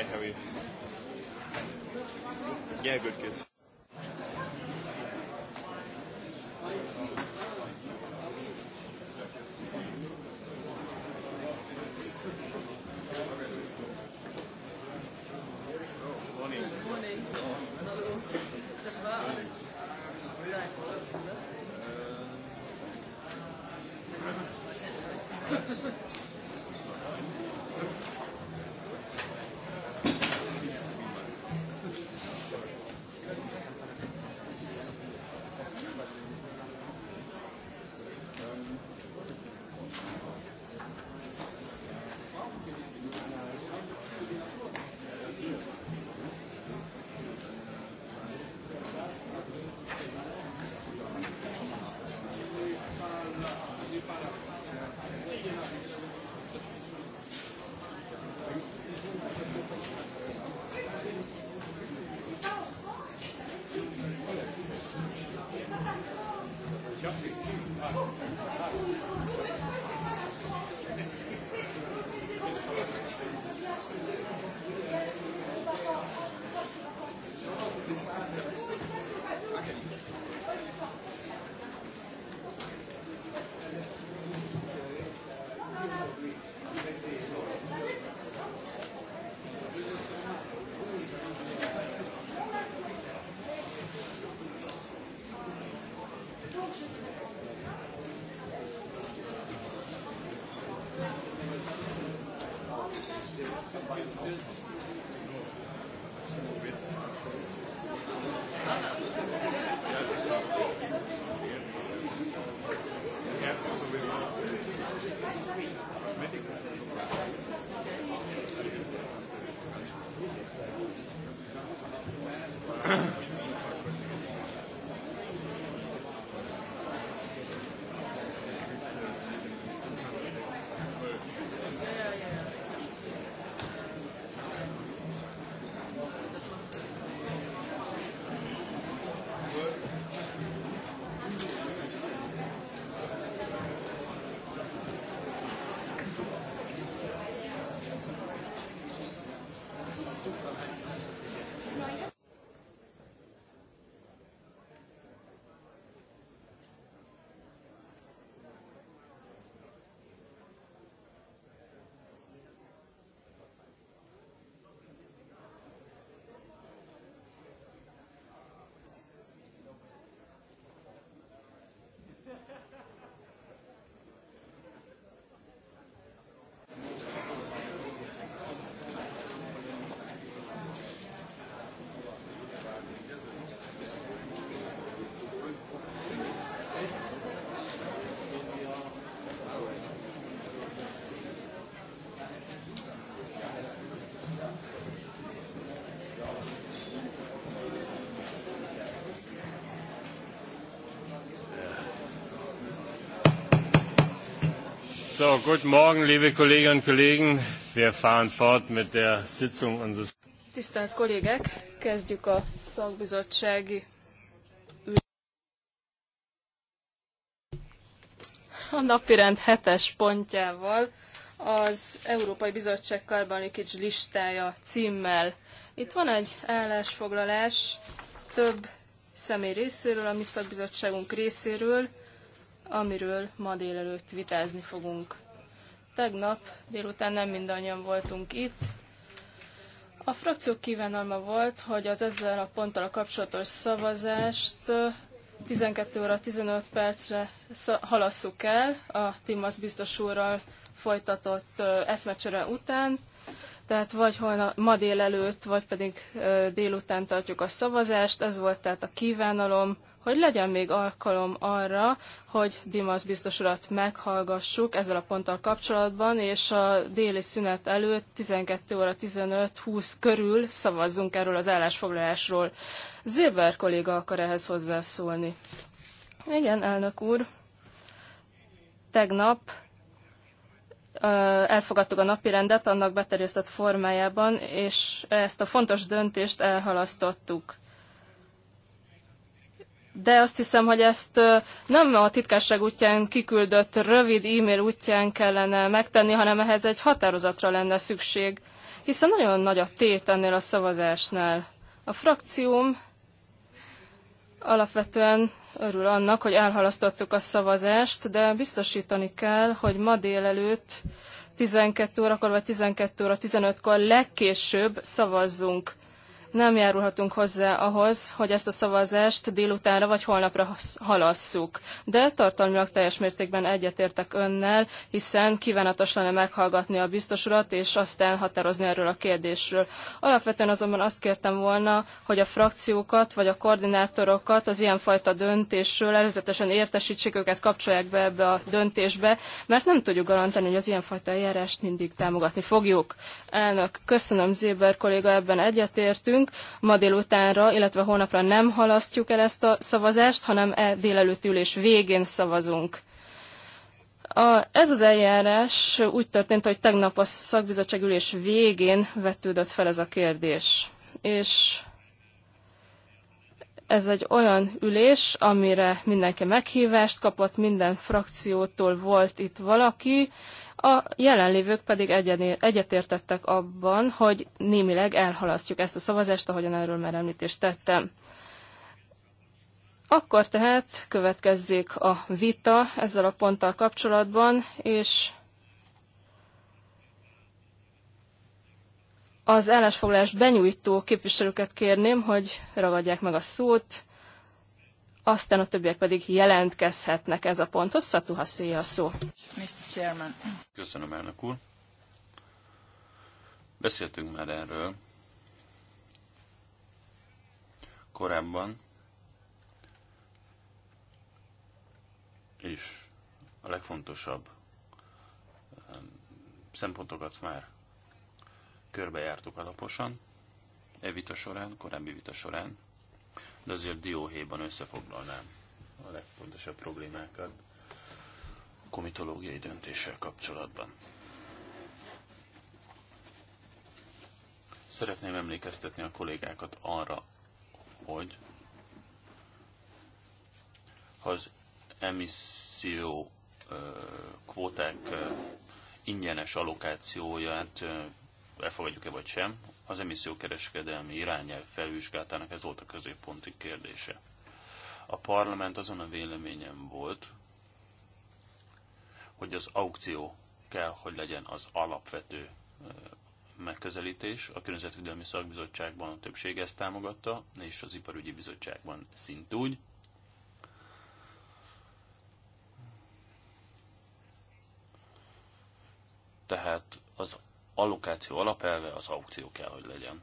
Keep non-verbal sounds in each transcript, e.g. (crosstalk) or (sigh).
I have. are Yeah, good, kids. So, guten Morgen, liebe Kolleginnen und Kollegen. Wir fahren fort mit der Sitzung unseres. Tisztelt kollégek, kezdjük a szakbizottsági ülést. A napirend hetes pontjával az Európai Bizottság Karbanikics listája címmel. Itt van egy állásfoglalás több személy részéről, a mi szakbizottságunk részéről, amiről ma délelőtt vitázni fogunk. Tegnap délután nem mindannyian voltunk itt. A frakciók kívánalma volt, hogy az ezzel a ponttal a kapcsolatos szavazást 12 óra 15 percre halasszuk el a Timasz biztos úrral folytatott eszmecsere után, tehát vagy holna, ma délelőtt, vagy pedig délután tartjuk a szavazást, ez volt tehát a kívánalom hogy legyen még alkalom arra, hogy Dimas biztos urat meghallgassuk ezzel a ponttal kapcsolatban, és a déli szünet előtt 12 óra 15-20 körül szavazzunk erről az állásfoglalásról. Zéber kolléga akar ehhez hozzászólni. Igen, elnök úr. Tegnap elfogadtuk a napirendet annak beterjesztett formájában, és ezt a fontos döntést elhalasztottuk de azt hiszem, hogy ezt nem a titkárság útján kiküldött rövid e-mail útján kellene megtenni, hanem ehhez egy határozatra lenne szükség, hiszen nagyon nagy a tét ennél a szavazásnál. A frakcióm alapvetően örül annak, hogy elhalasztottuk a szavazást, de biztosítani kell, hogy ma délelőtt 12 órakor vagy 12 óra 15-kor legkésőbb szavazzunk nem járulhatunk hozzá ahhoz, hogy ezt a szavazást délutánra vagy holnapra halasszuk. De tartalmilag teljes mértékben egyetértek önnel, hiszen kívánatos lenne meghallgatni a biztos urat, és aztán határozni erről a kérdésről. Alapvetően azonban azt kértem volna, hogy a frakciókat vagy a koordinátorokat az ilyenfajta döntésről előzetesen értesítsék őket, kapcsolják be ebbe a döntésbe, mert nem tudjuk garantálni, hogy az ilyenfajta eljárást mindig támogatni fogjuk. Elnök, köszönöm Zéber kolléga, ebben egyetértünk szerintünk. Ma délutánra, illetve holnapra nem halasztjuk el ezt a szavazást, hanem e délelőtt ülés végén szavazunk. A, ez az eljárás úgy történt, hogy tegnap a szakbizottság ülés végén vetődött fel ez a kérdés. És ez egy olyan ülés, amire mindenki meghívást kapott, minden frakciótól volt itt valaki, a jelenlévők pedig egyetértettek abban, hogy némileg elhalasztjuk ezt a szavazást, ahogyan erről már említést tettem. Akkor tehát következzék a vita ezzel a ponttal kapcsolatban, és az állásfoglalás benyújtó képviselőket kérném, hogy ragadják meg a szót, aztán a többiek pedig jelentkezhetnek ez a ponthoz. Szatuha, a szó. Mr. Chairman. Köszönöm, elnök úr. Beszéltünk már erről korábban, és a legfontosabb szempontokat már körbejártuk alaposan e vita során, korábbi vita során, de azért dióhéjban összefoglalnám a legfontosabb problémákat a komitológiai döntéssel kapcsolatban. Szeretném emlékeztetni a kollégákat arra, hogy ha az emisszió kvóták ingyenes alokációját elfogadjuk-e vagy sem, az emissziókereskedelmi irányelv felvizsgálatának ez volt a középponti kérdése. A parlament azon a véleményem volt, hogy az aukció kell, hogy legyen az alapvető megközelítés. A Környezetvédelmi Szakbizottságban a többség ezt támogatta, és az Iparügyi Bizottságban szintúgy. Tehát az allokáció alapelve az aukció kell, hogy legyen.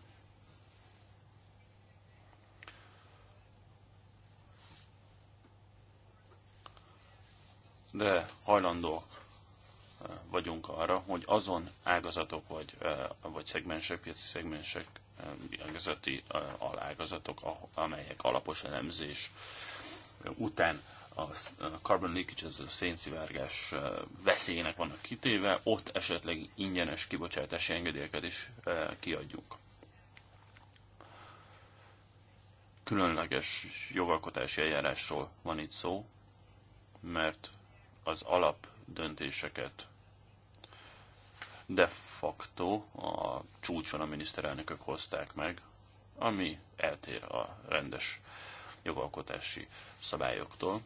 De hajlandó eh, vagyunk arra, hogy azon ágazatok vagy, eh, vagy szegmensek, piaci szegmensek, eh, ágazati alágazatok, amelyek alapos elemzés után a carbon leakage, az a szénszivárgás veszélynek vannak kitéve, ott esetleg ingyenes kibocsátási engedélyeket is kiadjunk. Különleges jogalkotási eljárásról van itt szó, mert az alap döntéseket de facto a csúcson a miniszterelnökök hozták meg, ami eltér a rendes jogalkotási szabályoktól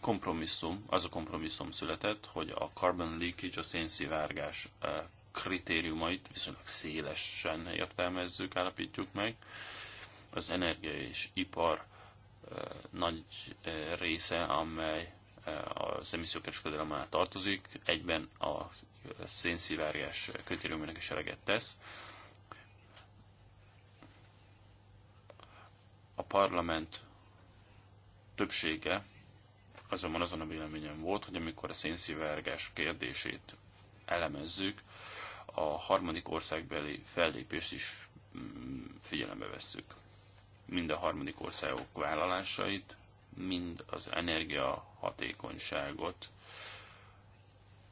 kompromisszum, az a kompromisszum született, hogy a carbon leakage, a szénszivárgás eh, kritériumait viszonylag szélesen értelmezzük, állapítjuk meg. Az energia és ipar eh, nagy eh, része, amely az emissziókereskedelem már tartozik, egyben a szénszivárgás kritériumének is eleget tesz. A parlament többsége Azonban azon a véleményem volt, hogy amikor a szénszivárgás kérdését elemezzük, a harmadik országbeli fellépést is mm, figyelembe vesszük. Mind a harmadik országok vállalásait, mind az energiahatékonyságot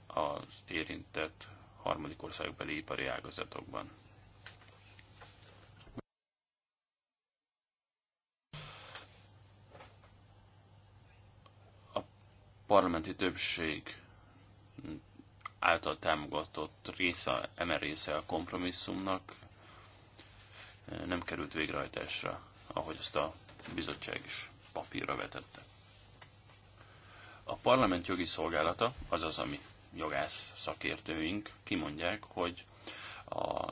az érintett harmadik országbeli ipari ágazatokban. parlamenti többség által támogatott része, eme része a kompromisszumnak eh, nem került végrehajtásra, ahogy azt a bizottság is papírra vetette. A parlament jogi szolgálata, azaz ami jogász szakértőink kimondják, hogy a,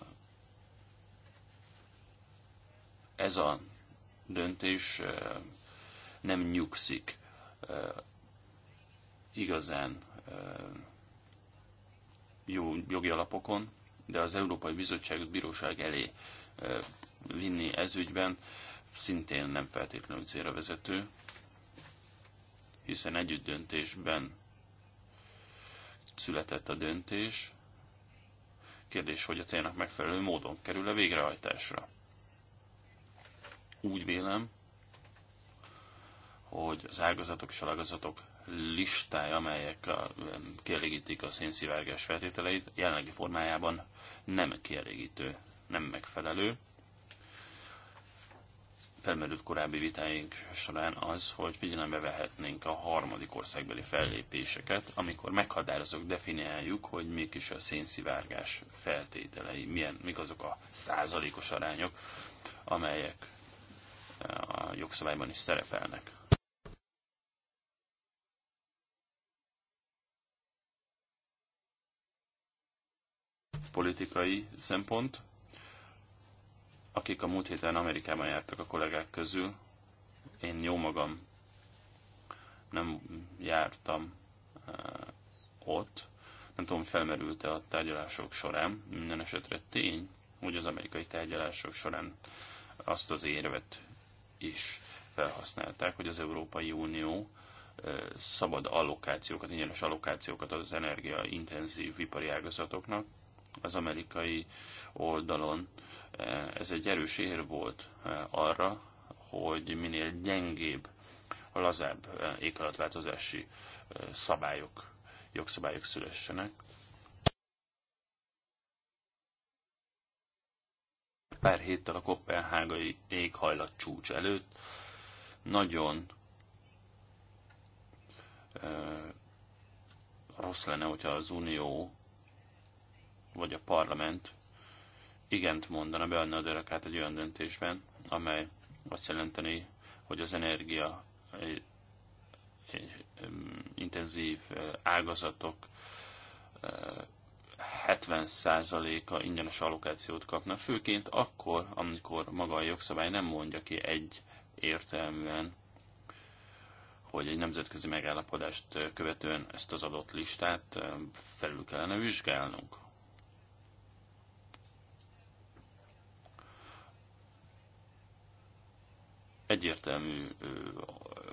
ez a döntés eh, nem nyugszik eh, igazán jó jogi alapokon, de az Európai bizottság bíróság elé vinni ez ügyben szintén nem feltétlenül célra vezető, hiszen együtt döntésben született a döntés. Kérdés, hogy a célnak megfelelő módon kerül a végrehajtásra. Úgy vélem, hogy az ágazatok és alagazatok listája, amelyek a, kielégítik a szénszivárgás feltételeit, jelenlegi formájában nem kielégítő, nem megfelelő. Felmerült korábbi vitáink során az, hogy figyelembe vehetnénk a harmadik országbeli fellépéseket, amikor meghatározok, definiáljuk, hogy mik is a szénszivárgás feltételei, milyen, mik azok a százalékos arányok, amelyek a jogszabályban is szerepelnek politikai szempont. Akik a múlt héten Amerikában jártak a kollégák közül, én jó magam nem jártam eh, ott, nem tudom, hogy felmerült-e a tárgyalások során. Minden esetre tény, hogy az amerikai tárgyalások során azt az érvet is felhasználták, hogy az Európai Unió eh, szabad allokációkat, ingyenes allokációkat az energiaintenzív ipari ágazatoknak, az amerikai oldalon. Ez egy erős ér volt eh, arra, hogy minél gyengébb, lazább eh, éghajlatváltozási eh, szabályok, jogszabályok szülessenek. Pár héttel a Kopenhágai éghajlat csúcs előtt nagyon rossz lenne, hogyha az Unió vagy a parlament igent mondana, beadna a derekát egy olyan döntésben, amely azt jelenteni, hogy az energia egy, eh, egy, eh, intenzív eh, ágazatok 70%-a ingyenes allokációt kapna, főként akkor, amikor maga a jogszabály nem mondja ki egy értelműen, hogy egy nemzetközi megállapodást követően ezt az adott listát felül kellene vizsgálnunk. egyértelmű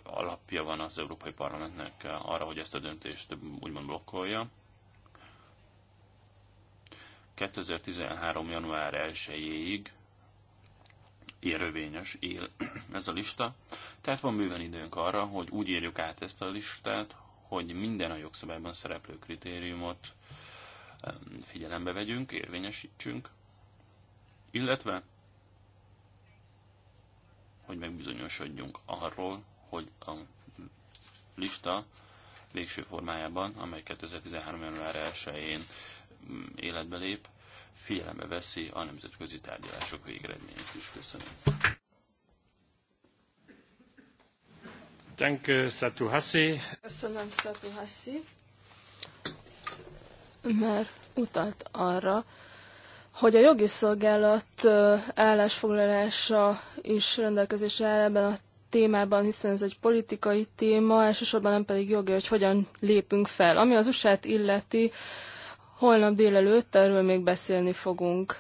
alapja van az Európai Parlamentnek arra, hogy ezt a döntést úgymond blokkolja. 2013. január 1-ig érvényes él (clears throat) ez a lista. Tehát van bőven időnk arra, hogy úgy írjuk át ezt a listát, hogy minden a jogszabályban szereplő kritériumot figyelembe vegyünk, érvényesítsünk, illetve hogy megbizonyosodjunk arról, hogy a lista végső formájában, amely 2013. január 1-én mm, életbe lép, figyelembe veszi a nemzetközi tárgyalások végeredményét is. Köszönöm. Danke, Satu Hassi. Köszönöm, Satu Hassi. Mert utalt arra, hogy a jogi szolgálat állásfoglalása is rendelkezésre áll ebben a témában, hiszen ez egy politikai téma, elsősorban nem pedig jogi, hogy hogyan lépünk fel. Ami az usa illeti, holnap délelőtt erről még beszélni fogunk.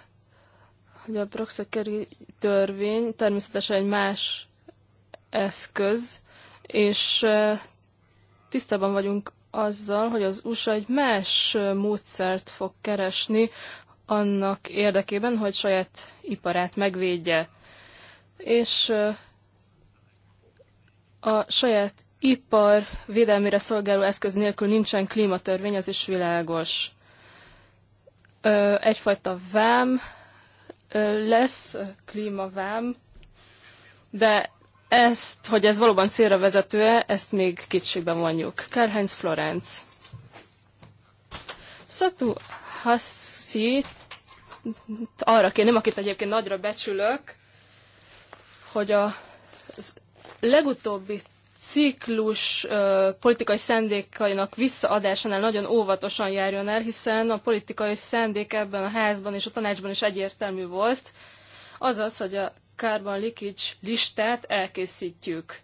Hogy a proxekeri törvény természetesen egy más eszköz, és tisztában vagyunk azzal, hogy az USA egy más módszert fog keresni annak érdekében, hogy saját iparát megvédje. És a saját ipar védelmére szolgáló eszköz nélkül nincsen klímatörvény, az is világos. Egyfajta vám lesz, klímavám, de ezt, hogy ez valóban célra vezető-e, ezt még kicsiben mondjuk. Karl-Heinz Florenz. Szatú Hassi arra kérném, akit egyébként nagyra becsülök, hogy a legutóbbi ciklus ö, politikai szendékainak visszaadásánál nagyon óvatosan járjon el, hiszen a politikai szendék ebben a házban és a tanácsban is egyértelmű volt, azaz, hogy a Carbon Leakage listát elkészítjük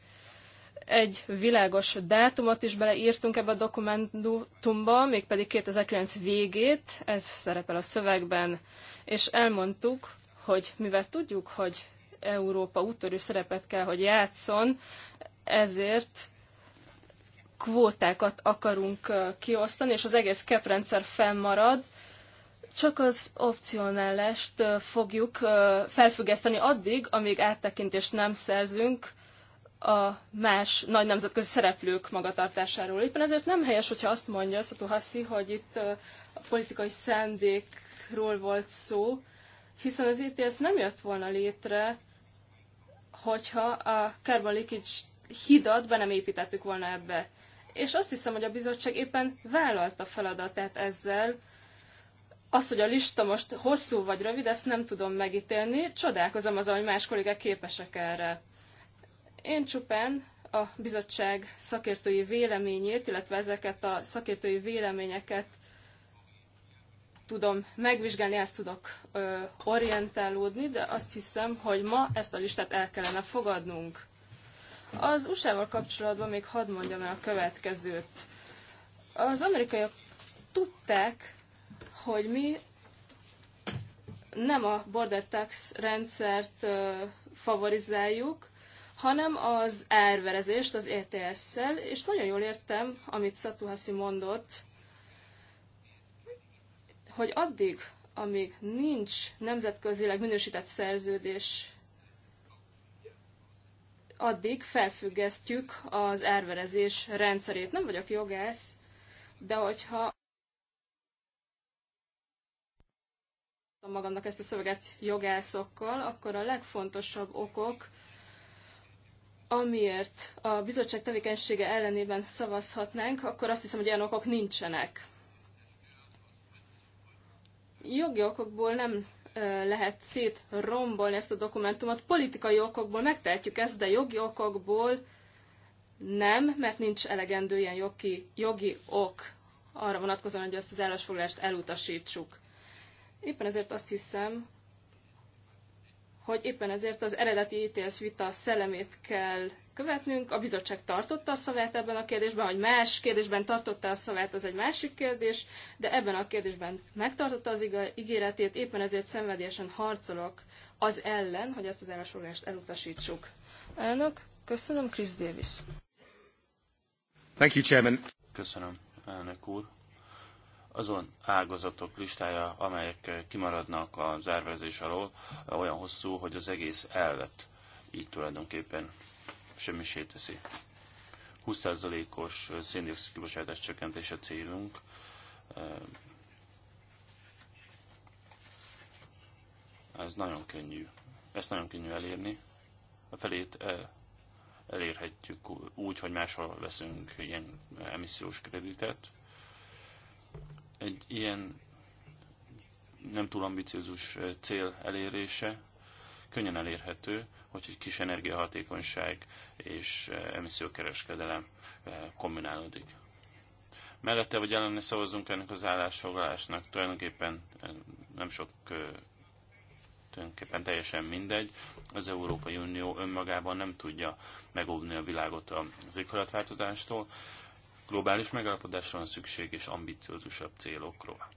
egy világos dátumot is beleírtunk ebbe a dokumentumba, mégpedig 2009 végét, ez szerepel a szövegben, és elmondtuk, hogy mivel tudjuk, hogy Európa úttörő szerepet kell, hogy játszon, ezért kvótákat akarunk kiosztani, és az egész keprendszer fennmarad, csak az opcionálást fogjuk felfüggeszteni addig, amíg áttekintést nem szerzünk a más nagy nemzetközi szereplők magatartásáról. Éppen ezért nem helyes, hogyha azt mondja Szatuhaszi, hogy itt a politikai szándékról volt szó, hiszen az ETS nem jött volna létre, hogyha a carbon leakage hidat be nem építettük volna ebbe. És azt hiszem, hogy a bizottság éppen vállalta feladatát ezzel, az, hogy a lista most hosszú vagy rövid, ezt nem tudom megítélni. Csodálkozom azon, hogy más kollégák képesek erre. Én csupán a bizottság szakértői véleményét, illetve ezeket a szakértői véleményeket tudom megvizsgálni, ezt tudok ö, orientálódni, de azt hiszem, hogy ma ezt a listát el kellene fogadnunk. Az USA-val kapcsolatban még hadd mondjam el a következőt. Az amerikaiak tudták, hogy mi nem a border tax rendszert ö, favorizáljuk, hanem az árverezést az ETS-szel, és nagyon jól értem, amit Szatuhaszi mondott, hogy addig, amíg nincs nemzetközileg minősített szerződés, addig felfüggesztjük az árverezés rendszerét. Nem vagyok jogász, de hogyha magamnak ezt a szöveget jogászokkal, akkor a legfontosabb okok, amiért a bizottság tevékenysége ellenében szavazhatnánk, akkor azt hiszem, hogy ilyen okok nincsenek. Jogi okokból nem lehet szétrombolni ezt a dokumentumot. Politikai okokból megtehetjük ezt, de jogi okokból nem, mert nincs elegendő ilyen jogi, jogi ok arra vonatkozóan, hogy ezt az állásfoglalást elutasítsuk. Éppen ezért azt hiszem, hogy éppen ezért az eredeti ETS vita szellemét kell követnünk. A bizottság tartotta a szavát ebben a kérdésben, hogy más kérdésben tartotta a szavát, az egy másik kérdés, de ebben a kérdésben megtartotta az ígéretét, éppen ezért szenvedélyesen harcolok az ellen, hogy ezt az állásfoglalást elutasítsuk. Elnök, köszönöm, Chris Davis. Thank you, Chairman. Köszönöm, elnök úr azon ágazatok listája, amelyek kimaradnak az ervezés alól, olyan hosszú, hogy az egész elvet így tulajdonképpen semmisé teszi. 20%-os széndiokszid kibocsátás csökkentése célunk. Ez nagyon könnyű. Ezt nagyon könnyű elérni. A felét eh, elérhetjük úgy, hogy máshol veszünk ilyen emissziós kreditet egy ilyen nem túl ambiciózus cél elérése könnyen elérhető, hogy egy kis energiahatékonyság és emissziókereskedelem kombinálódik. Mellette vagy ellene szavazunk ennek az állásfoglalásnak, tulajdonképpen nem sok tulajdonképpen teljesen mindegy. Az Európai Unió önmagában nem tudja megóvni a világot az éghajlatváltozástól. Globális megállapodásra van szükség és ambiciózusabb célokról.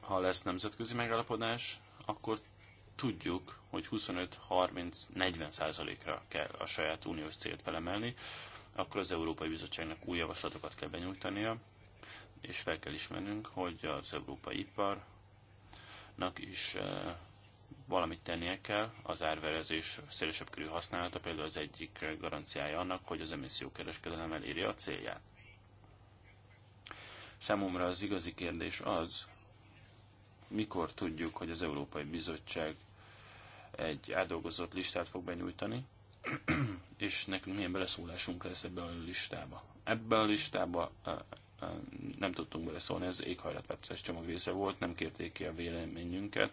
Ha lesz nemzetközi megállapodás, akkor tudjuk, hogy 25-30-40 százalékra kell a saját uniós célt felemelni, akkor az Európai Bizottságnak új javaslatokat kell benyújtania, és fel kell ismernünk, hogy az európai iparnak is eh, valamit tennie kell, az árverezés szélesebb körű használata például az egyik garanciája annak, hogy az emissziókereskedelem eléri a célját. Számomra az igazi kérdés az, mikor tudjuk, hogy az Európai Bizottság egy átdolgozott listát fog benyújtani, (clears throat) és nekünk milyen beleszólásunk lesz ebbe a listába. Ebbe a listába nem tudtunk beleszólni, ez éghajlatváltozás csomag része volt, nem kérték ki a véleményünket.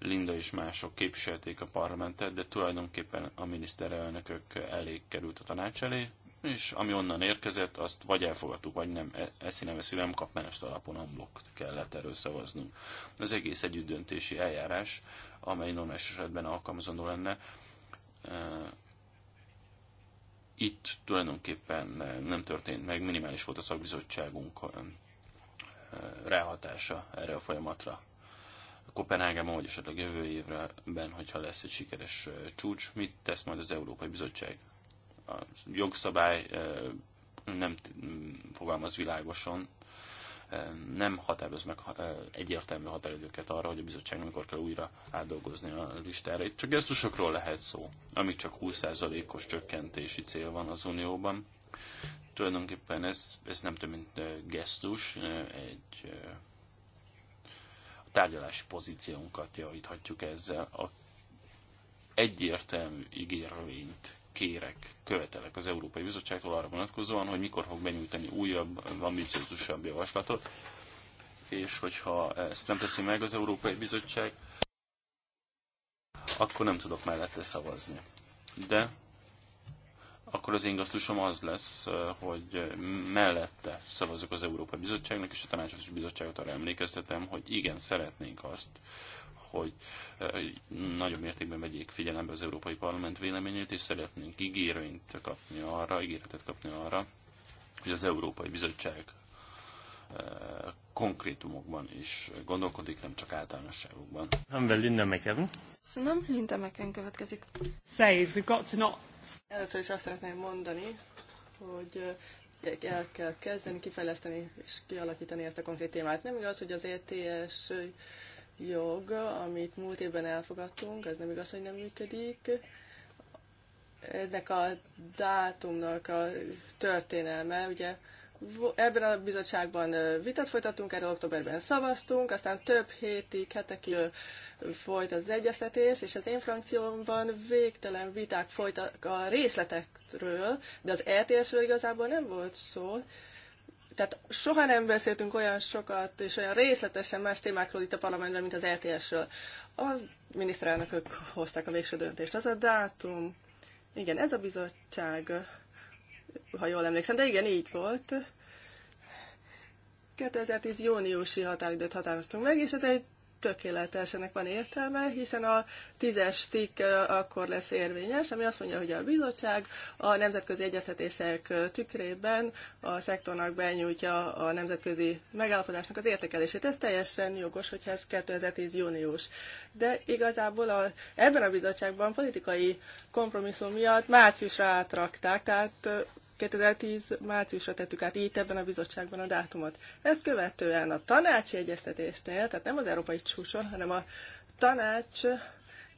Linda és mások képviselték a parlamentet, de tulajdonképpen a miniszterelnökök elé került a tanács elé, és ami onnan érkezett, azt vagy elfogadtuk, vagy nem, e, eszi nem eszi, nem kapmást alapon amblok kellett erről szavaznunk. Az egész együttdöntési eljárás, amely normális esetben alkalmazandó lenne, e, itt tulajdonképpen nem történt meg, minimális volt a szakbizottságunk e, ráhatása erre a folyamatra a Kopenhágában, vagy esetleg jövő évben, hogyha lesz egy sikeres csúcs, mit tesz majd az Európai Bizottság? A jogszabály nem fogalmaz világosan, nem határoz meg egyértelmű határidőket arra, hogy a bizottság mikor kell újra átdolgozni a listára. Itt csak gesztusokról lehet szó, amik csak 20%-os csökkentési cél van az Unióban. Tulajdonképpen ez, ez nem több, mint gesztus, egy tárgyalási pozíciónkat javíthatjuk ezzel. A egyértelmű ígérvényt kérek, követelek az Európai Bizottságtól arra vonatkozóan, hogy mikor fog benyújtani újabb, ambiciózusabb javaslatot, és hogyha ezt nem teszi meg az Európai Bizottság, akkor nem tudok mellette szavazni. De akkor az én gasztusom az lesz, hogy mellette szavazok az Európai Bizottságnak, és a Tanácsos Bizottságot arra emlékeztetem, hogy igen, szeretnénk azt, hogy nagyobb mértékben vegyék figyelembe az Európai Parlament véleményét, és szeretnénk ígérvényt kapni arra, ígéretet kapni arra, hogy az Európai Bizottság konkrétumokban is gondolkodik, nem csak általánosságokban. Nem Linda McEwen. Szerintem Linda McEwen következik. Says we've got to not Először is azt szeretném mondani, hogy eh, el kell kezdeni, kifejleszteni és kialakítani ezt a konkrét témát. Nem igaz, hogy az ETS jog, amit múlt évben elfogadtunk, ez nem igaz, hogy nem működik. Ennek a dátumnak a történelme, ugye ebben a bizottságban vitat folytattunk, erről októberben szavaztunk, aztán több hétig, hetekig folyt az egyeztetés, és az én frakciómban végtelen viták folytak a részletekről, de az ETS-ről igazából nem volt szó. Tehát soha nem beszéltünk olyan sokat és olyan részletesen más témákról itt a parlamentben, mint az ETS-ről. A miniszterelnökök hozták a végső döntést. Az a dátum. Igen, ez a bizottság ha jól emlékszem, de igen, így volt. 2010 júniusi határidőt határoztunk meg, és ez egy tökéletes, ennek van értelme, hiszen a tízes cikk akkor lesz érvényes, ami azt mondja, hogy a bizottság a nemzetközi egyeztetések tükrében a szektornak benyújtja a nemzetközi megállapodásnak az értékelését. Ez teljesen jogos, hogyha ez 2010 június. De igazából a, ebben a bizottságban politikai kompromisszum miatt márciusra átrakták, tehát 2010 márciusra tettük át itt ebben a bizottságban a dátumot. Ezt követően a tanácsi egyeztetésnél, tehát nem az európai csúcson, hanem a tanács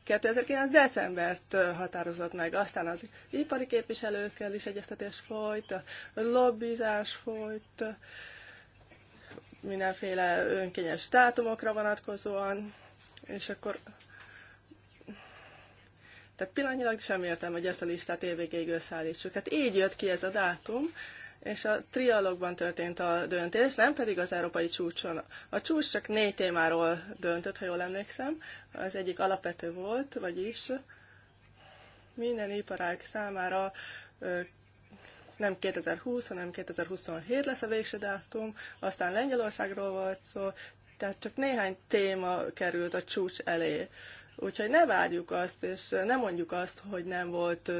2009. decembert határozott meg. Aztán az ipari képviselőkkel is egyeztetés folyt, a lobbizás folyt, mindenféle önkényes dátumokra vonatkozóan, és akkor tehát pillanatnyilag sem értem, hogy ezt a listát évvégéig összeállítsuk. Tehát így jött ki ez a dátum, és a trialogban történt a döntés, nem pedig az európai csúcson. A csúcs csak négy témáról döntött, ha jól emlékszem. Az egyik alapvető volt, vagyis minden iparág számára nem 2020, hanem 2027 lesz a végső dátum, aztán Lengyelországról volt szó, tehát csak néhány téma került a csúcs elé. Úgyhogy ne várjuk azt, és ne mondjuk azt, hogy nem volt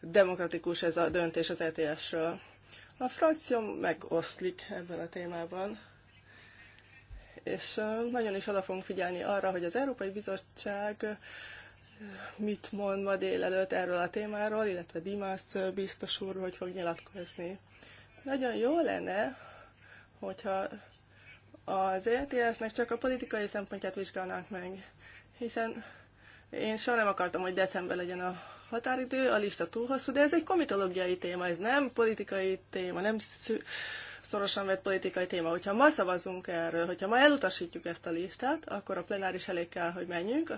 demokratikus ez a döntés az ETS-ről. A frakció megoszlik ebben a témában, és nagyon is oda fogunk figyelni arra, hogy az Európai Bizottság mit mond ma délelőtt erről a témáról, illetve Dimas biztos úr, hogy fog nyilatkozni. Nagyon jó lenne, hogyha az ETS-nek csak a politikai szempontját vizsgálnánk meg hiszen én soha nem akartam, hogy december legyen a határidő, a lista túl hosszú, de ez egy komitológiai téma, ez nem politikai téma, nem szü- szorosan vett politikai téma. Hogyha ma szavazunk erről, hogyha ma elutasítjuk ezt a listát, akkor a plenáris elég kell, hogy menjünk,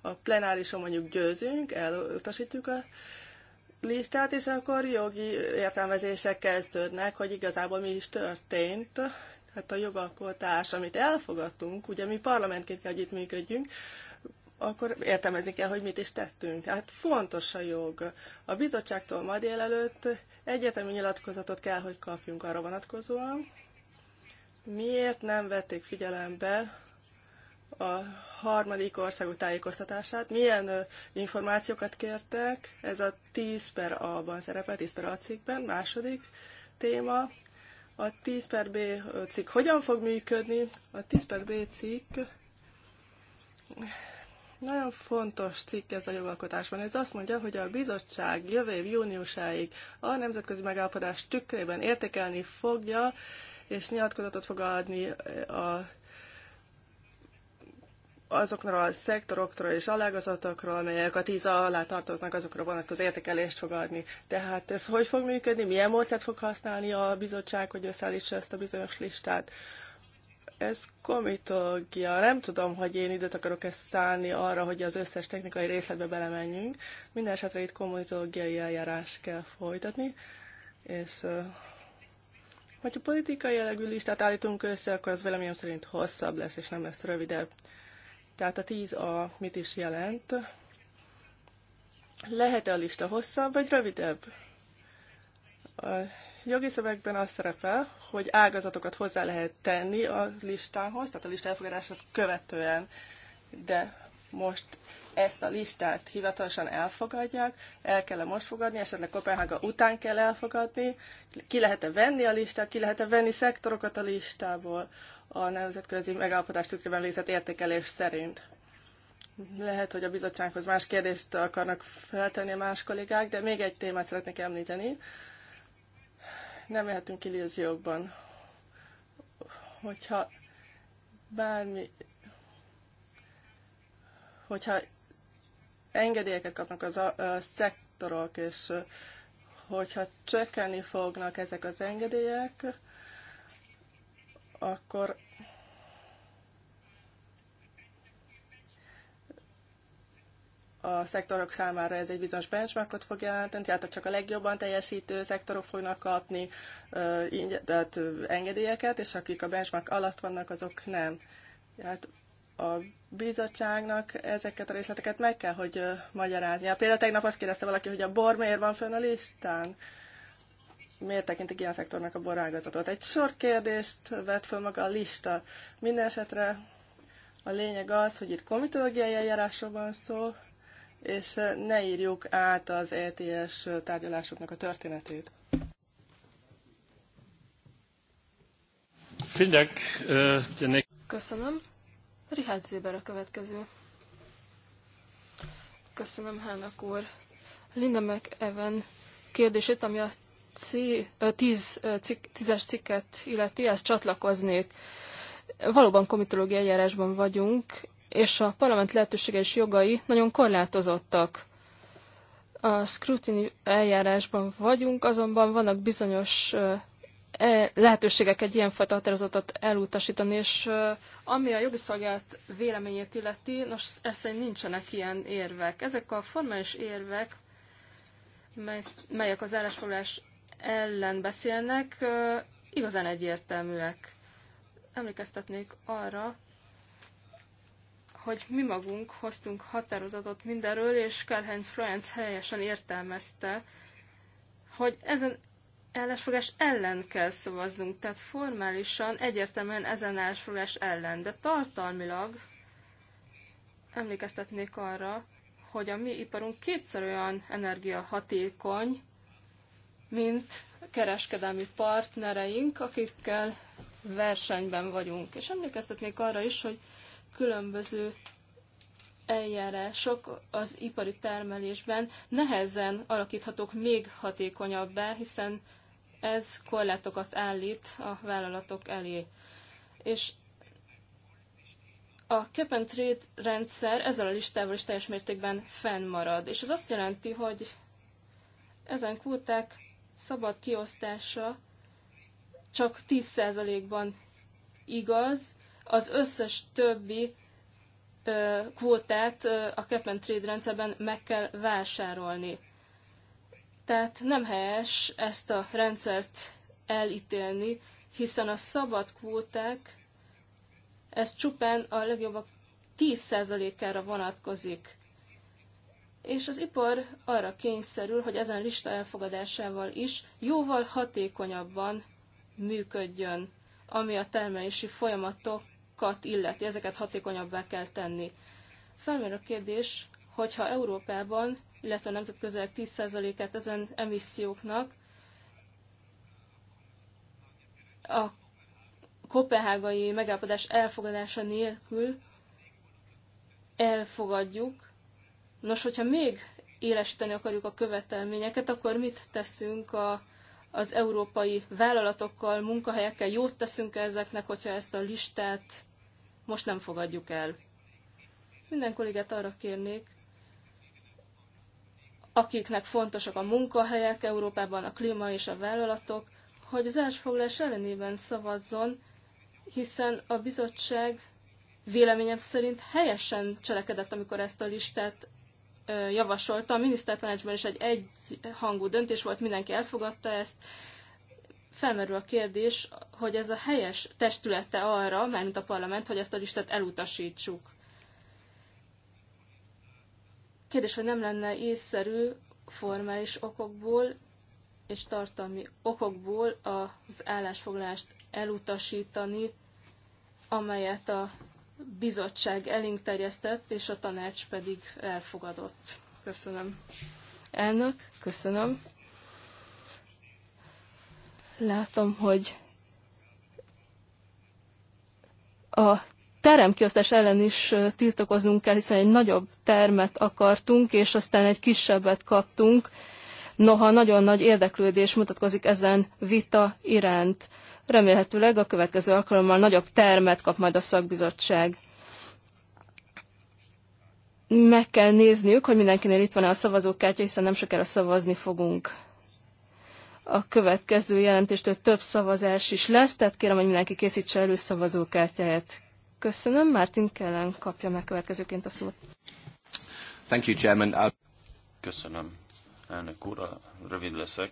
a plenárison mondjuk győzünk, elutasítjuk a listát, és akkor jogi értelmezések kezdődnek, hogy igazából mi is történt. Tehát a jogalkotás, amit elfogadtunk, ugye mi parlamentként kell, hogy itt működjünk, akkor értelmezni kell, hogy mit is tettünk. hát fontos a jog. A bizottságtól ma délelőtt egyetemi nyilatkozatot kell, hogy kapjunk arra vonatkozóan, miért nem vették figyelembe a harmadik országú tájékoztatását, milyen információkat kértek, ez a 10 per A-ban szerepel, 10 per A cikkben, második téma. A 10 per B cikk hogyan fog működni? A 10 per B cikk nagyon fontos cikk ez a jogalkotásban. Ez azt mondja, hogy a bizottság jövő év júniusáig a nemzetközi megállapodás tükrében értékelni fogja, és nyilatkozatot fog adni a azokra a szektorokra és alágazatokra, amelyek a tíz alá tartoznak, azokra vonatkozó értékelést fog adni. Tehát ez hogy fog működni, milyen módszert fog használni a bizottság, hogy összeállítsa ezt a bizonyos listát? Ez komitológia. Nem tudom, hogy én időt akarok ezt szállni arra, hogy az összes technikai részletbe belemenjünk. Minden esetre itt komitológiai eljárás kell folytatni, és hogyha politikai jellegű listát állítunk össze, akkor az véleményem szerint hosszabb lesz, és nem lesz rövidebb. Tehát a 10 a mit is jelent? Lehet-e a lista hosszabb, vagy rövidebb? jogi szövegben az szerepel, hogy ágazatokat hozzá lehet tenni a listához, tehát a lista elfogadását követően, de most ezt a listát hivatalosan elfogadják, el kell -e most fogadni, esetleg Kopenhága után kell elfogadni, ki lehet-e venni a listát, ki lehet-e venni szektorokat a listából a nemzetközi megállapodás tükrében végzett értékelés szerint. Lehet, hogy a bizottsághoz más kérdést akarnak feltenni a más kollégák, de még egy témát szeretnék említeni nem lehetünk illúziókban. Hogyha bármi, hogyha engedélyeket kapnak az a, a szektorok, és hogyha csökkenni fognak ezek az engedélyek, akkor a szektorok számára ez egy bizonyos benchmarkot fog jelenteni, tehát csak a legjobban teljesítő szektorok fognak kapni tehát engedélyeket, és akik a benchmark alatt vannak, azok nem. Tehát a bizottságnak ezeket a részleteket meg kell, hogy magyaráznia. Például tegnap azt kérdezte valaki, hogy a bor miért van fönn a listán? Miért tekintik ilyen szektornak a borágazatot? Egy sor kérdést vett föl maga a lista. Minden esetre a lényeg az, hogy itt komitológiai eljárásról van szó, és eh, ne írjuk át az ETS eh, tárgyalásoknak a történetét. Eh, Köszönöm. Rihát Zéber a következő. Köszönöm, Hának úr. Linda McEwen kérdését, ami a C, 10, cikket illeti, ezt csatlakoznék. Valóban komitológiai eljárásban vagyunk, és a parlament lehetősége és jogai nagyon korlátozottak. A scrutiny eljárásban vagyunk, azonban vannak bizonyos e, lehetőségek egy ilyenfajta határozatot elutasítani, és ami a jogi szolgált véleményét illeti, nos, ezt szerint nincsenek ilyen érvek. Ezek a formális érvek, melyek az állásfoglalás ellen beszélnek, igazán egyértelműek. Emlékeztetnék arra, hogy mi magunk hoztunk határozatot mindenről, és Karl-Heinz Franz helyesen értelmezte, hogy ezen állásfogás ellen kell szavaznunk, tehát formálisan egyértelműen ezen állásfogás ellen, de tartalmilag emlékeztetnék arra, hogy a mi iparunk kétszer olyan energiahatékony, mint kereskedelmi partnereink, akikkel versenyben vagyunk. És emlékeztetnék arra is, hogy különböző eljárások az ipari termelésben nehezen alakíthatók még hatékonyabbá, hiszen ez korlátokat állít a vállalatok elé. És a cap and trade rendszer ezzel a listával is teljes mértékben fennmarad. És ez azt jelenti, hogy ezen kvóták szabad kiosztása csak 10%-ban igaz, az összes többi ö, kvótát ö, a cap and trade rendszerben meg kell vásárolni. Tehát nem helyes ezt a rendszert elítélni, hiszen a szabad kvóták, ez csupán a legjobbak 10%-ára vonatkozik. És az ipar arra kényszerül, hogy ezen lista elfogadásával is jóval hatékonyabban működjön, ami a termelési folyamatok kat illeti, ezeket hatékonyabbá kell tenni. Felmerül a kérdés, hogyha Európában, illetve a nemzetközileg 10%-át ezen emisszióknak a kopehágai megállapodás elfogadása nélkül elfogadjuk. Nos, hogyha még élesíteni akarjuk a követelményeket, akkor mit teszünk a, az európai vállalatokkal, munkahelyekkel? Jót teszünk -e ezeknek, hogyha ezt a listát most nem fogadjuk el. Minden kollégát arra kérnék, akiknek fontosak a munkahelyek Európában, a klíma és a vállalatok, hogy az állásfoglalás ellenében szavazzon, hiszen a bizottság véleményem szerint helyesen cselekedett, amikor ezt a listát javasolta. A minisztertanácsban is egy egyhangú döntés volt, mindenki elfogadta ezt, felmerül a kérdés, hogy ez a helyes testülete arra, mármint a parlament, hogy ezt a listát elutasítsuk. Kérdés, hogy nem lenne észszerű formális okokból és tartalmi okokból az állásfoglalást elutasítani, amelyet a bizottság elénk terjesztett, és a tanács pedig elfogadott. Köszönöm. Elnök, köszönöm látom, hogy a teremkiosztás ellen is tiltakoznunk kell, hiszen egy nagyobb termet akartunk, és aztán egy kisebbet kaptunk. Noha nagyon nagy érdeklődés mutatkozik ezen vita iránt. Remélhetőleg a következő alkalommal nagyobb termet kap majd a szakbizottság. Meg kell nézniük, hogy mindenkinél itt van-e a szavazókártya, hiszen nem sokára szavazni fogunk a következő jelentéstől több szavazás is lesz, tehát kérem, hogy mindenki készítse elő szavazókártyáját. Köszönöm, Martin Kellen kapja meg következőként a szót. Thank you, Chairman. Köszönöm, elnök úr, rövid leszek.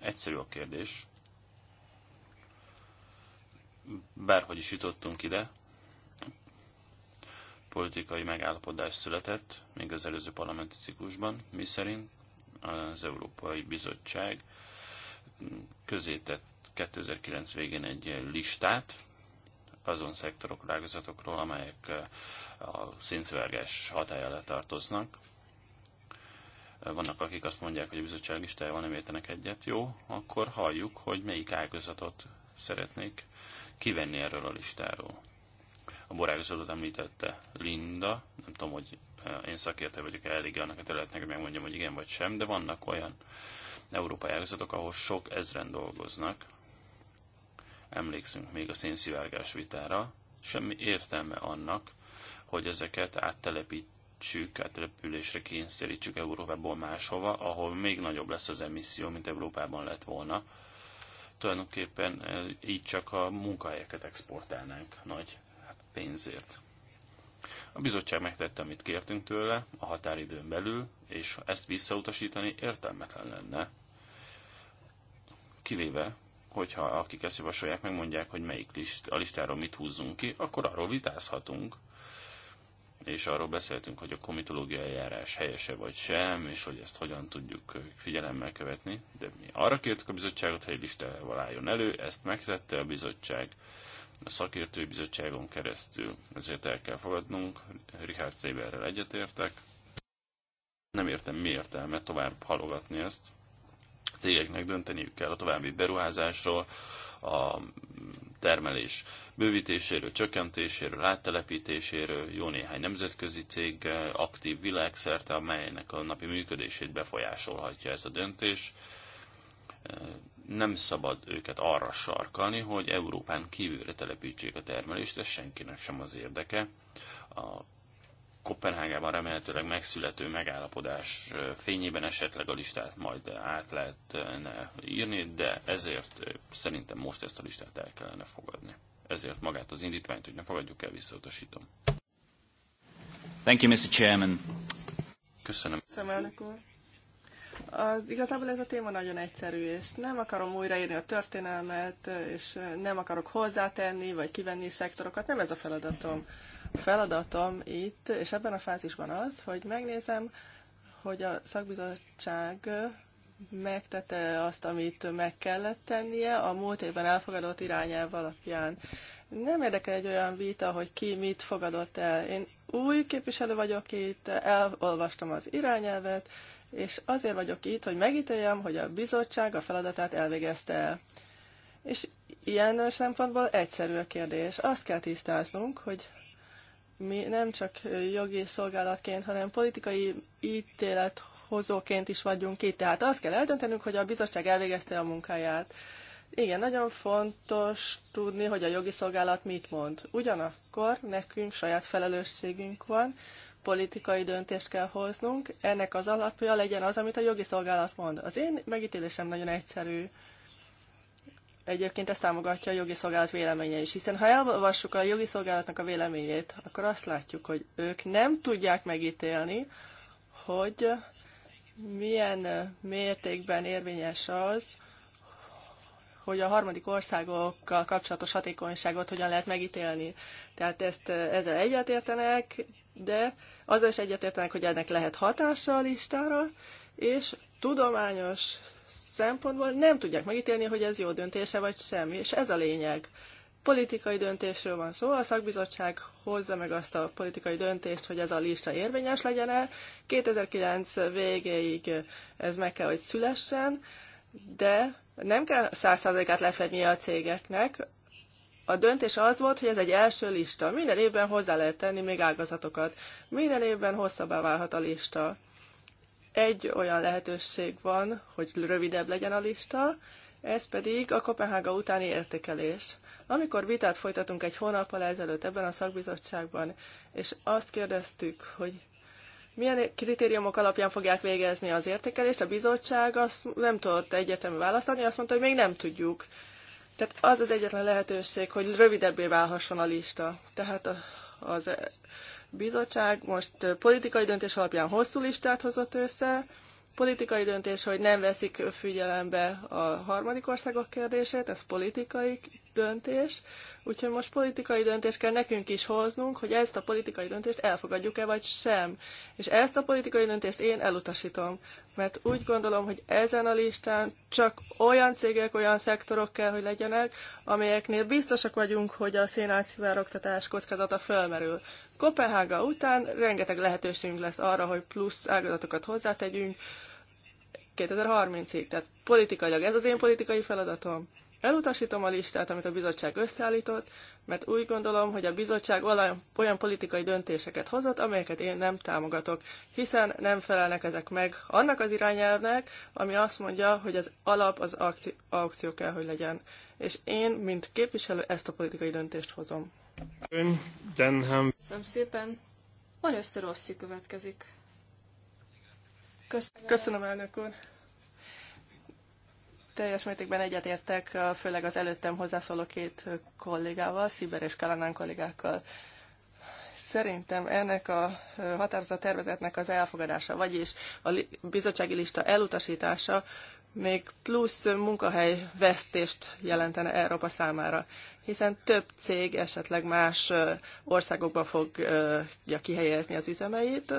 Egyszerű a kérdés. Bárhogy is jutottunk ide, politikai megállapodás született, még az előző parlamenti ciklusban, miszerint az Európai Bizottság közétett 2009 végén egy listát azon szektorokról, ágazatokról, amelyek eh, a szénszivárgás hatája alá tartoznak. Vannak, akik azt mondják, hogy a bizottság listájával nem értenek egyet. Jó, akkor halljuk, hogy melyik ágazatot szeretnék kivenni erről a listáról. A borágazatot említette Linda, nem tudom, hogy én szakértő vagyok elég annak a területnek, hogy megmondjam, hogy igen vagy sem, de vannak olyan európai ágazatok, ahol sok ezren dolgoznak. Emlékszünk még a szénszivárgás vitára. Semmi értelme annak, hogy ezeket áttelepítsük, áttelepülésre kényszerítsük Európából máshova, ahol még nagyobb lesz az emisszió, mint Európában lett volna. Tulajdonképpen eh, így csak a munkahelyeket exportálnánk nagy pénzért. A bizottság megtette, amit kértünk tőle a határidőn belül, és ezt visszautasítani értelmetlen lenne. Kivéve, hogyha akik ezt javasolják, megmondják, hogy melyik list, a listáról mit húzzunk ki, akkor arról vitázhatunk. És arról beszéltünk, hogy a komitológiai eljárás helyese vagy sem, és hogy ezt hogyan tudjuk figyelemmel követni. De mi arra kértük a bizottságot, hogy egy listával álljon elő, ezt megtette a bizottság a szakértői bizottságon keresztül. Ezért el kell fogadnunk, Richard Széberrel egyetértek. Nem értem mi értelme tovább halogatni ezt. A cégeknek dönteniük kell a további beruházásról, a termelés bővítéséről, csökkentéséről, áttelepítéséről, jó néhány nemzetközi cég aktív világszerte, amelynek a napi működését befolyásolhatja ez a döntés nem szabad őket arra sarkalni, hogy Európán kívülre telepítsék a termelést, ez senkinek sem az érdeke. A Kopenhágában remélhetőleg megszülető megállapodás fényében esetleg a listát majd át lehetne írni, de ezért szerintem most ezt a listát el kellene fogadni. Ezért magát az indítványt, hogy ne fogadjuk el, visszautasítom. Thank you, Mr. Chairman. Köszönöm. Köszönöm, elnök úr. Az, igazából ez a téma nagyon egyszerű, és nem akarom újraírni a történelmet, és nem akarok hozzátenni, vagy kivenni szektorokat, nem ez a feladatom. A feladatom itt, és ebben a fázisban az, hogy megnézem, hogy a szakbizottság megtette azt, amit meg kellett tennie a múlt évben elfogadott irányelv alapján. Nem érdekel egy olyan vita, hogy ki mit fogadott el. Én új képviselő vagyok itt, elolvastam az irányelvet, és azért vagyok itt, hogy megítéljem, hogy a bizottság a feladatát elvégezte el. És ilyen szempontból egyszerű a kérdés. Azt kell tisztáznunk, hogy mi nem csak jogi szolgálatként, hanem politikai ítélethozóként is vagyunk itt. Tehát azt kell eldöntenünk, hogy a bizottság elvégezte a munkáját. Igen, nagyon fontos tudni, hogy a jogi szolgálat mit mond. Ugyanakkor nekünk saját felelősségünk van, politikai döntést kell hoznunk. Ennek az alapja legyen az, amit a jogi szolgálat mond. Az én megítélésem nagyon egyszerű. Egyébként ezt támogatja a jogi szolgálat véleménye is, hiszen ha elolvassuk a jogi szolgálatnak a véleményét, akkor azt látjuk, hogy ők nem tudják megítélni, hogy milyen mértékben érvényes az, hogy a harmadik országokkal kapcsolatos hatékonyságot hogyan lehet megítélni. Tehát ezt ezzel egyetértenek, de az is egyetértenek, hogy ennek lehet hatása a listára, és tudományos szempontból nem tudják megítélni, hogy ez jó döntése vagy sem, és ez a lényeg. Politikai döntésről van szó, a szakbizottság hozza meg azt a politikai döntést, hogy ez a lista érvényes legyen el. 2009 végéig ez meg kell, hogy szülessen, de nem kell 100%-át lefednie a cégeknek, a döntés az volt, hogy ez egy első lista. Minden évben hozzá lehet tenni még ágazatokat. Minden évben hosszabbá válhat a lista. Egy olyan lehetőség van, hogy rövidebb legyen a lista, ez pedig a Kopenhága utáni értékelés. Amikor vitát folytatunk egy hónappal ezelőtt ebben a szakbizottságban, és azt kérdeztük, hogy milyen kritériumok alapján fogják végezni az értékelést, a bizottság azt nem tudott egyértelmű választani, azt mondta, hogy még nem tudjuk. Tehát az az egyetlen lehetőség, hogy rövidebbé válhasson a lista. Tehát a az e- bizottság most politikai döntés alapján hosszú listát hozott össze, politikai döntés, hogy nem veszik figyelembe a harmadik országok kérdését, ez politikai döntés, úgyhogy most politikai döntést kell nekünk is hoznunk, hogy ezt a politikai döntést elfogadjuk-e vagy sem. És ezt a politikai döntést én elutasítom, mert úgy gondolom, hogy ezen a listán csak olyan cégek, olyan szektorok kell, hogy legyenek, amelyeknél biztosak vagyunk, hogy a szénátszivároktatás kockázata fölmerül. Kopenhága után rengeteg lehetőségünk lesz arra, hogy plusz ágazatokat hozzátegyünk, 2030-ig. Tehát politikailag ez az én politikai feladatom. Elutasítom a listát, amit a bizottság összeállított, mert úgy gondolom, hogy a bizottság olyan politikai döntéseket hozott, amelyeket én nem támogatok, hiszen nem felelnek ezek meg annak az irányelvnek, ami azt mondja, hogy az alap az aukció, aukció kell, hogy legyen. És én, mint képviselő, ezt a politikai döntést hozom. Köszönöm szépen. Van Rossi következik. Köszönöm, Köszönöm elnök úr teljes mértékben egyetértek, főleg az előttem hozzászóló két kollégával, Sziber és Kalanán kollégákkal. Szerintem ennek a határozat tervezetnek az elfogadása, vagyis a bizottsági lista elutasítása még plusz munkahely vesztést jelentene Európa számára, hiszen több cég esetleg más országokba fogja kihelyezni az üzemeit.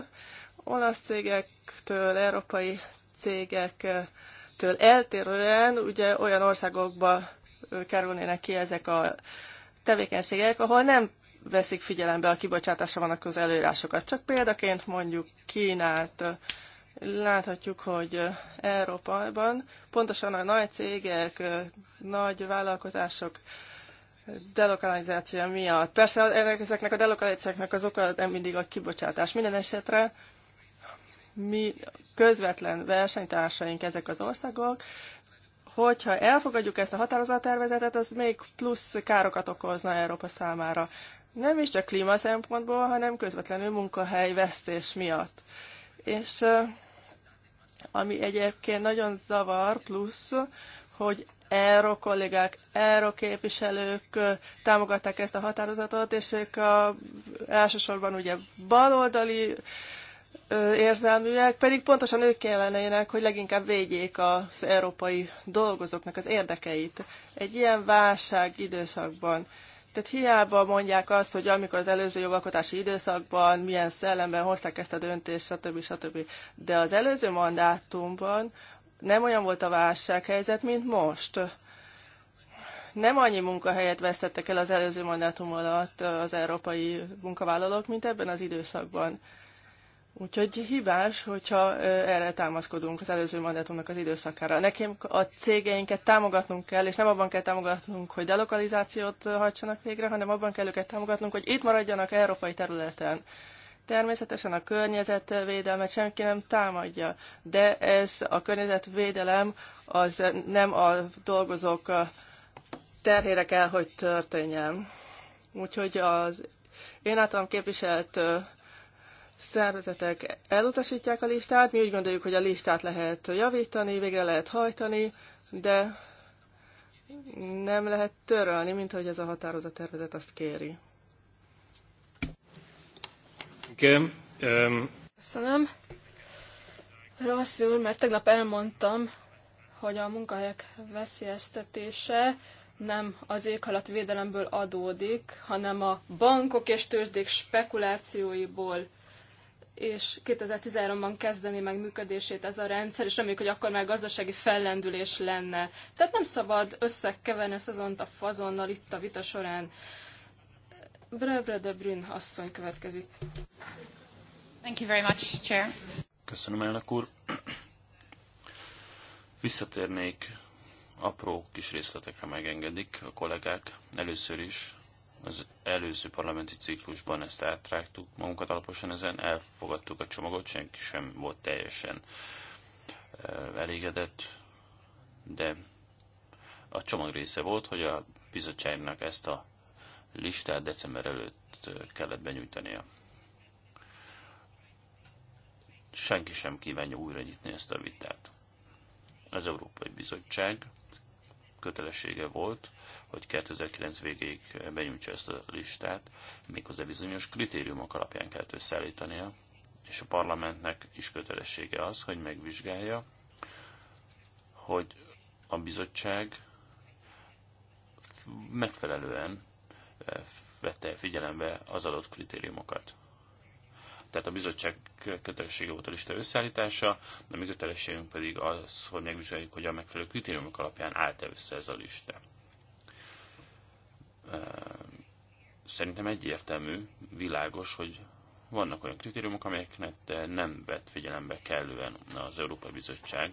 Olasz cégektől, európai cégek ettől eltérően ugye olyan országokba kerülnének ki ezek a tevékenységek, ahol nem veszik figyelembe a kibocsátásra vannak az előírásokat. Csak példaként mondjuk Kínát láthatjuk, hogy Európában pontosan a nagy cégek, nagy vállalkozások delokalizáció miatt. Persze ennek, ezeknek a delokalizációknak az oka nem mindig a kibocsátás. Minden esetre mi közvetlen versenytársaink ezek az országok, hogyha elfogadjuk ezt a határozattervezetet, az még plusz károkat okozna Európa számára. Nem is csak klíma szempontból, hanem közvetlenül munkahely vesztés miatt. És ami egyébként nagyon zavar plusz, hogy Euró kollégák, Euró képviselők támogatták ezt a határozatot, és ők a, elsősorban ugye baloldali érzelműek, pedig pontosan ők kellenének, hogy leginkább védjék az európai dolgozóknak az érdekeit. Egy ilyen válság időszakban. Tehát hiába mondják azt, hogy amikor az előző jogalkotási időszakban milyen szellemben hozták ezt a döntést, stb. stb. De az előző mandátumban nem olyan volt a válsághelyzet, mint most. Nem annyi munkahelyet vesztettek el az előző mandátum alatt az európai munkavállalók, mint ebben az időszakban. Úgyhogy hibás, hogyha erre támaszkodunk az előző mandátumnak az időszakára. Nekem a cégeinket támogatnunk kell, és nem abban kell támogatnunk, hogy delokalizációt hajtsanak végre, hanem abban kell őket támogatnunk, hogy itt maradjanak európai területen. Természetesen a környezetvédelmet senki nem támadja, de ez a környezetvédelem az nem a dolgozók terhére kell, hogy történjen. Úgyhogy az én általam képviselt szervezetek elutasítják a listát, mi úgy gondoljuk, hogy a listát lehet javítani, végre lehet hajtani, de nem lehet törölni, mint ahogy ez a határozat tervezet azt kéri. Igen. Um... Köszönöm. Rossz úr, mert tegnap elmondtam, hogy a munkahelyek veszélyeztetése nem az éghalatvédelemből adódik, hanem a bankok és tőzsdék spekulációiból és 2013-ban kezdeni meg működését ez a rendszer, és reméljük, hogy akkor már gazdasági fellendülés lenne. Tehát nem szabad összekeverni ezt azont a fazonnal itt a vita során. Brebre de Brün asszony következik. Thank you very much, Chair. Köszönöm, elnök úr. Visszatérnék apró kis részletekre megengedik a kollégák. Először is az előző parlamenti ciklusban ezt átrágtuk magunkat alaposan ezen, elfogadtuk a csomagot, senki sem volt teljesen elégedett, de a csomag része volt, hogy a bizottságnak ezt a listát december előtt kellett benyújtania. Senki sem kívánja újra nyitni ezt a vitát. Az Európai Bizottság kötelessége volt, hogy 2009 végéig benyújtsa ezt a listát, méghozzá bizonyos kritériumok alapján kellett összeállítania, és a parlamentnek is kötelessége az, hogy megvizsgálja, hogy a bizottság megfelelően eh, vette figyelembe az adott kritériumokat. Tehát a bizottság kötelessége volt a lista összeállítása, de mi kötelességünk pedig az, hogy megvizsgáljuk, hogy a megfelelő kritériumok alapján állt-e össze ez a lista. Szerintem egyértelmű, világos, hogy vannak olyan kritériumok, amelyeknek nem vett figyelembe kellően az Európai Bizottság.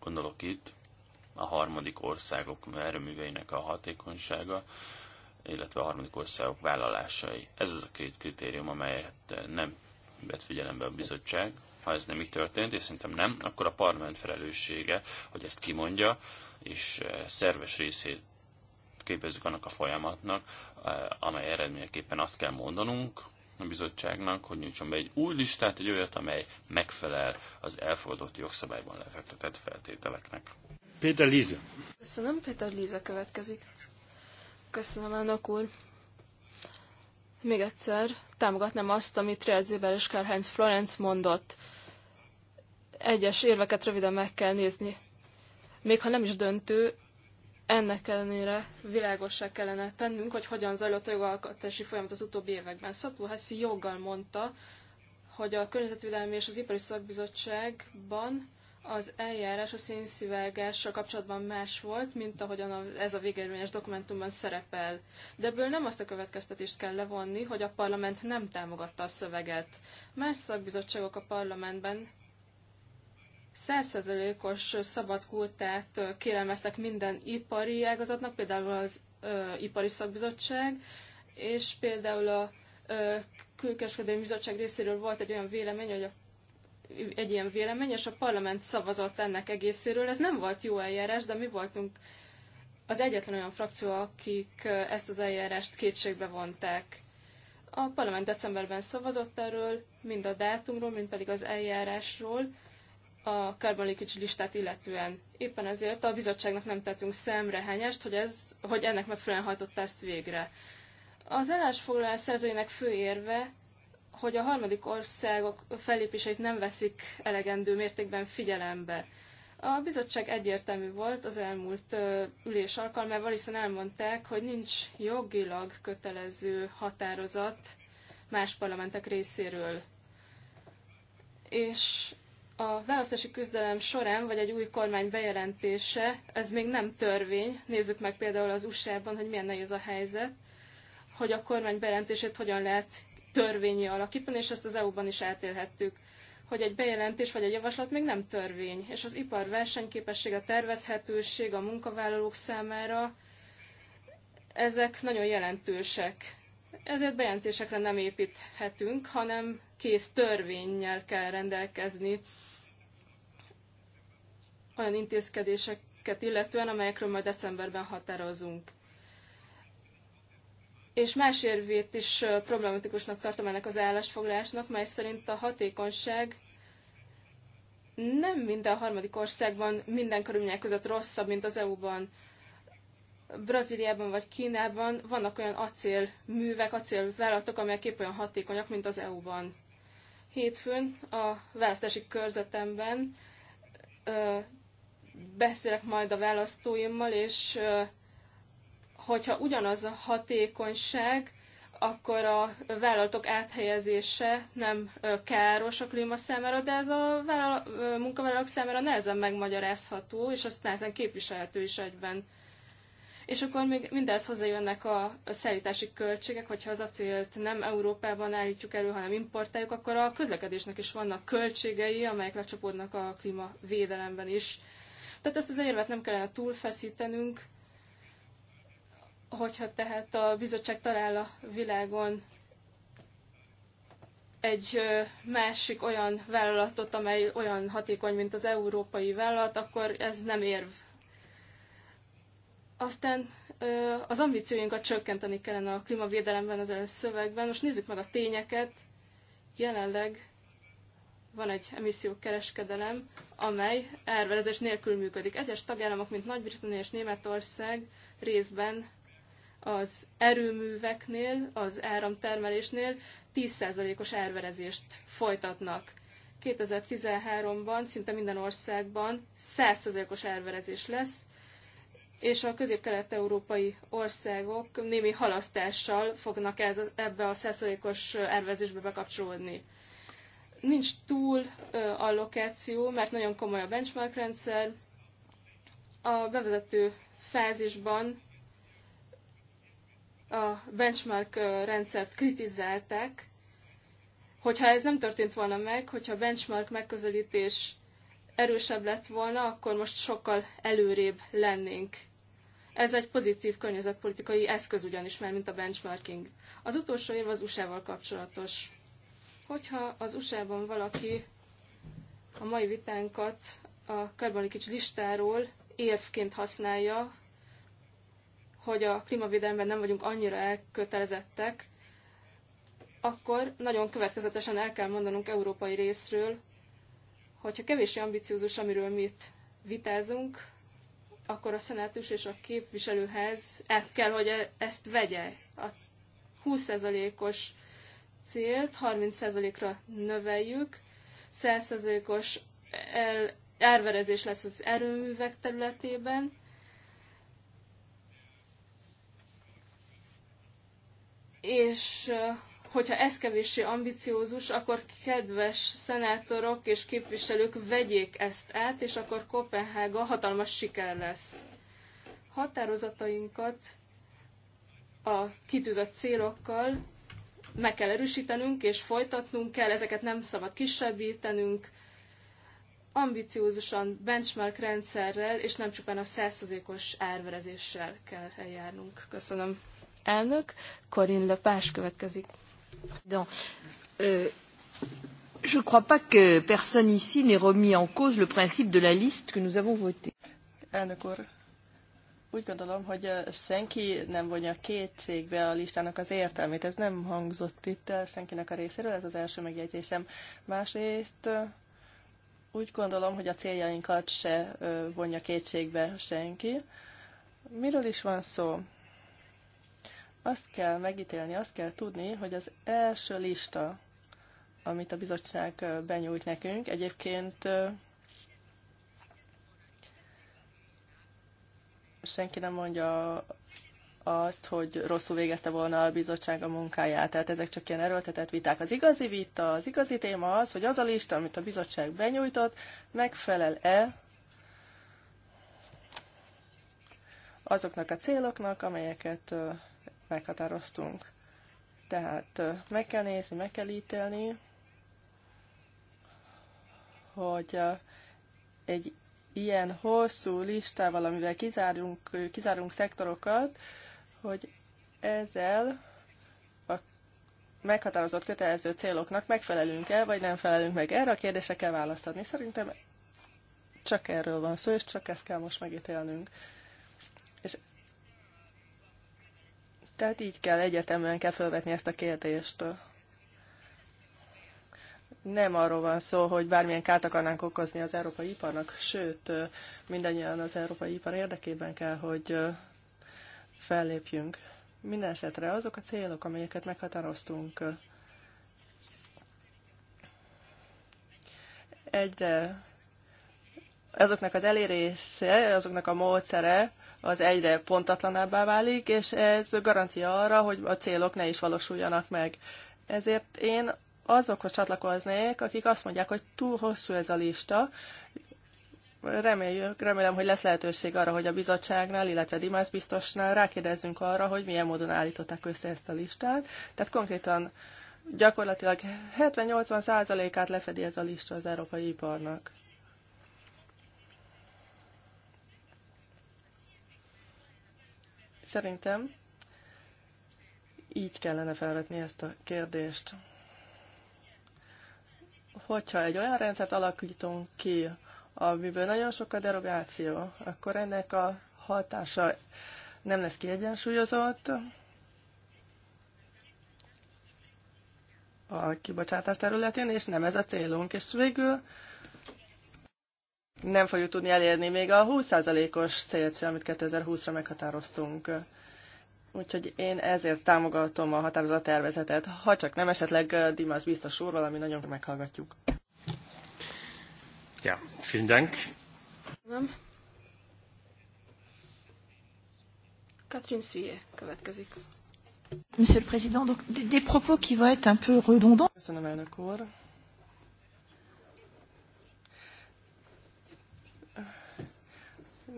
Gondolok itt a harmadik országok erőműveinek a hatékonysága, illetve a harmadik országok vállalásai. Ez az a két kritérium, amelyet nem vett figyelembe a bizottság. Ha ez nem így történt, és szerintem nem, akkor a parlament felelőssége, hogy ezt kimondja, és eh, szerves részét képezzük annak a folyamatnak, eh, amely eredményeképpen azt kell mondanunk, a bizottságnak, hogy nyújtson be egy új listát, egy olyat, amely megfelel az elfogadott jogszabályban lefektetett feltételeknek. Péter Líze. Köszönöm, Péter Líza következik. Köszönöm, elnök úr. Még egyszer támogatnám azt, amit Real Zéber és Karl-Heinz Florence mondott. Egyes érveket röviden meg kell nézni. Még ha nem is döntő, ennek ellenére világossá kellene tennünk, hogy hogyan zajlott a jogalkotási folyamat az utóbbi években. Szatú Haszi joggal mondta, hogy a Környezetvédelmi és az Ipari Szakbizottságban az eljárás a szénszivárgással kapcsolatban más volt, mint ahogyan ez a végérvényes dokumentumban szerepel. De ebből nem azt a következtetést kell levonni, hogy a parlament nem támogatta a szöveget. Más szakbizottságok a parlamentben százszerzelékos szabad kultát kérelmeztek minden ipari ágazatnak, például az ö, ipari szakbizottság, és például a ö, külkereskedelmi bizottság részéről volt egy olyan vélemény, hogy a egy ilyen vélemény, és a parlament szavazott ennek egészéről. Ez nem volt jó eljárás, de mi voltunk az egyetlen olyan frakció, akik eh, ezt az eljárást kétségbe vonták. A parlament decemberben szavazott erről, mind a dátumról, mind pedig az eljárásról, a leakage listát illetően. Éppen ezért a bizottságnak nem tettünk szemrehányást, hogy, ez, hogy ennek megfelelően hajtott ezt végre. Az állásfoglalás szerzőjének fő érve hogy a harmadik országok fellépéseit nem veszik elegendő mértékben figyelembe. A bizottság egyértelmű volt az elmúlt ülés alkalmával, hiszen elmondták, hogy nincs jogilag kötelező határozat más parlamentek részéről. És a választási küzdelem során, vagy egy új kormány bejelentése, ez még nem törvény. Nézzük meg például az USA-ban, hogy milyen nehéz a helyzet, hogy a kormány bejelentését hogyan lehet törvényi alakítani, és ezt az EU-ban is átélhettük hogy egy bejelentés vagy egy javaslat még nem törvény, és az ipar versenyképessége, a tervezhetőség a munkavállalók számára, ezek nagyon jelentősek. Ezért bejelentésekre nem építhetünk, hanem kész törvényel kell rendelkezni olyan intézkedéseket illetően, amelyekről majd decemberben határozunk és más érvét is problematikusnak tartom ennek az állásfoglalásnak, mely szerint a hatékonyság nem minden harmadik országban minden körülmények között rosszabb, mint az EU-ban. Brazíliában vagy Kínában vannak olyan acélművek, acélvállalatok, amelyek épp olyan hatékonyak, mint az EU-ban. Hétfőn a választási körzetemben ö, beszélek majd a választóimmal, és ö, hogyha ugyanaz a hatékonyság, akkor a vállalatok áthelyezése nem káros a klíma számára, de ez a munkavállalók számára nehezen megmagyarázható, és azt nehezen képviselhető is egyben. És akkor még mindez hozzájönnek a szállítási költségek, hogyha az acélt nem Európában állítjuk elő, hanem importáljuk, akkor a közlekedésnek is vannak költségei, amelyek lecsapódnak a klímavédelemben is. Tehát ezt az érvet nem kellene túlfeszítenünk, Hogyha tehát a bizottság talál a világon egy másik olyan vállalatot, amely olyan hatékony, mint az európai vállalat, akkor ez nem érv. Aztán az ambícióinkat csökkenteni kellene a klímavédelemben, az előző szövegben. Most nézzük meg a tényeket. Jelenleg van egy emissziókereskedelem, amely árverezés nélkül működik. Egyes tagállamok, mint Nagy-Britannia és Németország részben az erőműveknél, az áramtermelésnél 10%-os árverezést folytatnak. 2013-ban szinte minden országban 100%-os árverezés lesz, és a közép-kelet-európai országok némi halasztással fognak ez, ebbe a 100%-os árverezésbe bekapcsolódni. Nincs túl allokáció, mert nagyon komoly a benchmark rendszer. A bevezető fázisban a benchmark rendszert kritizálták, hogyha ez nem történt volna meg, hogyha a benchmark megközelítés erősebb lett volna, akkor most sokkal előrébb lennénk. Ez egy pozitív környezetpolitikai eszköz ugyanis mert mint a benchmarking. Az utolsó év az USA-val kapcsolatos. Hogyha az USA-ban valaki a mai vitánkat a Karbalikics listáról érvként használja, hogy a klímavédelemben nem vagyunk annyira elkötelezettek, akkor nagyon következetesen el kell mondanunk európai részről, hogyha kevés ambiciózus, amiről mi itt vitázunk, akkor a szenátus és a képviselőház el kell, hogy ezt vegye. A 20%-os célt 30%-ra növeljük, 100%-os elverezés lesz az erőművek területében, és hogyha ez kevéssé ambiciózus, akkor kedves szenátorok és képviselők vegyék ezt át, és akkor Kopenhága hatalmas siker lesz. Határozatainkat a kitűzött célokkal meg kell erősítenünk, és folytatnunk kell, ezeket nem szabad kisebbítenünk, ambiciózusan benchmark rendszerrel, és nem csupán a százszerzékos árverezéssel kell eljárnunk. Köszönöm. Elnök, Corinne Lepage következik. Donc, euh, je crois pas que personne ici n'ait remis en cause le principe de la liste que nous avons voté. Elnök úr, úgy gondolom, hogy senki nem vonja kétségbe a listának az értelmét. Ez nem hangzott itt el senkinek a részéről, ez az első megjegyzésem. Másrészt úgy gondolom, hogy a céljainkat se vonja kétségbe senki. Miről is van szó? Azt kell megítélni, azt kell tudni, hogy az első lista, amit a bizottság benyújt nekünk, egyébként senki nem mondja azt, hogy rosszul végezte volna a bizottság a munkáját. Tehát ezek csak ilyen erőltetett viták. Az igazi vita, az igazi téma az, hogy az a lista, amit a bizottság benyújtott, megfelel-e azoknak a céloknak, amelyeket meghatároztunk. Tehát meg kell nézni, meg kell ítélni, hogy egy ilyen hosszú listával, amivel kizárunk, kizárunk szektorokat, hogy ezzel a meghatározott kötelező céloknak megfelelünk-e, vagy nem felelünk meg. Erre a kérdésre kell választ adni. Szerintem csak erről van szó, és csak ezt kell most megítélnünk. És tehát így kell, egyértelműen kell felvetni ezt a kérdést. Nem arról van szó, hogy bármilyen kárt akarnánk okozni az európai iparnak, sőt, mindannyian az európai ipar érdekében kell, hogy fellépjünk. Minden esetre azok a célok, amelyeket meghatároztunk, egyre azoknak az elérése, azoknak a módszere az egyre pontatlanabbá válik, és ez garancia arra, hogy a célok ne is valósuljanak meg. Ezért én azokhoz csatlakoznék, akik azt mondják, hogy túl hosszú ez a lista, Reméljük, remélem, hogy lesz lehetőség arra, hogy a bizottságnál, illetve Dimas biztosnál rákérdezzünk arra, hogy milyen módon állították össze ezt a listát. Tehát konkrétan gyakorlatilag 70-80 százalékát lefedi ez a lista az európai iparnak. Szerintem így kellene felvetni ezt a kérdést. Hogyha egy olyan rendszert alakítunk ki, amiből nagyon sok a derogáció, akkor ennek a hatása nem lesz kiegyensúlyozott, a kibocsátás területén, és nem ez a célunk. És végül nem fogjuk tudni elérni még a 20%-os célt sem, amit 2020-ra meghatároztunk. Úgyhogy én ezért támogatom a határozat tervezetet, ha csak nem esetleg eh, Dimas biztos úr, valami nagyon meghallgatjuk. Ja, vielen Dank. Nem. Catherine Suyé következik. Monsieur le Président, donc des, des propos qui vont être un peu redondants. Köszönöm, elnök úr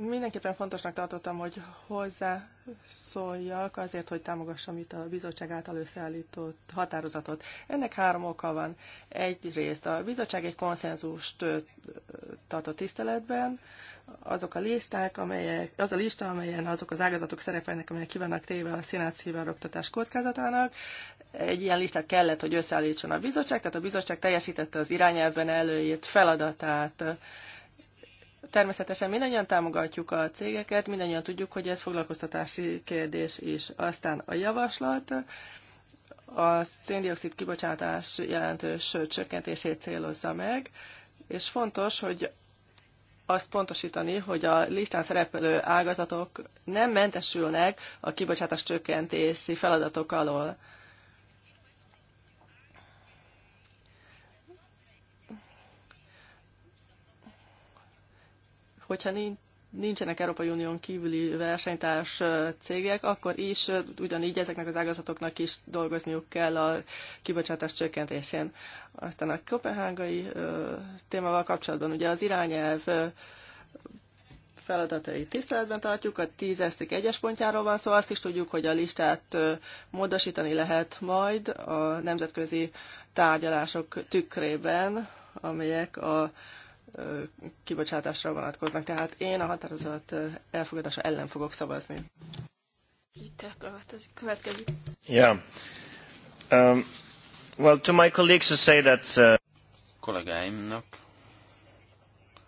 mindenképpen fontosnak tartottam, hogy hozzászóljak azért, hogy támogassam itt a bizottság által összeállított határozatot. Ennek három oka van. Egyrészt a bizottság egy konszenzust tartott tiszteletben, azok a listák, amelyek, az a lista, amelyen azok az ágazatok szerepelnek, amelyek kivannak téve a oktatás kockázatának. Egy ilyen listát kellett, hogy összeállítson a bizottság, tehát a bizottság teljesítette az irányelvben előírt feladatát Természetesen mindannyian támogatjuk a cégeket, mindannyian tudjuk, hogy ez foglalkoztatási kérdés is. Aztán a javaslat a széndiokszid kibocsátás jelentős csökkentését célozza meg, és fontos, hogy azt pontosítani, hogy a listán szereplő ágazatok nem mentesülnek a kibocsátás csökkentési feladatok alól. hogyha nincsenek Európai Unión kívüli versenytárs cégek, akkor is ugyanígy ezeknek az ágazatoknak is dolgozniuk kell a kibocsátás csökkentésén. Aztán a kopenhágai témával kapcsolatban ugye az irányelv feladatai tiszteletben tartjuk, a 10 eszik egyes pontjáról van szó, szóval azt is tudjuk, hogy a listát módosítani lehet majd a nemzetközi tárgyalások tükrében, amelyek a kibocsátásra vonatkoznak. Tehát én a határozat elfogadása ellen fogok szavazni. Itt Rita, következik. Yeah. Um, well, to my colleagues to say that... Uh... Kollégáimnak,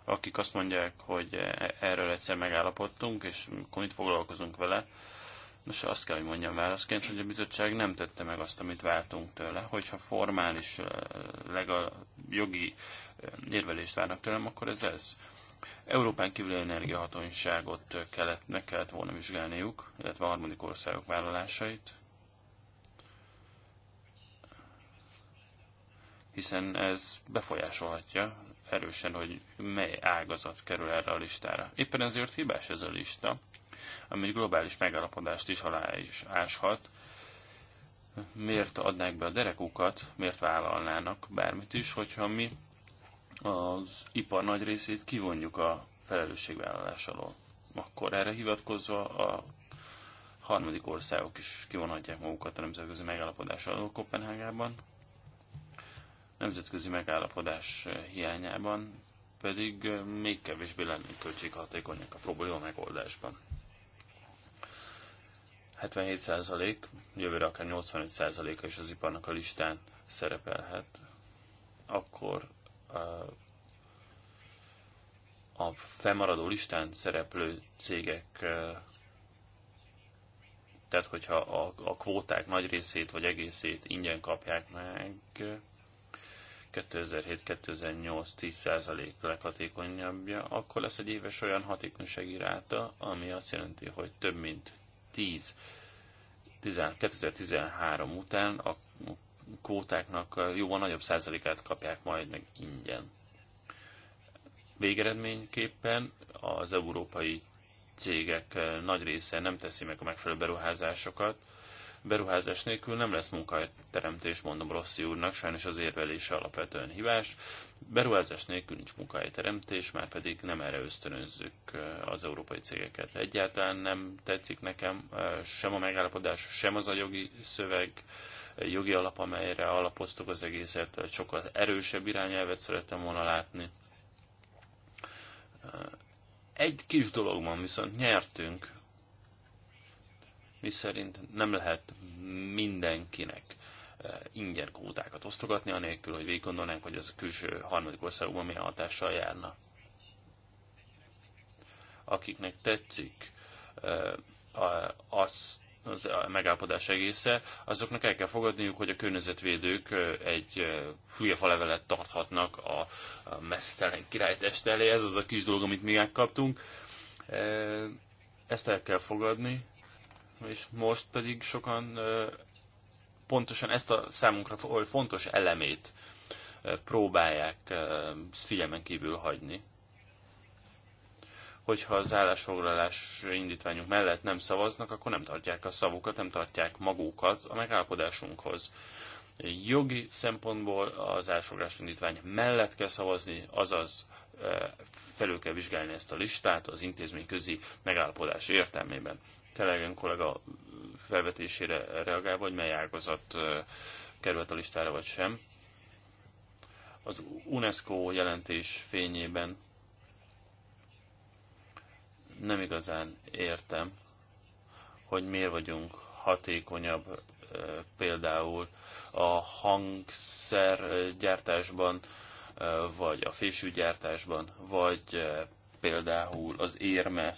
akik azt mondják, hogy eh, erről egyszer megállapodtunk, és akkor mit foglalkozunk vele, Nos, azt kell, hogy mondjam válaszként, hogy a bizottság nem tette meg azt, amit váltunk tőle. Hogyha formális legal, jogi érvelést várnak tőlem, akkor ez ez. Európán kívüli energiahatóságot kellett, meg kellett volna vizsgálniuk, illetve a harmadik országok vállalásait, hiszen ez befolyásolhatja erősen, hogy mely ágazat kerül erre a listára. Éppen ezért hibás ez a lista, ami egy globális megállapodást is alá is áshat. Miért adnák be a derekukat, miért vállalnának bármit is, hogyha mi az ipar nagy részét kivonjuk a felelősségvállalás alól. Akkor erre hivatkozva a harmadik országok is kivonhatják magukat a nemzetközi megállapodás alól Kopenhágában. Nemzetközi megállapodás hiányában pedig még kevésbé lennénk költséghatékonyak a probléma megoldásban. 77% jövőre akár 85%-a is az iparnak a listán szerepelhet, akkor a fennmaradó listán szereplő cégek, tehát hogyha a, a kvóták nagy részét vagy egészét ingyen kapják meg, 2007-2008-10 százalék leghatékonyabbja, akkor lesz egy éves olyan hatékonysági ráta, ami azt jelenti, hogy több mint 2010 2013 után a kvótáknak jóval nagyobb százalékát kapják majd meg ingyen. Végeredményképpen az európai cégek nagy része nem teszi meg a megfelelő beruházásokat, beruházás nélkül nem lesz munkahelyteremtés, mondom Rossi úrnak, sajnos az érvelése alapvetően hibás. Beruházás nélkül nincs munkahelyteremtés, már pedig nem erre ösztönözzük eh, az európai cégeket. Egyáltalán nem tetszik nekem eh, sem a megállapodás, sem az a jogi szöveg, eh, jogi alap, amelyre alapoztuk az egészet, sokkal erősebb irányelvet szerettem volna látni. Egy kis dologban viszont nyertünk, szerint nem lehet mindenkinek eh, ingyen kvótákat osztogatni, anélkül, hogy végig gondolnánk, hogy az a külső harmadik országban milyen hatással járna. Akiknek tetszik eh, az, az a megállapodás egésze, azoknak el kell fogadniuk, hogy a környezetvédők eh, egy falevelet tarthatnak a mesztelen király test elé. Ez az a kis dolog, amit mi megkaptunk. Ezt el kell fogadni, és most pedig sokan pontosan ezt a számunkra fontos elemét próbálják figyelmen kívül hagyni. Hogyha az állásfoglalás indítványunk mellett nem szavaznak, akkor nem tartják a szavukat, nem tartják magukat a megállapodásunkhoz. Jogi szempontból az állásfoglalás indítvány mellett kell szavazni, azaz felül kell vizsgálni ezt a listát az intézményközi megállapodás értelmében. Kelegen kollega felvetésére reagálva, hogy mely ágazat került a listára vagy sem. Az UNESCO jelentés fényében nem igazán értem, hogy miért vagyunk hatékonyabb például a hangszergyártásban, vagy a fésűgyártásban, vagy például az érme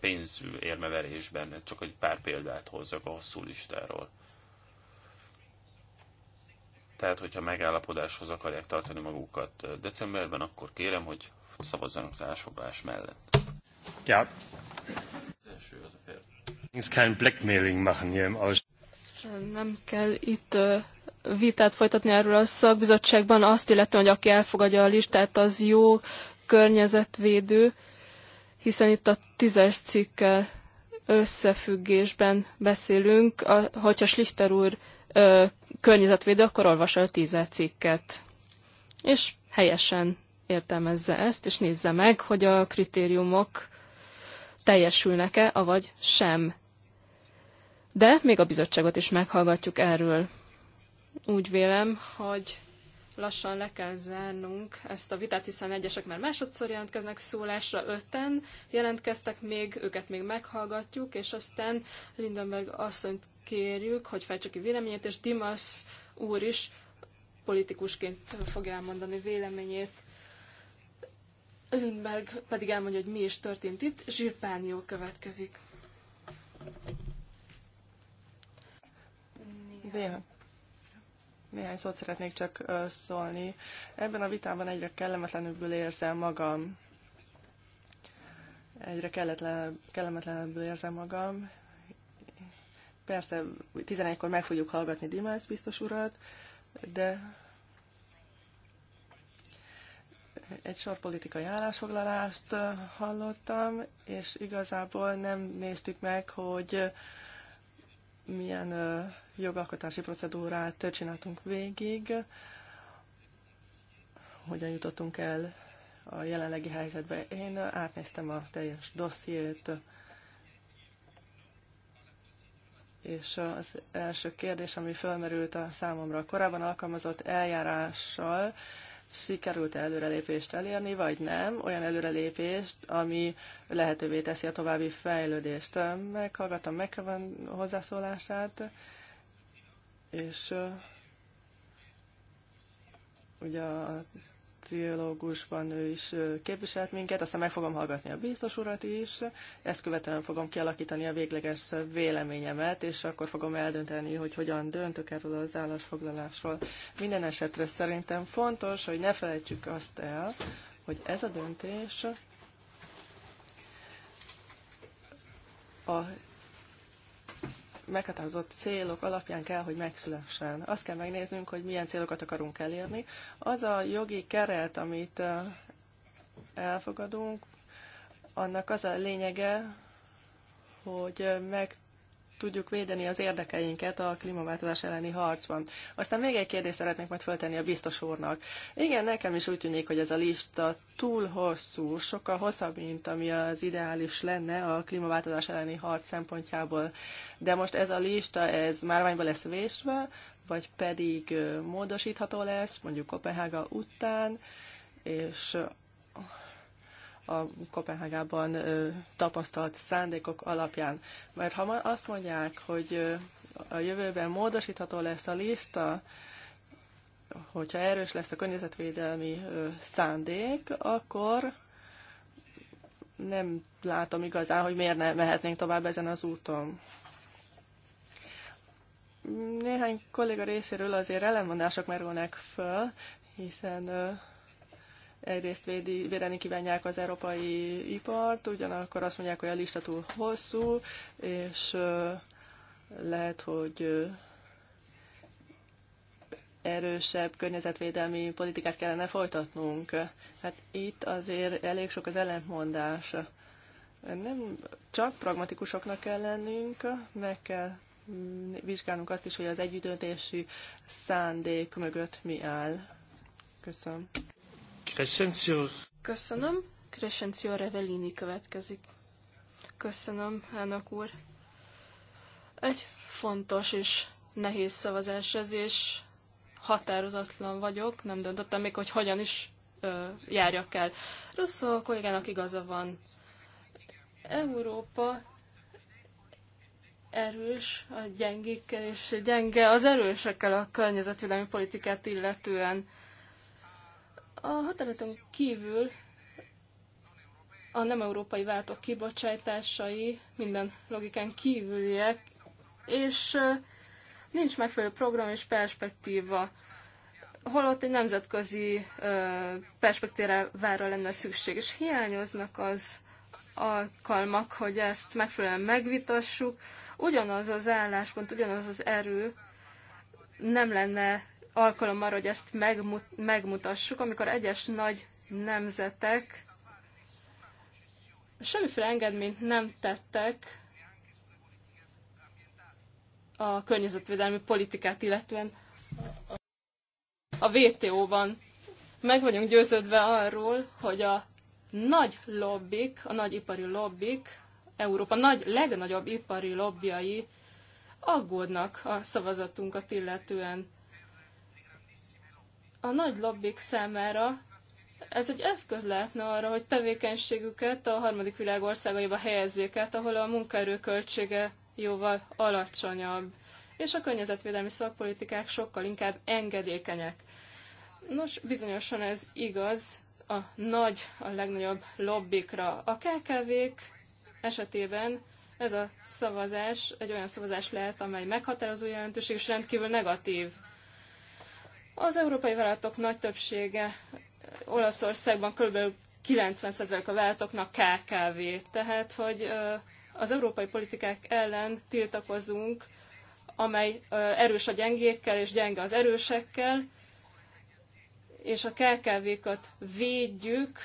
pénzérmeverésben, csak egy pár példát hozzak a hosszú listáról. Tehát, hogyha megállapodáshoz akarják tartani magukat decemberben, akkor kérem, hogy szavazzanak az elsoglás mellett. Ja. Az első az a Blackmailing machen hier im Nem kell itt vitát folytatni erről a szakbizottságban, azt illetően, hogy aki elfogadja a listát, az jó környezetvédő hiszen itt a tízes cikkel összefüggésben beszélünk. A, hogyha Schlichter úr ö, környezetvédő, akkor olvassa a tízes cikket. És helyesen értelmezze ezt, és nézze meg, hogy a kritériumok teljesülnek-e, avagy sem. De még a bizottságot is meghallgatjuk erről. Úgy vélem, hogy lassan le kell zárnunk ezt a vitát, hiszen egyesek már másodszor jelentkeznek szólásra, öten jelentkeztek még, őket még meghallgatjuk, és aztán Lindenberg asszonyt kérjük, hogy fejtse ki véleményét, és Dimas úr is politikusként fogja elmondani véleményét. Lindberg pedig elmondja, hogy mi is történt itt. Zsirpánió következik. Néhány. Néhány szót szeretnék csak szólni. Ebben a vitában egyre kellemetlenül érzem magam. Egyre kellemetlenebbül érzem magam. Persze 11-kor meg fogjuk hallgatni Dimász biztos urat, de egy sor politikai állásfoglalást hallottam, és igazából nem néztük meg, hogy milyen jogalkotási procedúrát csináltunk végig, hogyan jutottunk el a jelenlegi helyzetbe. Én átnéztem a teljes dossziét, és az első kérdés, ami felmerült a számomra a korábban alkalmazott eljárással, sikerült előrelépést elérni, vagy nem, olyan előrelépést, ami lehetővé teszi a további fejlődést. Meghallgattam McEwan hozzászólását, és ugye a triológusban ő is képviselt minket, aztán meg fogom hallgatni a biztos urat is, ezt követően fogom kialakítani a végleges véleményemet, és akkor fogom eldönteni, hogy hogyan döntök erről az állásfoglalásról. Minden esetre szerintem fontos, hogy ne felejtsük azt el, hogy ez a döntés a meghatározott célok alapján kell, hogy megszülessen. Azt kell megnéznünk, hogy milyen célokat akarunk elérni. Az a jogi keret, amit elfogadunk, annak az a lényege, hogy meg tudjuk védeni az érdekeinket a klímaváltozás elleni harcban. Aztán még egy kérdést szeretnék majd föltenni a biztos úrnak. Igen, nekem is úgy tűnik, hogy ez a lista túl hosszú, sokkal hosszabb, mint ami az ideális lenne a klímaváltozás elleni harc szempontjából. De most ez a lista, ez márványba lesz vésve, vagy pedig módosítható lesz, mondjuk Kopenhága után, és a Kopenhágában tapasztalt szándékok alapján. Mert ha azt mondják, hogy a jövőben módosítható lesz a lista, hogyha erős lesz a környezetvédelmi szándék, akkor nem látom igazán, hogy miért nem mehetnénk tovább ezen az úton. Néhány kolléga részéről azért ellenmondások merülnek föl, hiszen egyrészt védi, védeni kívánják az európai ipart, ugyanakkor azt mondják, hogy a lista túl hosszú, és lehet, hogy erősebb környezetvédelmi politikát kellene folytatnunk. Hát itt azért elég sok az ellentmondás. Nem csak pragmatikusoknak kell lennünk, meg kell vizsgálnunk azt is, hogy az együttöntési szándék mögött mi áll. Köszönöm. Crescencio. Köszönöm. Crescencio Revelini következik. Köszönöm, elnök úr. Egy fontos és nehéz szavazás ez, és határozatlan vagyok, nem döntöttem még, hogy hogyan is ö, járjak el. Russzó kollégának igaza van. Európa erős a gyengékkel, és gyenge az erősekkel a környezetvédelmi politikát illetően. A határaton kívül a nem európai váltok kibocsátásai minden logikán kívüliek, és nincs megfelelő program és perspektíva, holott egy nemzetközi perspektívára lenne szükség, és hiányoznak az alkalmak, hogy ezt megfelelően megvitassuk. Ugyanaz az álláspont, ugyanaz az erő nem lenne alkalom arra, hogy ezt megmut megmutassuk, amikor egyes nagy nemzetek semmiféle engedményt nem tettek a környezetvédelmi politikát illetően a WTO-ban. Meg vagyunk győződve arról, hogy a nagy lobbik, a nagy ipari lobbik, Európa nagy, legnagyobb ipari lobbjai aggódnak a szavazatunkat illetően a nagy lobbik számára ez egy eszköz lehetne arra, hogy tevékenységüket a harmadik világ országaiba helyezzék át, ahol a munkaerő költsége jóval alacsonyabb, és a környezetvédelmi szakpolitikák sokkal inkább engedékenyek. Nos, bizonyosan ez igaz a nagy, a legnagyobb lobbikra. A KKV-k esetében ez a szavazás egy olyan szavazás lehet, amely meghatározó jelentőség és rendkívül negatív az európai vállalatok nagy többsége Olaszországban kb. 90% a vállalatoknak KKV. Tehát, hogy az európai politikák ellen tiltakozunk, amely erős a gyengékkel és gyenge az erősekkel, és a KKV-kat védjük,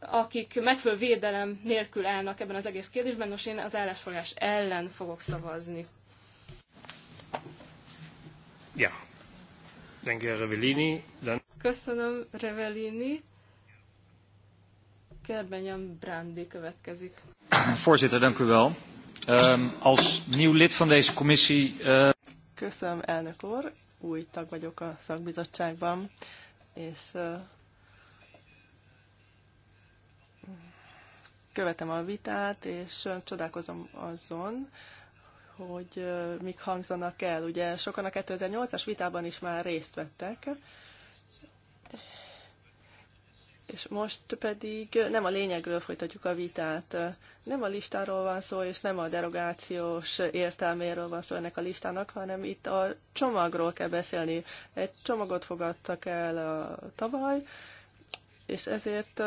akik megfelelő védelem nélkül állnak ebben az egész kérdésben, nos én az állásfogás ellen fogok szavazni. Ja. Denke Revellini. Dann... Köszönöm, Revellini. Kerbenyan Brandi következik. Voorzitter, dank u wel. Um, als nieuw lid van deze commissie... Uh... Köszönöm, elnök úr. Új tag vagyok a szakbizottságban, és uh, követem a vitát, és csodálkozom azon, hogy mik hangzanak el. Ugye sokan a 2008-as vitában is már részt vettek, és most pedig nem a lényegről folytatjuk a vitát. Nem a listáról van szó, és nem a derogációs értelméről van szó ennek a listának, hanem itt a csomagról kell beszélni. Egy csomagot fogadtak el a tavaly, és ezért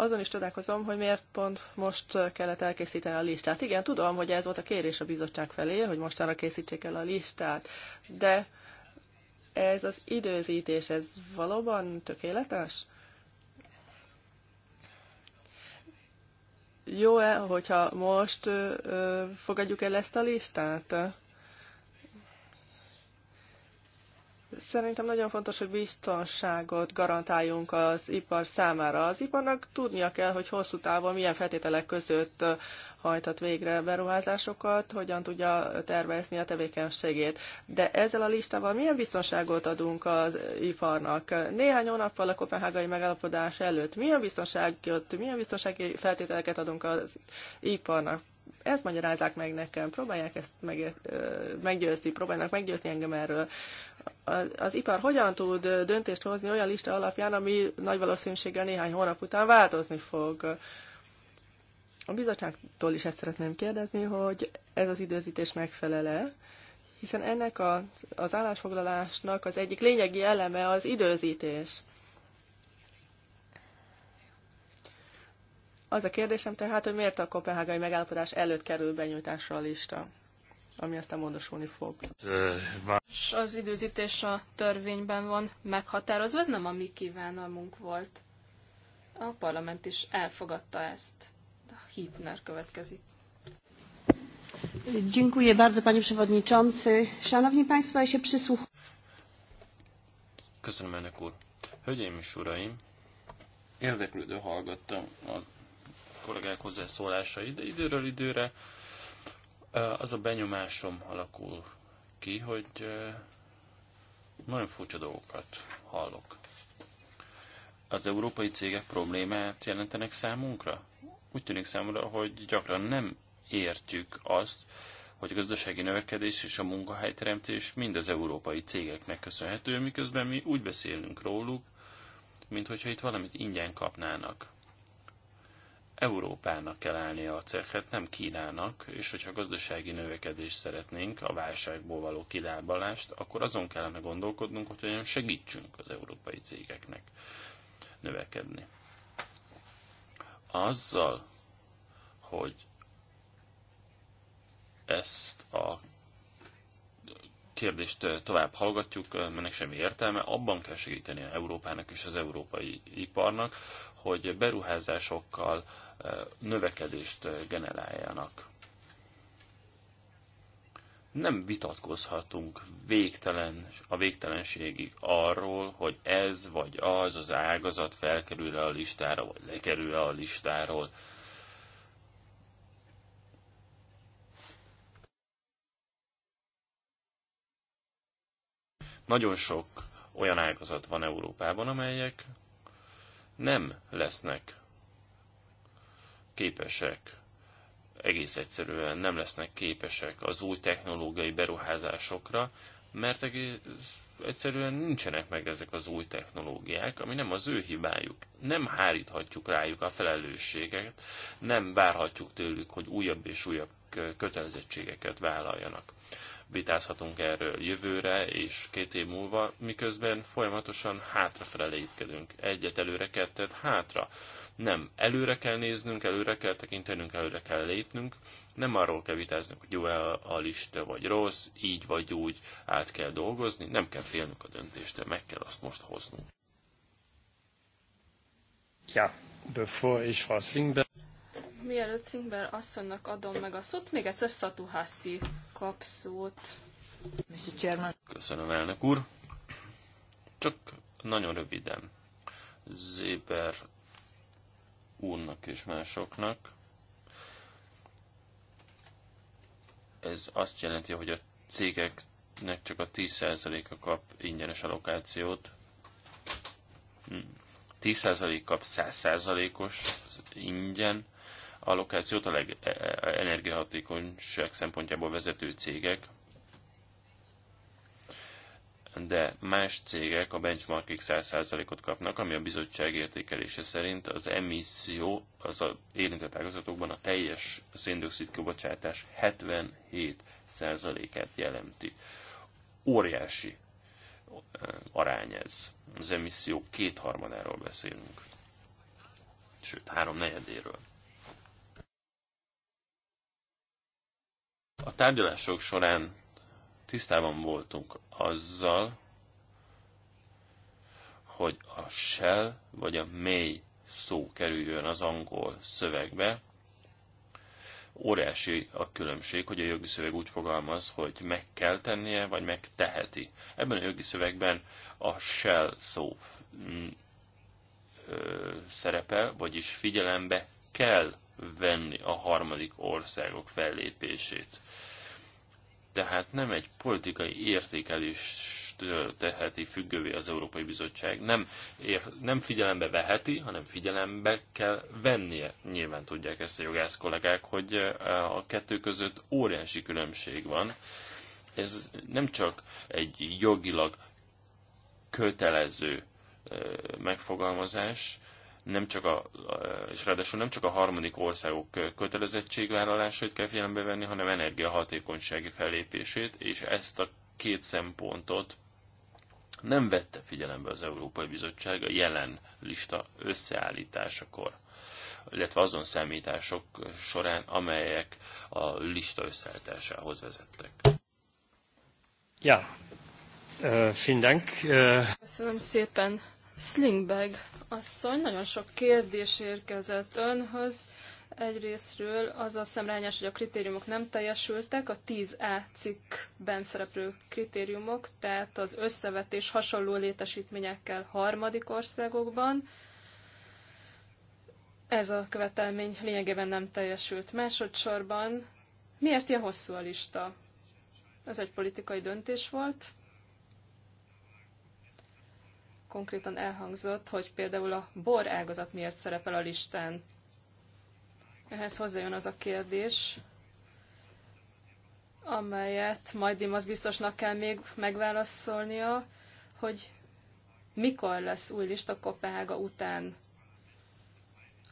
azon is csodálkozom, hogy miért pont most kellett elkészíteni a listát. Igen, tudom, hogy ez volt a kérés a bizottság felé, hogy mostanra készítsék el a listát, de ez az időzítés, ez valóban tökéletes? Jó-e, hogyha most fogadjuk el ezt a listát? Szerintem nagyon fontos, hogy biztonságot garantáljunk az ipar számára. Az iparnak tudnia kell, hogy hosszú távon milyen feltételek között hajtat végre beruházásokat, hogyan tudja tervezni a tevékenységét. De ezzel a listával milyen biztonságot adunk az iparnak? Néhány hónappal a kopenhágai megállapodás előtt milyen biztonságot, milyen biztonsági feltételeket adunk az iparnak? ezt magyarázzák meg nekem, próbálják ezt meg, meggyőzni, próbálnak meggyőzni engem erről. Az, az ipar hogyan tud döntést hozni olyan lista alapján, ami nagy valószínűséggel néhány hónap után változni fog. A bizottságtól is ezt szeretném kérdezni, hogy ez az időzítés megfelele, hiszen ennek a, az állásfoglalásnak az egyik lényegi eleme az időzítés. Az a kérdésem tehát, hogy miért a kopenhágai megállapodás előtt kerül benyújtásra a lista, ami aztán módosulni fog. És az időzítés a törvényben van meghatározva, ez nem a mi kívánalmunk volt. A parlament is elfogadta ezt. A Hitner következik. Dziękuję bardzo, panie przewodniczący. Szanowni państwo, ja się przysłuchuję. Köszönöm, elnök úr. Hölgyeim és uraim, érdeklődő hallgattam az kollégák hozzászólásai, de időről időre az a benyomásom alakul ki, hogy nagyon furcsa dolgokat hallok. Az európai cégek problémát jelentenek számunkra? Úgy tűnik számomra, hogy gyakran nem értjük azt, hogy a gazdasági növekedés és a munkahelyteremtés mind az európai cégeknek köszönhető, miközben mi úgy beszélünk róluk, hogyha itt valamit ingyen kapnának. Európának kell állnia a cechet, nem Kínának, és hogyha gazdasági növekedést szeretnénk, a válságból való kilábalást, akkor azon kellene gondolkodnunk, hogy hogyan segítsünk az európai cégeknek növekedni. Azzal, hogy ezt a kérdést tovább hallgatjuk, ennek semmi értelme, abban kell segíteni a Európának és az európai iparnak, hogy beruházásokkal, növekedést generáljanak. Nem vitatkozhatunk végtelen, a végtelenségig arról, hogy ez vagy az az ágazat felkerül-e a listára, vagy lekerül-e a listáról. Nagyon sok olyan ágazat van Európában, amelyek nem lesznek képesek, egész egyszerűen nem lesznek képesek az új technológiai beruházásokra, mert egész egyszerűen nincsenek meg ezek az új technológiák, ami nem az ő hibájuk. Nem háríthatjuk rájuk a felelősséget, nem várhatjuk tőlük, hogy újabb és újabb kötelezettségeket vállaljanak. Vitázhatunk erről jövőre és két év múlva, miközben folyamatosan hátrafelé lépkedünk. Egyet előre, kettőt hátra. Nem, előre kell néznünk, előre kell tekintenünk, előre kell lépnünk. Nem arról kell vitáznunk, hogy jó a lista vagy rossz, így vagy úgy át kell dolgozni. Nem kell félnünk a döntéstől, meg kell azt most hoznunk. Ja, bevor és Frau Slingberg... Mielőtt szingber, asszonynak adom meg a szót, még egyszer Szatuhászi kap szót. Mr. Chairman. Köszönöm, elnök úr. Csak nagyon röviden. Zéber úrnak és másoknak. Ez azt jelenti, hogy a cégeknek csak a 10%-a kap ingyenes allokációt. 10% hmm. kap 100%-os ingyen allokációt a legenergiahatékonyság e- e- szempontjából vezető cégek, de más cégek a benchmarkig 100%-ot kapnak, ami a bizottság értékelése szerint az emisszió az a érintett ágazatokban a teljes széndiokszid kibocsátás 77%-át jelenti. Óriási arány ez. Az emisszió kétharmadáról beszélünk. Sőt, háromnegyedéről. A tárgyalások során tisztában voltunk azzal, hogy a shell vagy a mély szó kerüljön az angol szövegbe. Óriási a különbség, hogy a jogi szöveg úgy fogalmaz, hogy meg kell tennie, vagy meg teheti. Ebben a jogi szövegben a shell szó mm, szerepel, vagyis figyelembe kell venni a harmadik országok fellépését tehát nem egy politikai értékelést teheti függővé az Európai Bizottság. Nem, ér, nem figyelembe veheti, hanem figyelembe kell vennie. Nyilván tudják ezt a jogász kollégák, hogy a kettő között óriási különbség van. Ez nem csak egy jogilag kötelező megfogalmazás, nem csak a, és ráadásul nem csak a harmadik országok kötelezettségvállalásait kell figyelembe venni, hanem energiahatékonysági fellépését, és ezt a két szempontot nem vette figyelembe az Európai Bizottság a jelen lista összeállításakor, illetve azon számítások során, amelyek a lista összeállításához vezettek. Ja, vielen Dank. Köszönöm szépen. Slingbag asszony, nagyon sok kérdés érkezett önhöz. Egyrésztről az a szemrányás, hogy a kritériumok nem teljesültek, a 10A cikkben szereplő kritériumok, tehát az összevetés hasonló létesítményekkel harmadik országokban. Ez a követelmény lényegében nem teljesült. Másodszorban miért ilyen hosszú a lista? Ez egy politikai döntés volt, konkrétan elhangzott, hogy például a bor ágazat miért szerepel a listán. Ehhez hozzájön az a kérdés, amelyet majd az biztosnak kell még megválaszolnia, hogy mikor lesz új lista Kopenhága után,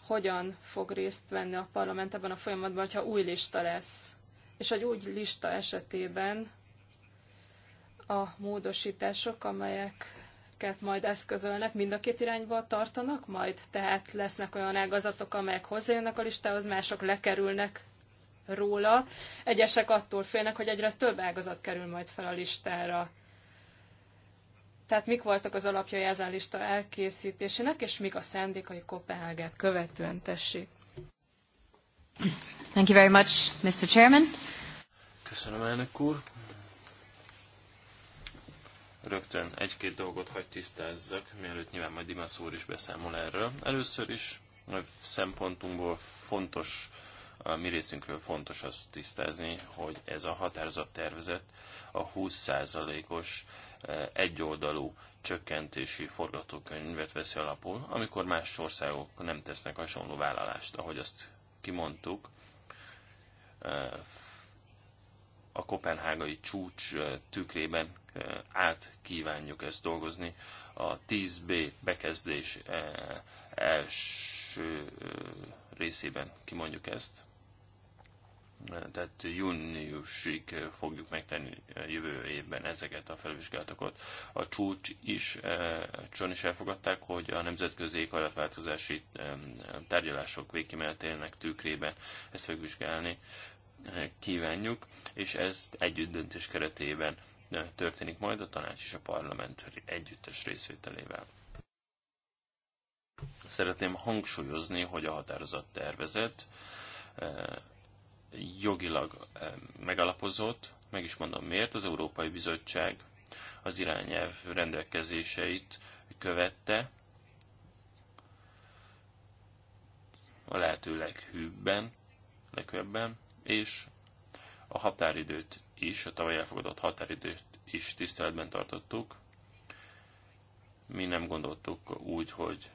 hogyan fog részt venni a parlament ebben a folyamatban, ha új lista lesz. És egy új lista esetében a módosítások, amelyek amelyeket majd eszközölnek, mind a két irányba tartanak majd? Tehát lesznek olyan ágazatok, amelyek hozzájönnek a listához, mások lekerülnek róla. Egyesek attól félnek, hogy egyre több ágazat kerül majd fel a listára. Tehát mik voltak az alapjai ezen lista elkészítésének, és mik a szándékai Kopenhágát követően tessék? Thank you very much, Mr. Chairman. Köszönöm, elnök úr. Rögtön egy-két dolgot hagy tisztázzak, mielőtt nyilván majd Dimasz úr is beszámol erről. Először is a szempontunkból fontos, a mi részünkről fontos azt tisztázni, hogy ez a tervezet a 20%-os eh, egyoldalú csökkentési forgatókönyvet veszi alapul, amikor más országok nem tesznek hasonló vállalást, ahogy azt kimondtuk, eh, a kopenhágai csúcs tükrében át kívánjuk ezt dolgozni. A 10B bekezdés első részében kimondjuk ezt. Tehát júniusig fogjuk megtenni jövő évben ezeket a felvizsgálatokat. A csúcs is, John is elfogadták, hogy a nemzetközi éghajlatváltozási tárgyalások végkimenetének tükrében ezt fogjuk vizsgálni kívánjuk, és ez együtt döntés keretében eh, történik majd a tanács és a parlament együttes részvételével. Szeretném hangsúlyozni, hogy a határozat tervezet eh, jogilag eh, megalapozott, meg is mondom miért, az Európai Bizottság az irányelv rendelkezéseit követte, a lehető leghűbben, leghűbben, és a határidőt is, a tavaly elfogadott határidőt is tiszteletben tartottuk. Mi nem gondoltuk úgy, hogy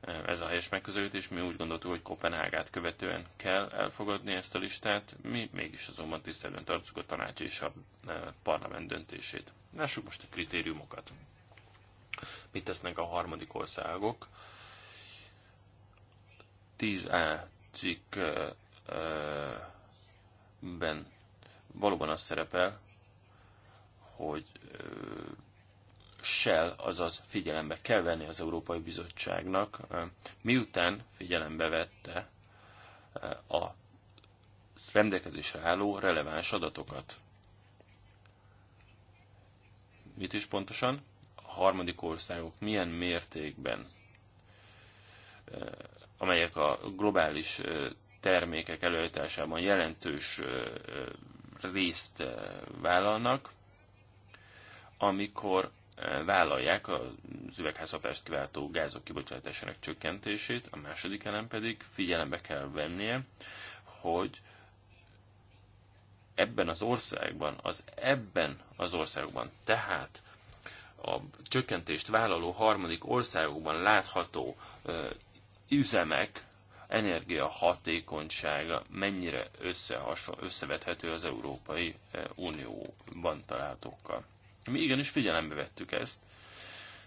e, ez a helyes megközelítés, mi úgy gondoltuk, hogy Kopenhágát követően kell elfogadni ezt a listát, mi mégis azonban tiszteletben tartjuk a tanács és a e, parlament döntését. Lássuk most a kritériumokat. Mit tesznek a harmadik országok? 10A cikk e, ben valóban az szerepel, hogy Shell, azaz figyelembe kell venni az Európai Bizottságnak, miután figyelembe vette a rendelkezésre álló releváns adatokat. Mit is pontosan? A harmadik országok milyen mértékben, amelyek a globális termékek előállításában jelentős részt vállalnak, amikor vállalják az üvegházhatást kiváltó gázok kibocsátásának csökkentését, a második elem pedig figyelembe kell vennie, hogy ebben az országban, az ebben az országban, tehát a csökkentést vállaló harmadik országokban látható üzemek energiahatékonysága mennyire összevethető az Európai eh, Unióban találhatókkal. Mi igenis figyelembe vettük ezt,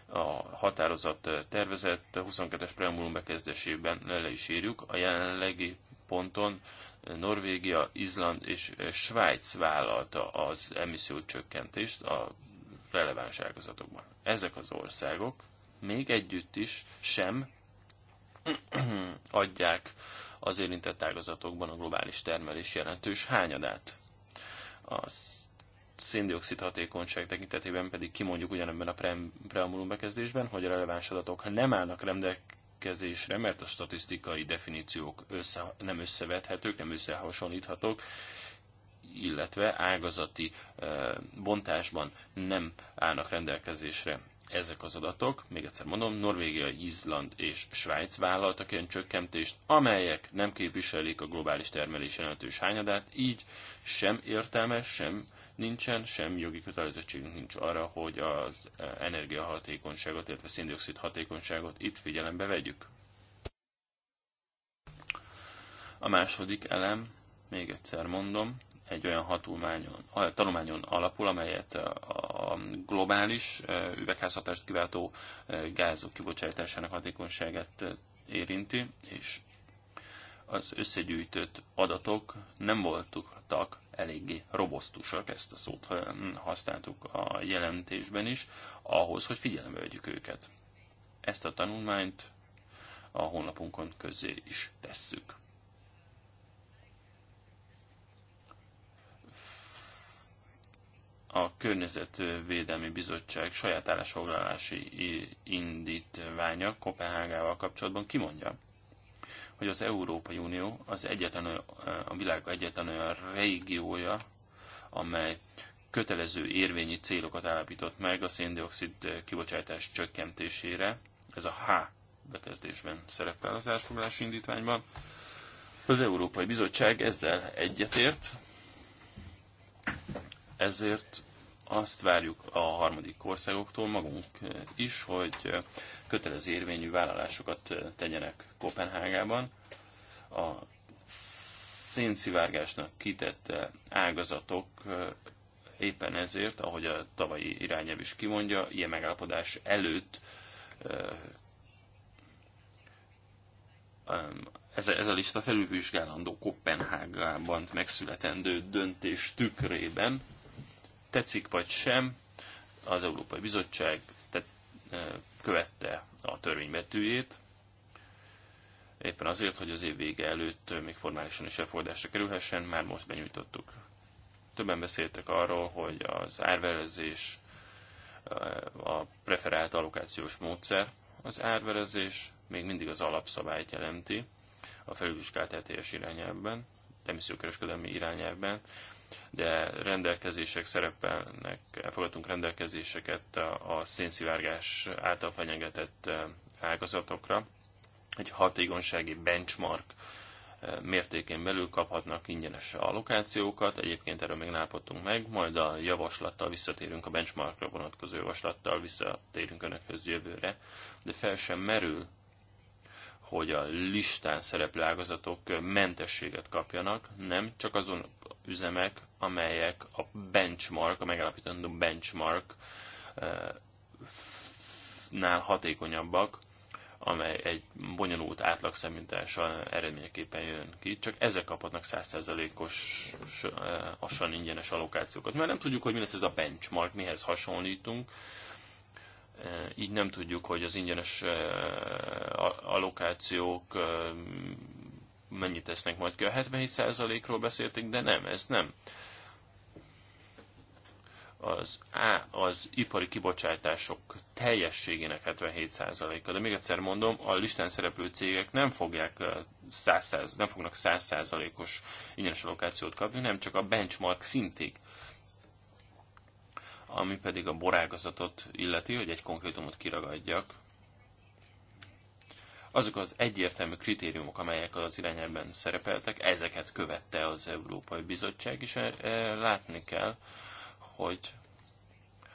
a határozat eh, tervezett 22-es preambulum bekezdésében le is írjuk. A jelenlegi ponton eh, Norvégia, Izland és Svájc vállalta az emisszió csökkentést a releváns ágazatokban. Ezek az országok még együtt is sem (clears throat) adják az érintett ágazatokban a globális termelés jelentős hányadát. A széndiokszid hatékonyság tekintetében pedig kimondjuk ugyanebben a pre preambulum bekezdésben, hogy a releváns adatok nem állnak rendelkezésre, mert a statisztikai definíciók össze, nem összevethetők, nem összehasonlíthatók, illetve ágazati e, bontásban nem állnak rendelkezésre ezek az adatok. Még egyszer mondom, Norvégia, Izland és Svájc vállaltak ilyen csökkentést, amelyek nem képviselik a globális termelés jelentős hányadát, így sem értelmes, sem nincsen, sem jogi kötelezettségünk nincs arra, hogy az energiahatékonyságot, illetve széndiokszid hatékonyságot itt figyelembe vegyük. A második elem, még egyszer mondom, egy olyan hatulmányon, a tanulmányon alapul, amelyet a globális üvegházhatást kiváltó gázok kibocsátásának hatékonyságát érinti, és az összegyűjtött adatok nem voltak eléggé robosztusak, ezt a szót használtuk a jelentésben is, ahhoz, hogy figyelembe vegyük őket. Ezt a tanulmányt a honlapunkon közé is tesszük. a Környezetvédelmi Bizottság saját állásfoglalási indítványa Kopenhágával kapcsolatban kimondja, hogy az Európai Unió az egyetlen, a világ egyetlen olyan régiója, amely kötelező érvényi célokat állapított meg a széndiokszid kibocsátás csökkentésére. Ez a H bekezdésben szerepel az állásfoglalási indítványban. Az Európai Bizottság ezzel egyetért, ezért azt várjuk a harmadik országoktól magunk is, hogy kötelező érvényű vállalásokat tegyenek Kopenhágában. A szénszivárgásnak kitett ágazatok éppen ezért, ahogy a tavalyi irányelv is kimondja, ilyen megállapodás előtt ez a, ez a lista felülvizsgálandó Kopenhágában megszületendő döntés tükrében tetszik vagy sem, az Európai Bizottság tett, követte a törvénybetűjét, éppen azért, hogy az év vége előtt még formálisan is elfogadásra kerülhessen, már most benyújtottuk. Többen beszéltek arról, hogy az árverezés a preferált allokációs módszer. Az árverezés még mindig az alapszabályt jelenti a felülvizsgált ETS irányelvben, emissziókereskedelmi irányelvben, de rendelkezések szerepelnek, elfogadtunk rendelkezéseket a szénszivárgás által fenyegetett ágazatokra. Egy hatékonysági benchmark mértékén belül kaphatnak ingyenes allokációkat, egyébként erről még nálpottunk meg, majd a javaslattal visszatérünk, a benchmarkra vonatkozó javaslattal visszatérünk Önökhöz jövőre, de fel sem merül hogy a listán szereplő ágazatok mentességet kapjanak, nem csak azon üzemek, amelyek a benchmark, a megállapítandó benchmark eh, nál hatékonyabbak, amely egy bonyolult átlagszemítással eredményeképpen jön ki, csak ezek kaphatnak 100%-osan eh, ingyenes allokációkat. Mert nem tudjuk, hogy mi lesz ez a benchmark, mihez hasonlítunk, így nem tudjuk, hogy az ingyenes allokációk mennyit tesznek majd ki. A 77%-ról beszélték, de nem, ez nem. Az A, az ipari kibocsátások teljességének 77%-a, de még egyszer mondom, a listán szereplő cégek nem fogják 100, nem fognak 100%-os ingyenes allokációt kapni, nem csak a benchmark szintig ami pedig a borágazatot illeti, hogy egy konkrétumot kiragadjak, azok az egyértelmű kritériumok, amelyek az irányában szerepeltek, ezeket követte az Európai Bizottság, és e, látni kell, hogy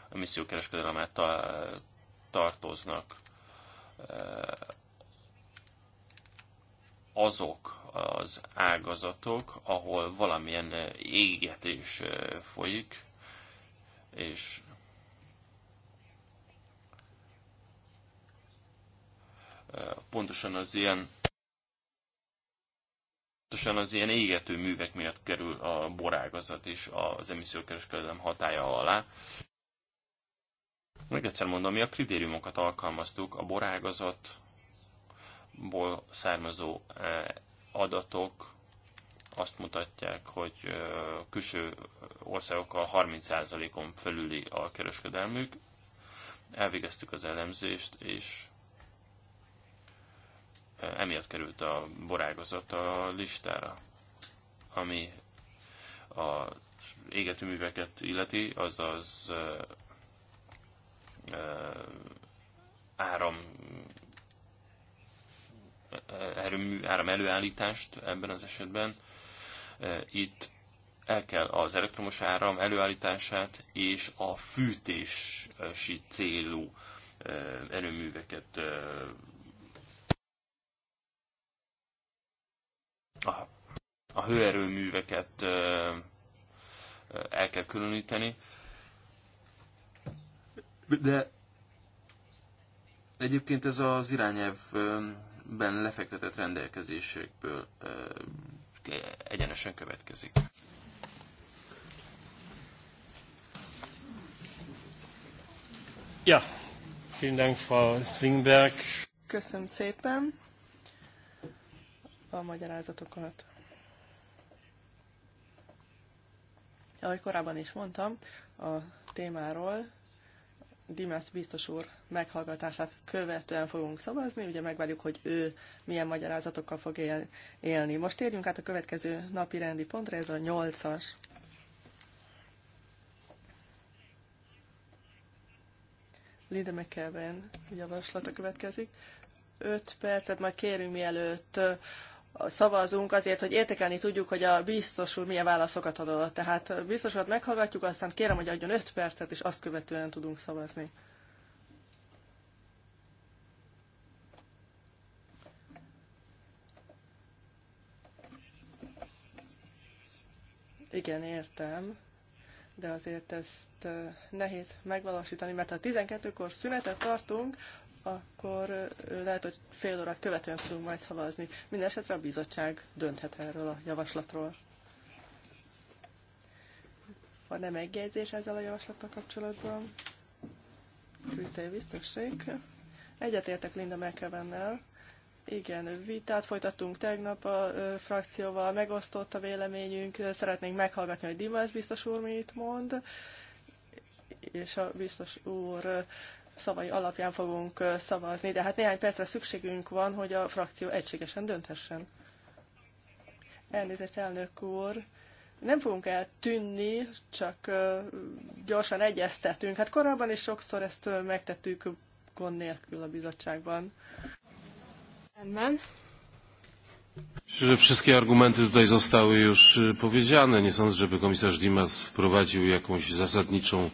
a missziókereskedelemát tartoznak e, azok az ágazatok, ahol valamilyen égetés e, folyik, és pontosan az ilyen pontosan az ilyen égető művek miatt kerül a borágazat és az emissziókereskedelem hatája alá. Még egyszer mondom, mi a kritériumokat alkalmaztuk a borágazatból származó adatok azt mutatják, hogy külső országokkal 30%-on fölüli a kereskedelmük. Elvégeztük az elemzést, és emiatt került a borágazat a listára, ami a égetőműveket illeti, azaz áram erőmű, áram áram előállítást ebben az esetben, itt el kell az elektromos áram előállítását és a fűtési célú erőműveket a, a hőerőműveket el kell különíteni. De egyébként ez az irányelvben lefektetett rendelkezésekből egyenesen következik. Ja, vielen Dank, Frau Swingberg. Köszönöm szépen a magyarázatokat. Ahogy korábban is mondtam, a témáról Dimas biztos úr meghallgatását követően fogunk szavazni, ugye megvárjuk, hogy ő milyen magyarázatokkal fog él, élni. Most térjünk át a következő napi rendi pontra, ez a nyolcas. Linda McKelven javaslata következik. Öt percet majd kérünk, mielőtt szavazunk azért, hogy értékelni tudjuk, hogy a biztos úr milyen válaszokat adott. Tehát biztos urat meghallgatjuk, aztán kérem, hogy adjon 5 percet, és azt követően tudunk szavazni. Igen, értem, de azért ezt nehéz megvalósítani, mert ha 12-kor szünetet tartunk, akkor lehet, hogy fél órát követően tudunk majd szavazni. Mindenesetre a bizottság dönthet erről a javaslatról. Van-e megjegyzés ezzel a javaslattal kapcsolatban? Krisztély biztosség. Egyetértek Linda Mekevennel. Igen, vitát folytattunk tegnap a ö, frakcióval, megosztott a véleményünk, szeretnénk meghallgatni, hogy Dimas biztos úr mit mond, és a biztos úr szavai alapján fogunk szavazni, de hát néhány percre szükségünk van, hogy a frakció egységesen dönthessen. Elnézést, elnök úr! nem fogunk eltűnni, csak gyorsan egyeztetünk. Hát korábban is sokszor ezt megtettük gond nélkül a bizottságban. Rendben. Myślę, że wszystkie argumenty tutaj zostały już powiedziane. Nie sądzę, żeby komisarz Dimas wprowadził jakąś zasadniczą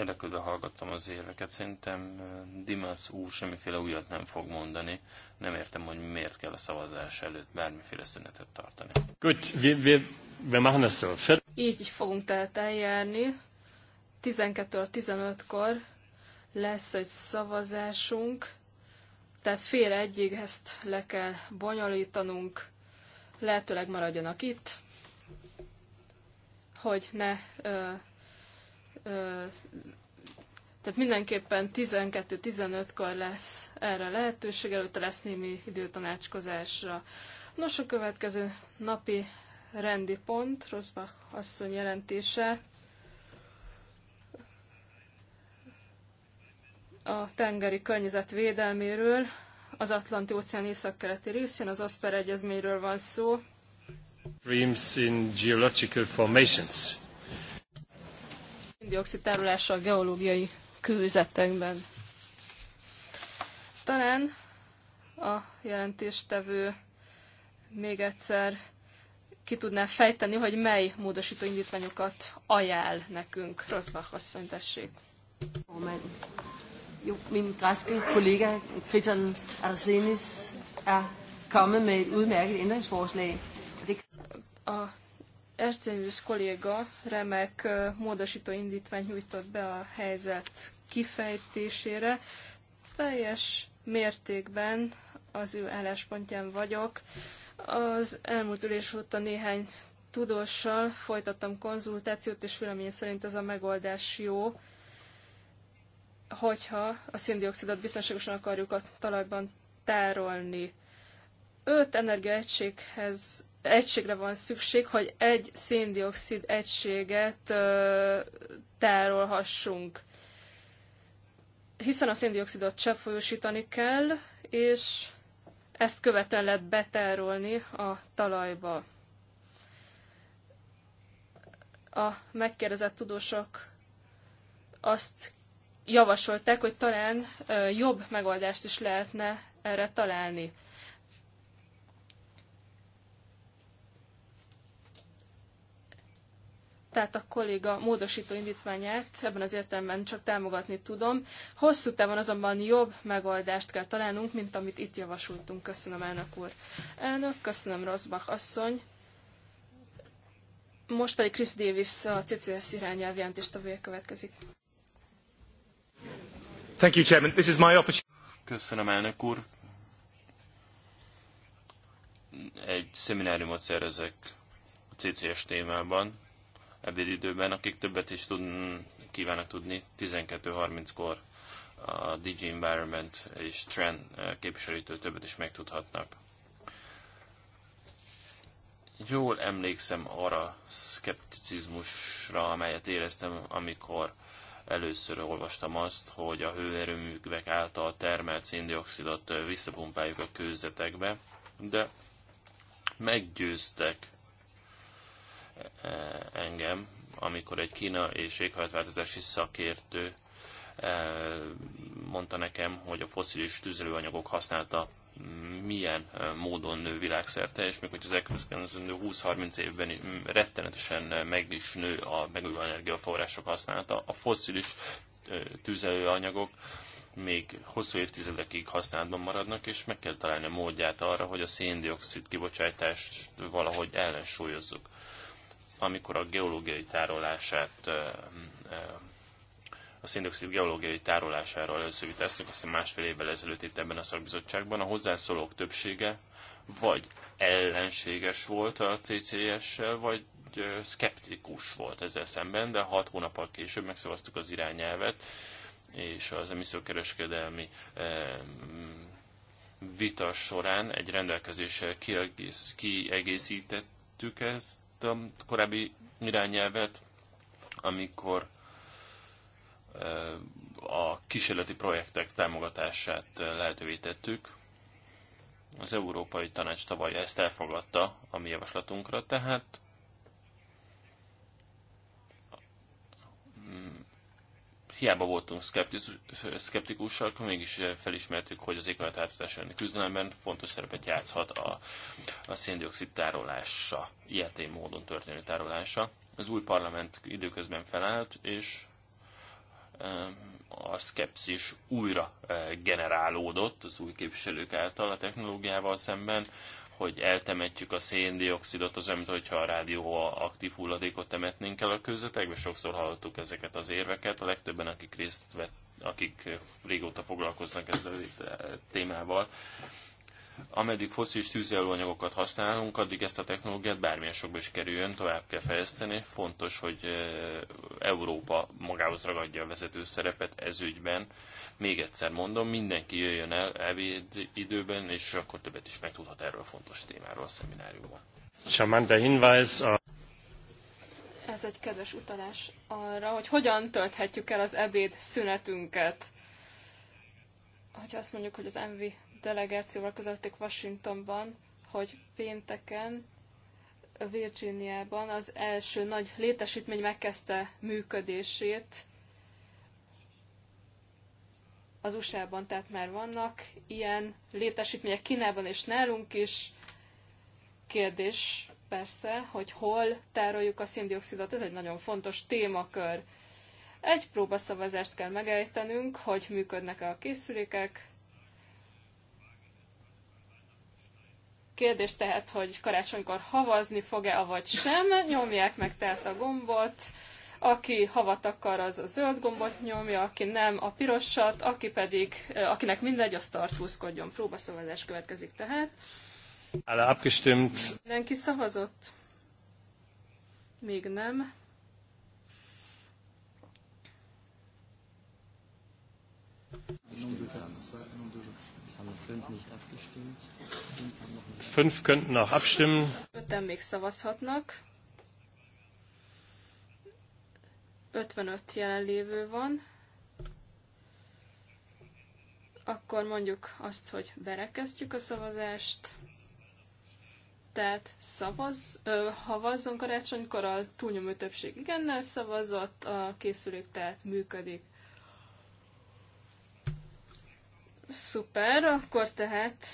Érdeklődve hallgattam az érveket. Szerintem Dimas úr semmiféle újat nem fog mondani. Nem értem, hogy miért kell a szavazás előtt bármiféle szünetet tartani. Gut, wir, wir, wir machen das so. Így, így fogunk tehát eljárni. 12-től 15-kor lesz egy szavazásunk, tehát fél egyig ezt le kell bonyolítanunk, lehetőleg maradjanak itt, hogy ne ö, tehát mindenképpen 12-15-kor lesz erre lehetőség, előtte lesz némi időtanácskozásra. Nos, a következő napi rendi pont, Rosbach asszony jelentése, a tengeri környezet védelméről, az Atlanti óceán északkeleti részén, az ASPER egyezményről van szó. Streams in geological formations széndiokszid tárolása a geológiai kőzetekben. Talán a jelentéstevő még egyszer ki tudná fejteni, hogy mely módosító indítványokat ajánl nekünk. Rosbach asszony, tessék. Jó, min græske kollega Kriton Arsenis er kommet med et udmærket ændringsforslag. A Ercenyűsz kolléga remek módosító indítvány nyújtott be a helyzet kifejtésére. Teljes mértékben az ő álláspontján vagyok. Az elmúlt ülés óta néhány tudóssal folytattam konzultációt, és vélemény szerint ez a megoldás jó, hogyha a széndiokszidot biztonságosan akarjuk a talajban tárolni. Öt energiaegységhez egységre van szükség, hogy egy széndiokszid egységet tárolhassunk. Hiszen a széndiokszidot cseppfolyósítani kell, és ezt követően lehet betárolni a talajba. A megkérdezett tudósok azt javasolták, hogy talán jobb megoldást is lehetne erre találni. tehát a kolléga módosító indítványát ebben az értelemben csak támogatni tudom. Hosszú távon azonban jobb megoldást kell találnunk, mint amit itt javasoltunk. Köszönöm, elnök úr. Elnök, köszönöm, Rosbach asszony. Most pedig Chris Davis a CCS irányelv jelentéstevője következik. Thank you, Chairman. This is my opportunity. Köszönöm, elnök úr. Egy szemináriumot szervezek a CCS témában ebédidőben, akik többet is tud, kívánnak tudni, 12.30-kor a DJ Environment és Trend eh, képviselőtől többet is megtudhatnak. Jól emlékszem arra szkepticizmusra, amelyet éreztem, amikor először olvastam azt, hogy a hőerőművek által termelt széndiokszidot eh, visszapumpáljuk a kőzetekbe, de meggyőztek engem, amikor egy Kína és éghajlatváltozási szakértő eh, mondta nekem, hogy a foszilis tüzelőanyagok használata milyen eh, módon nő világszerte, és még hogy az elkövetkező 20-30 évben rettenetesen eh, meg is nő a megújuló energiaforrások használata, a foszilis tüzelőanyagok még hosszú évtizedekig használatban maradnak, és meg kell találni a módját arra, hogy a széndiokszid kibocsátást valahogy ellensúlyozzuk amikor a geológiai tárolását a széndiokszid geológiai tárolásáról először vitáztunk, azt hiszem másfél évvel ezelőtt itt ebben a szakbizottságban, a hozzászólók többsége vagy ellenséges volt a CCS-sel, vagy szkeptikus volt ezzel szemben, de hat hónappal később megszavaztuk az irányelvet, és az emissziókereskedelmi vita során egy rendelkezéssel kiegészítettük ezt, a korábbi irányelvet, amikor a kísérleti projektek támogatását lehetővé tettük. Az Európai Tanács tavaly ezt elfogadta a mi javaslatunkra, tehát Hiába voltunk szkeptikusak, mégis felismertük, hogy az éghajlatváltozás elleni küzdelemben fontos szerepet játszhat a, a széndiokszid tárolása, ilyetén módon történő tárolása. Az új parlament időközben felállt, és a szkepszis újra eh, generálódott az új képviselők által a technológiával szemben, hogy eltemetjük a széndiokszidot, az olyan, hogyha a rádió aktív hulladékot temetnénk el a közvetekbe. Sokszor hallottuk ezeket az érveket. A legtöbben, akik részt vett, akik régóta foglalkoznak ezzel a témával, ameddig foszilis tűzelőanyagokat használunk, addig ezt a technológiát bármilyen sokba is kerüljön, tovább kell fejleszteni. Fontos, hogy Európa magához ragadja a vezető szerepet ez ügyben. Még egyszer mondom, mindenki jöjjön el ebéd időben, és akkor többet is megtudhat erről a fontos témáról a szemináriumban. Charmanter Hinweis. Ez egy kedves utalás arra, hogy hogyan tölthetjük el az ebéd szünetünket. Hogyha azt mondjuk, hogy az MV delegációval közölték Washingtonban, hogy pénteken Virginiában az első nagy létesítmény megkezdte működését. Az USA-ban tehát már vannak ilyen létesítmények Kínában és nálunk is. Kérdés persze, hogy hol tároljuk a széndiokszidot, ez egy nagyon fontos témakör. Egy próbaszavazást kell megejtenünk, hogy működnek-e a készülékek, Kérdés tehát, hogy karácsonykor havazni fog-e, avagy sem. Nyomják meg tehát a gombot. Aki havat akar, az a zöld gombot nyomja, aki nem, a pirosat, aki pedig, eh, akinek mindegy, az tartózkodjon. Próbaszavazás következik tehát. Alle abgestimmt. Mindenki szavazott? Még nem haben fünf nicht abgestimmt. Fünf könnten noch abstimmen. 55 jelenlévő van. Akkor mondjuk azt, hogy berekeztjük a szavazást. Tehát szavaz, ö, havazzon karácsonykor, a túlnyomó többség igennel szavazott, a készülék tehát működik. Szuper, akkor tehát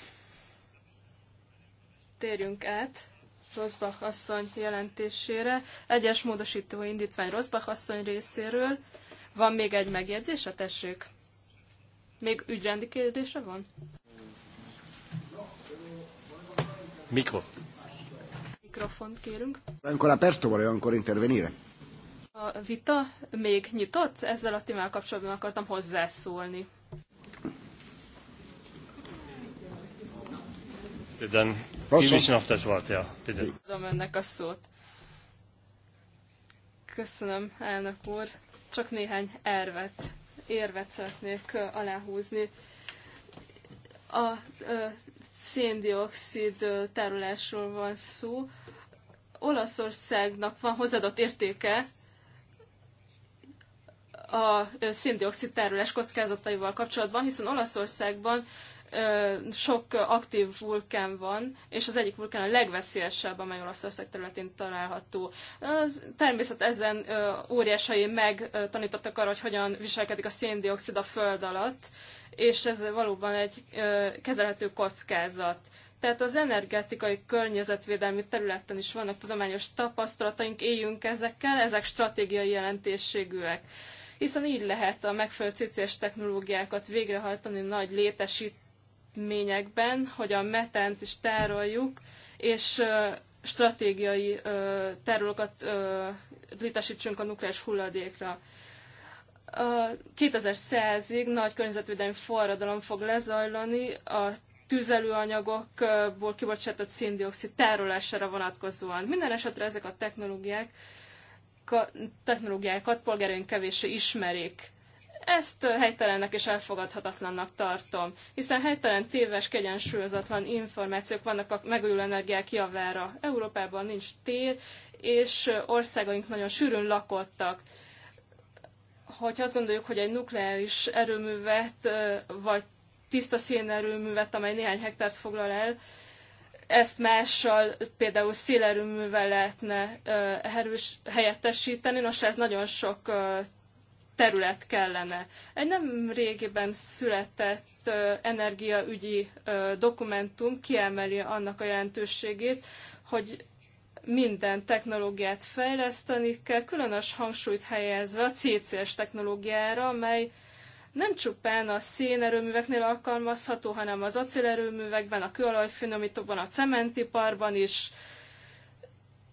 térjünk át Rosbach asszony jelentésére. Egyes módosító indítvány Rosbach asszony részéről. Van még egy megjegyzés, a tessék? Még ügyrendi kérdése van? Mikro. Mikrofont kérünk. Amikor aperto vuole akkor intervenire. A vita még nyitott, ezzel a témával kapcsolatban akartam hozzászólni. Dann gebe ich noch ja, Adom a szót. Köszönöm, elnök úr. Csak néhány ervet, érvet szeretnék aláhúzni. A széndiokszid tárolásról van szó. Olaszországnak van hozzáadott értéke a széndiokszid tárolás kockázataival kapcsolatban, hiszen Olaszországban sok aktív vulkán van, és az egyik vulkán a legveszélyesebb, amely Olaszország területén található. Az természet ezen óriásai megtanítottak arra, hogy hogyan viselkedik a széndiokszid a föld alatt, és ez valóban egy kezelhető kockázat. Tehát az energetikai környezetvédelmi területen is vannak tudományos tapasztalataink, éljünk ezekkel, ezek stratégiai jelentésségűek hiszen így lehet a megfelelő CCS technológiákat végrehajtani nagy létesít telepményekben, hogy a metánt is tároljuk, és stratégiai tárolókat létesítsünk a nukleáris hulladékra. 2100-ig nagy környezetvédelmi forradalom fog lezajlani a tüzelőanyagokból kibocsátott széndiokszid tárolására vonatkozóan. Minden esetre ezek a technológiák, technológiákat polgáraink kevéssé ismerik. Ezt helytelennek és elfogadhatatlannak tartom, hiszen helytelen téves, kegyensúlyozatlan információk vannak a megújuló energiák javára. Európában nincs tér, és országaink nagyon sűrűn lakottak hogyha azt gondoljuk, hogy egy nukleáris erőművet, vagy tiszta szénerőművet, amely néhány hektárt foglal el, ezt mással, például szélerőművel lehetne erős, helyettesíteni. Nos, ez nagyon sok terület kellene. Egy nem régiben született energiaügyi dokumentum kiemeli annak a jelentőségét, hogy minden technológiát fejleszteni kell, különös hangsúlyt helyezve a CCS technológiára, amely nem csupán a szénerőműveknél alkalmazható, hanem az acélerőművekben, a kőolajfinomítókban, a cementiparban is,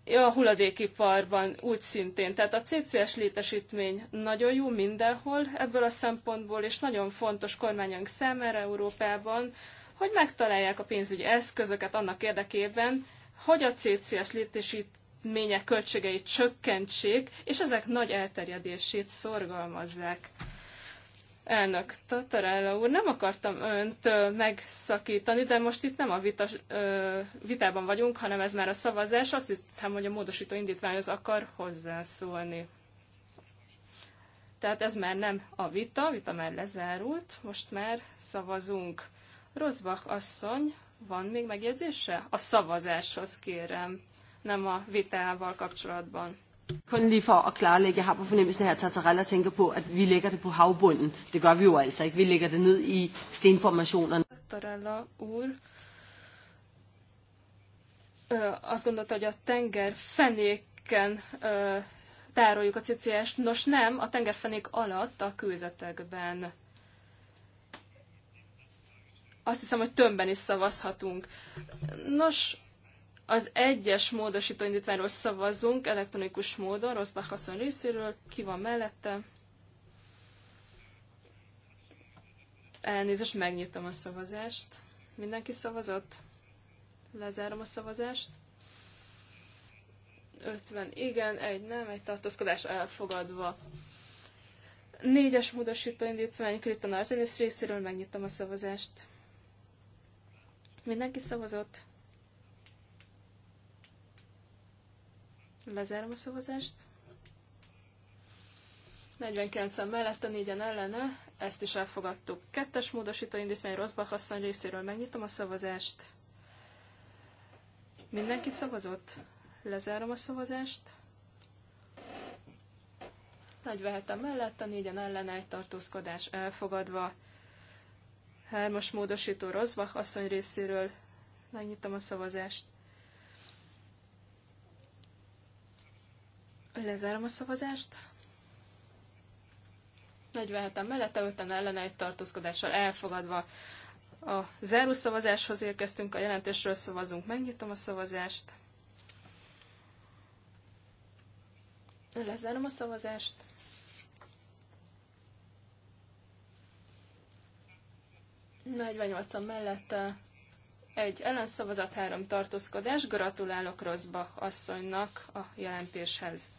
a hulladékiparban úgy szintén. Tehát a CCS létesítmény nagyon jó mindenhol ebből a szempontból, és nagyon fontos kormányunk számára Európában, hogy megtalálják a pénzügyi eszközöket annak érdekében, hogy a CCS létesítmények költségeit csökkentsék, és ezek nagy elterjedését szorgalmazzák. Elnök Tatarella úr, nem akartam önt megszakítani, de most itt nem a vita, vitában vagyunk, hanem ez már a szavazás. Azt hittem, hogy a módosító az akar hozzászólni. Tehát ez már nem a vita, a vita már lezárult, most már szavazunk. Rozbach asszony, van még megjegyzése? A szavazáshoz kérem, nem a vitával kapcsolatban. Kun lige for at klarlægge, jeg har på fornemmelsen her, at Tattarella tænker på, at vi lægger det på havbunden. Det gør vi jo altså ikke. Vi lægger det ned i stenformationerne. Tattarella ur. Uh, azt gondolta, hogy a tenger fenéken uh, tároljuk a ccs Nos nem, a tengerfenék alatt a kőzetekben. Azt hiszem, hogy tömbben is szavazhatunk. Nos, az egyes módosító indítványról szavazzunk elektronikus módon, Rosbach asszony részéről, ki van mellette. Elnézést, megnyitom a szavazást. Mindenki szavazott? Lezárom a szavazást. 50 igen, egy nem, egy tartózkodás elfogadva. Négyes módosító indítvány Kriton Arzenész részéről megnyitom a szavazást. Mindenki szavazott? Lezárom a szavazást. 49 mellett a négyen ellene, ezt is elfogadtuk. Kettes módosító indítvány Rosbach asszony részéről megnyitom a szavazást. Mindenki szavazott? Lezárom a szavazást. 47 mellett a négyen ellene, egy tartózkodás elfogadva. Hármas módosító Rosbach asszony részéről megnyitom a szavazást. Lezárom a szavazást. 47-en mellette, 5-en ellene egy tartózkodással elfogadva. A szavazáshoz érkeztünk, a jelentésről szavazunk. Megnyitom a szavazást. Lezárom a szavazást. 48 mellette egy ellenszavazat, három tartózkodás. Gratulálok Rozbach asszonynak a jelentéshez.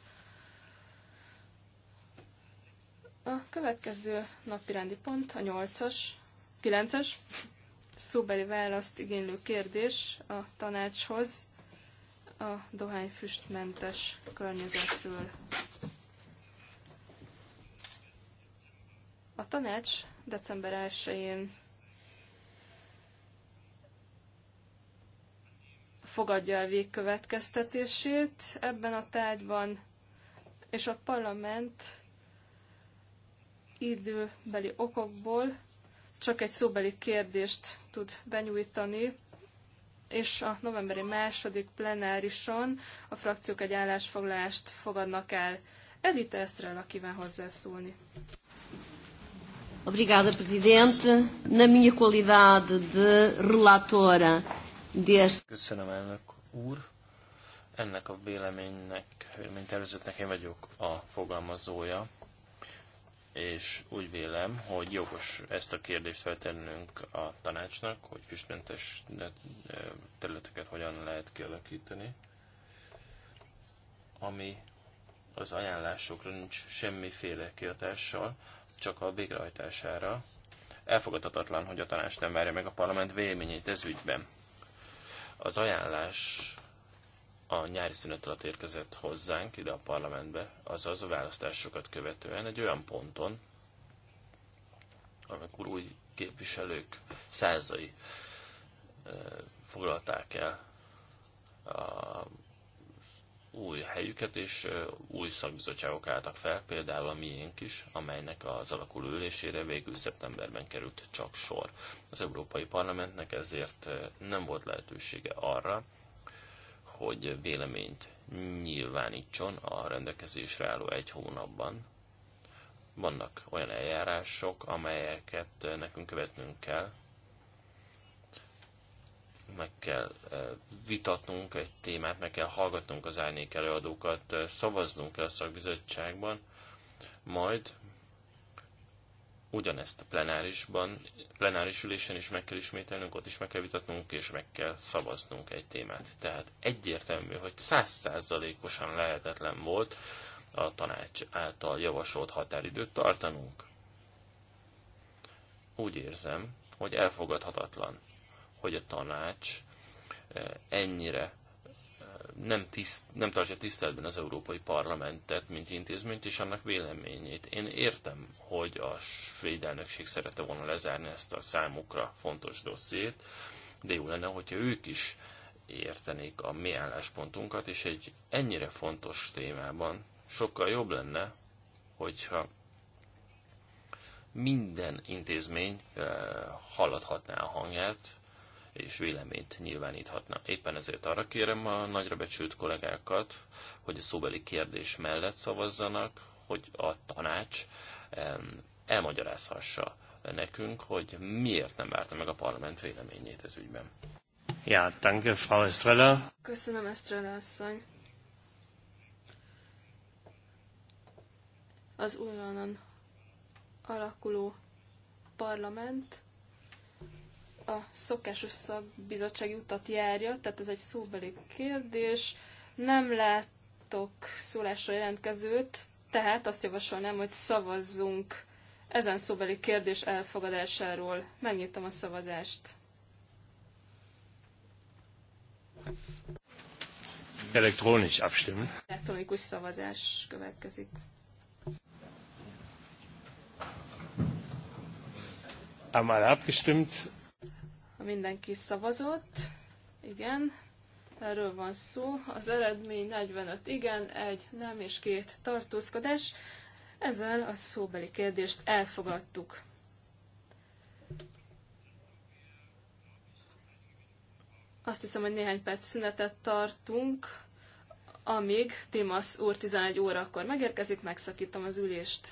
A következő napirendi pont a 8-as, 9-as szóbeli választ igénylő kérdés a tanácshoz a dohányfüstmentes környezetről. A tanács december 1-én fogadja el végkövetkeztetését ebben a tárgyban, és a parlament időbeli okokból csak egy szóbeli kérdést tud benyújtani, és a novemberi második plenárison a frakciók egy állásfoglalást fogadnak el. Edith Estrella kíván hozzászólni. Obrigada, Presidente. Na minha qualidade de relatora deste... Köszönöm, elnök úr. Ennek a véleménynek, véleménytervezetnek én vagyok a fogalmazója és úgy vélem, hogy jogos ezt a kérdést feltennünk a tanácsnak, hogy füstmentes eh, területeket hogyan lehet kialakítani, ami az ajánlásokra nincs semmiféle kiatással, csak a végrehajtására. Elfogadhatatlan, hogy a tanács nem várja meg a parlament véleményét ez ügyben. Az ajánlás a nyári szünet alatt érkezett hozzánk ide a parlamentbe, azaz a választásokat követően egy olyan ponton, amikor új képviselők százai foglalták el a új helyüket, és új szakbizottságok álltak fel, például a miénk is, amelynek az alakuló ülésére végül szeptemberben került csak sor. Az Európai Parlamentnek ezért nem volt lehetősége arra, hogy véleményt nyilvánítson a rendelkezésre álló egy hónapban. Vannak olyan eljárások, amelyeket nekünk követnünk kell, meg kell eh, vitatnunk egy témát, meg kell hallgatnunk az árnyék előadókat, eh, szavaznunk kell a szakbizottságban, majd ugyanezt a plenárisban, plenáris ülésen is meg kell ismételnünk, ott is meg kell vitatnunk, és meg kell szavaznunk egy témát. Tehát egyértelmű, hogy százszázalékosan lehetetlen volt a tanács által javasolt határidőt tartanunk. Úgy érzem, hogy elfogadhatatlan, hogy a tanács eh, ennyire nem, tiszt, nem tartja tiszteletben az Európai Parlamentet, mint intézményt, és annak véleményét. Én értem, hogy a svéd elnökség szerette volna lezárni ezt a számukra fontos dossziét, de jó lenne, hogyha ők is értenék a mi álláspontunkat, és egy ennyire fontos témában sokkal jobb lenne, hogyha minden intézmény eh, hallathatná a hangját, és véleményt nyilváníthatna. Éppen ezért arra kérem a nagyra becsült kollégákat, hogy a szóbeli kérdés mellett szavazzanak, hogy a tanács elmagyarázhassa nekünk, hogy miért nem várta meg a parlament véleményét ez ügyben. Ja, danke, Frau Estrella. Köszönöm, Estrella asszony. Az újonnan alakuló parlament a szokásos szakbizottsági utat járja, tehát ez egy szóbeli kérdés. Nem látok szólásra jelentkezőt, tehát azt javasolnám, hogy szavazzunk ezen szóbeli kérdés elfogadásáról. Megnyitom a szavazást. Elektronikus abstimmen. Elektronikus szavazás következik. Amal abgestimmt mindenki szavazott. Igen, erről van szó. Az eredmény 45 igen, egy nem és két tartózkodás. Ezzel a szóbeli kérdést elfogadtuk. Azt hiszem, hogy néhány perc szünetet tartunk, amíg Timasz úr 11 órakor megérkezik, megszakítom az ülést.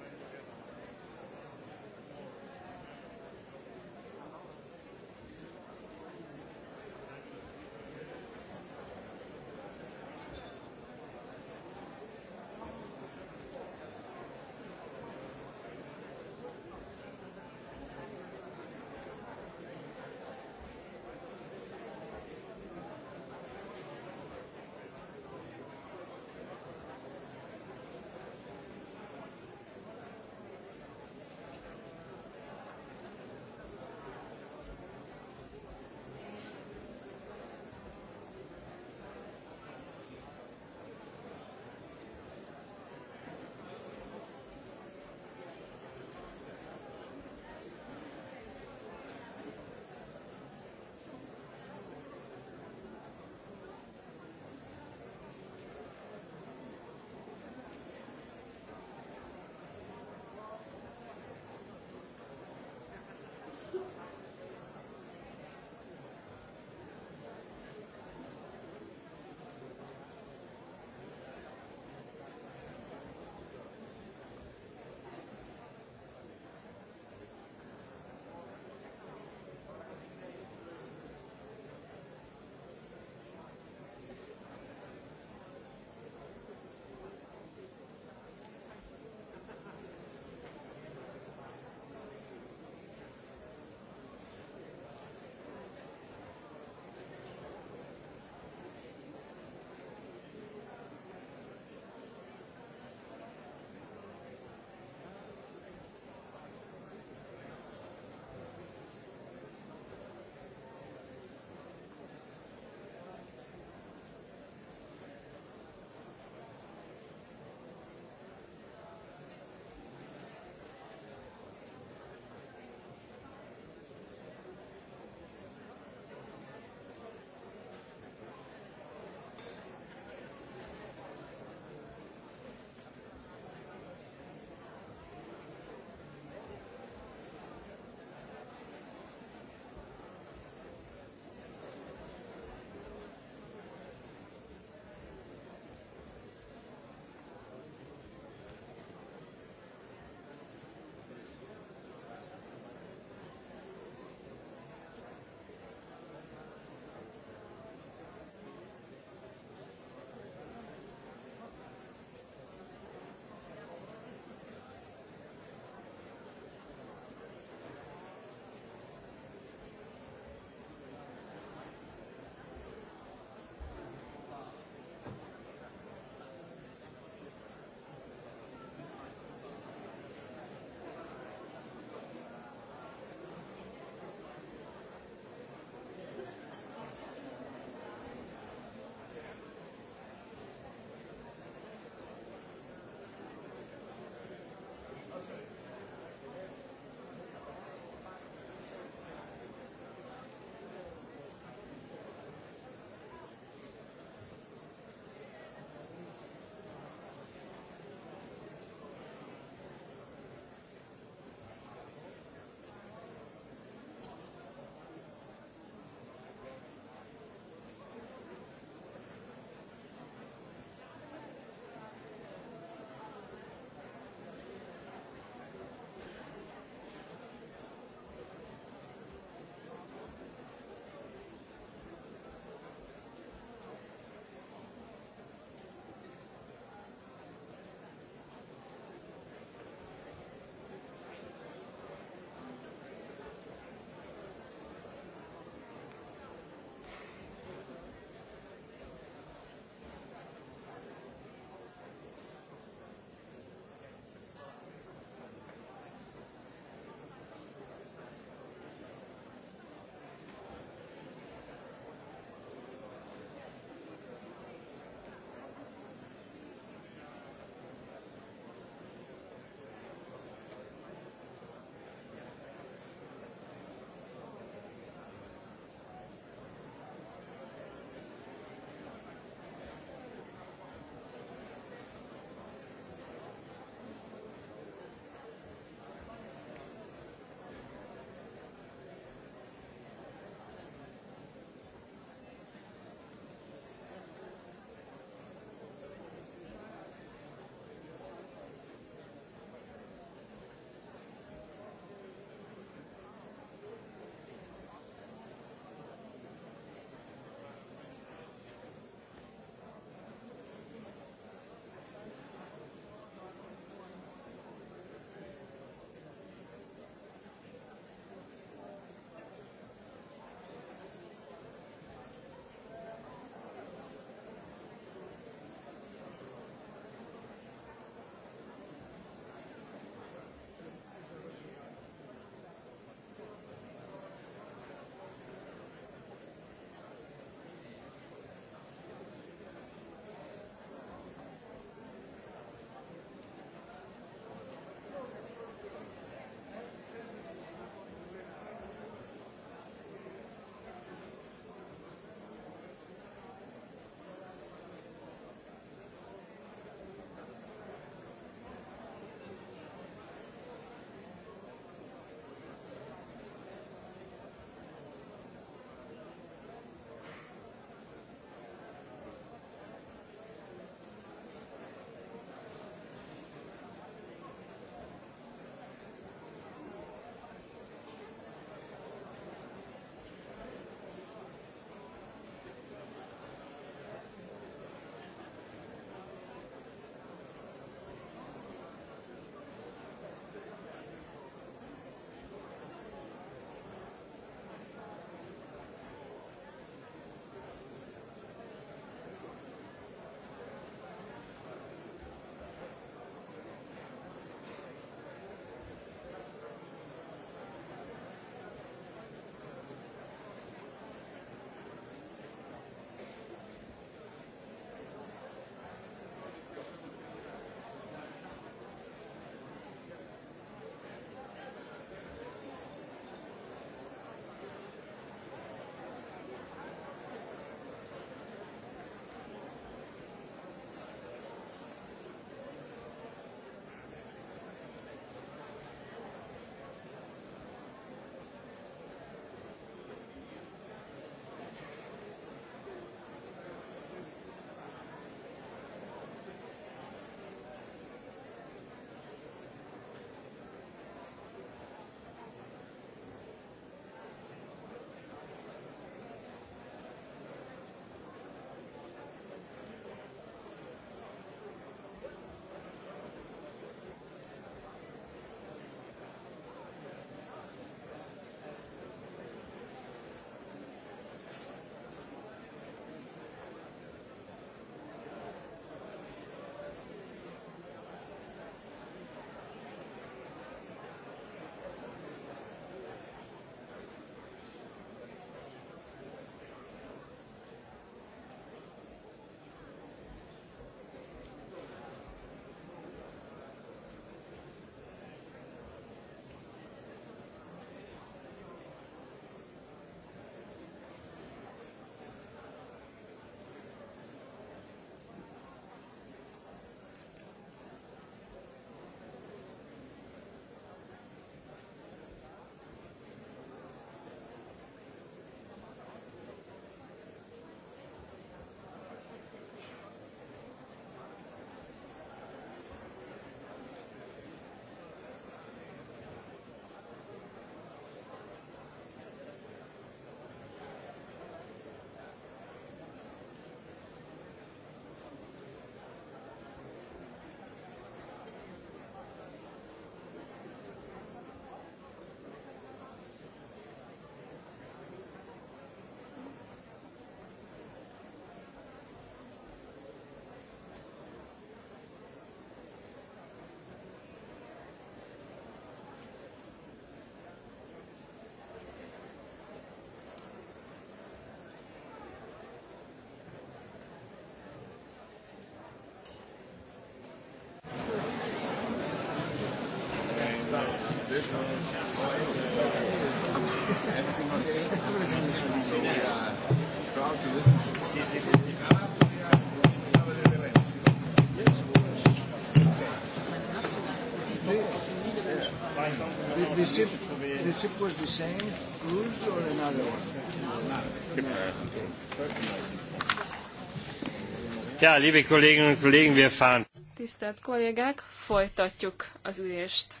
Ja, liebe Kolleginnen und Kollegen, wir fahren. Tisztelt kollégák, folytatjuk az ülést.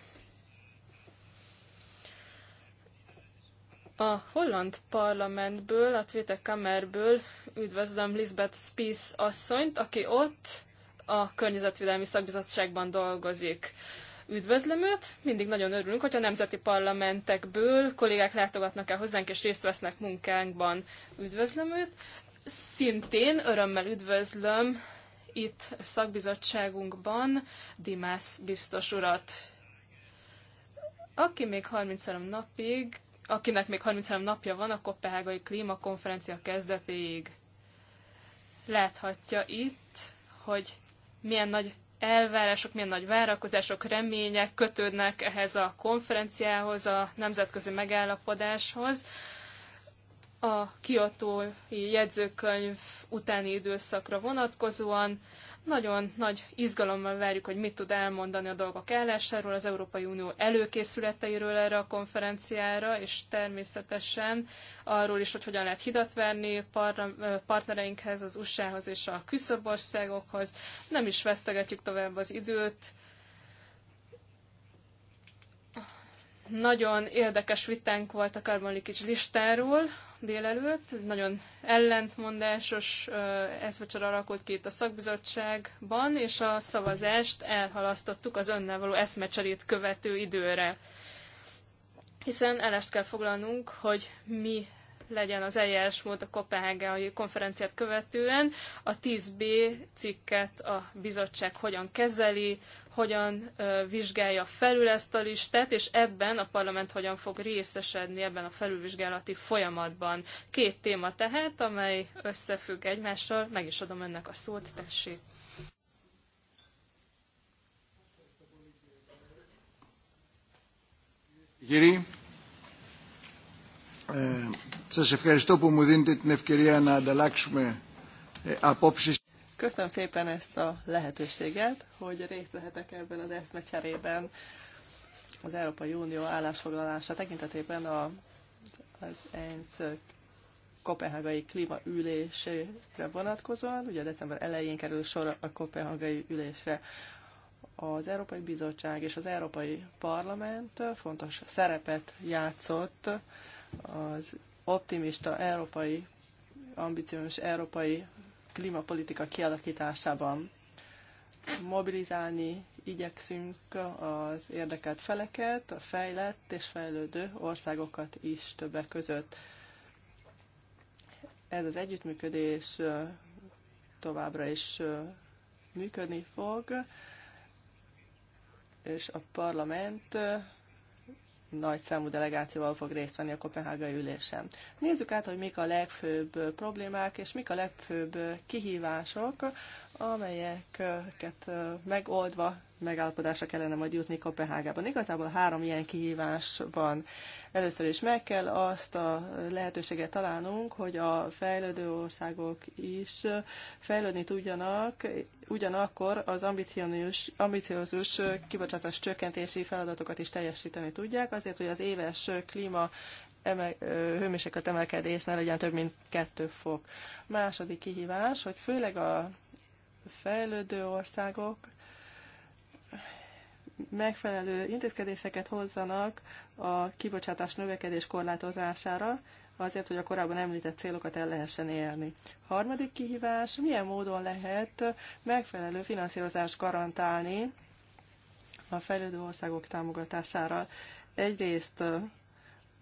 A holland parlamentből, a Twitter Kamerből üdvözlöm Lisbeth Spies asszonyt, aki ott a Környezetvédelmi Szakbizottságban dolgozik. Üdvözlöm őt, mindig nagyon örülünk, hogy a nemzeti parlamentekből kollégák látogatnak el hozzánk és részt vesznek munkánkban. Üdvözlöm őt. Szintén örömmel üdvözlöm itt szakbizottságunkban Dimász biztos urat, aki még 33 napig akinek még 33 napja van a Kopenhágai Klímakonferencia kezdetéig. Láthatja itt, hogy milyen nagy elvárások, milyen nagy várakozások, remények kötődnek ehhez a konferenciához, a nemzetközi megállapodáshoz. A kiotói jegyzőkönyv utáni időszakra vonatkozóan nagyon nagy izgalommal várjuk, hogy mit tud elmondani a dolgok állásáról, az Európai Unió előkészületeiről erre a konferenciára, és természetesen arról is, hogy hogyan lehet hidat verni partnereinkhez, az USA-hoz és a küszöbországokhoz. Nem is vesztegetjük tovább az időt, Nagyon érdekes vitánk volt a Karbonlikics listáról délelőtt. Nagyon ellentmondásos eszvecsor alakult ki itt a szakbizottságban, és a szavazást elhalasztottuk az önnel való eszmecserét követő időre. Hiszen elest kell foglalnunk, hogy mi legyen az eljárás mód a Kopenhágai konferenciát követően. A 10B cikket a bizottság hogyan kezeli, hogyan vizsgálja felül ezt a listát, és ebben a parlament hogyan fog részesedni ebben a felülvizsgálati folyamatban. Két téma tehát, amely összefügg egymással. Meg is adom önnek a szót, tessék. Giri σας ευχαριστώ που μου δίνετε την ευκαιρία να ανταλλάξουμε απόψεις. Köszönöm szépen ezt a lehetőséget, hogy részt vehetek ebben az eszmecserében az Európai Unió állásfoglalása tekintetében a, az ENSZ kopenhágai klímaülésére vonatkozóan. Ugye december elején kerül sor a kopenhágai ülésre. Az Európai Bizottság és az Európai Parlament fontos szerepet játszott az optimista európai, ambiciós európai klímapolitika kialakításában. Mobilizálni igyekszünk az érdekelt feleket, a fejlett és fejlődő országokat is többek között. Ez az együttműködés továbbra is működni fog, és a parlament nagy számú delegációval fog részt venni a Kopenhágai ülésen. Nézzük át, hogy mik a legfőbb problémák és mik a legfőbb kihívások amelyeket megoldva megállapodásra kellene majd jutni Kopenhágában. Igazából három ilyen kihívás van. Először is meg kell azt a lehetőséget találnunk, hogy a fejlődő országok is fejlődni tudjanak, ugyanakkor az ambiciózus, kibocsátás csökkentési feladatokat is teljesíteni tudják, azért, hogy az éves klíma hőmérséklet emelkedés ne legyen több mint kettő fok. Második kihívás, hogy főleg a fejlődő országok megfelelő intézkedéseket hozzanak a kibocsátás növekedés korlátozására, azért, hogy a korábban említett célokat el lehessen érni. Harmadik kihívás, milyen módon lehet megfelelő finanszírozást garantálni a fejlődő országok támogatására. Egyrészt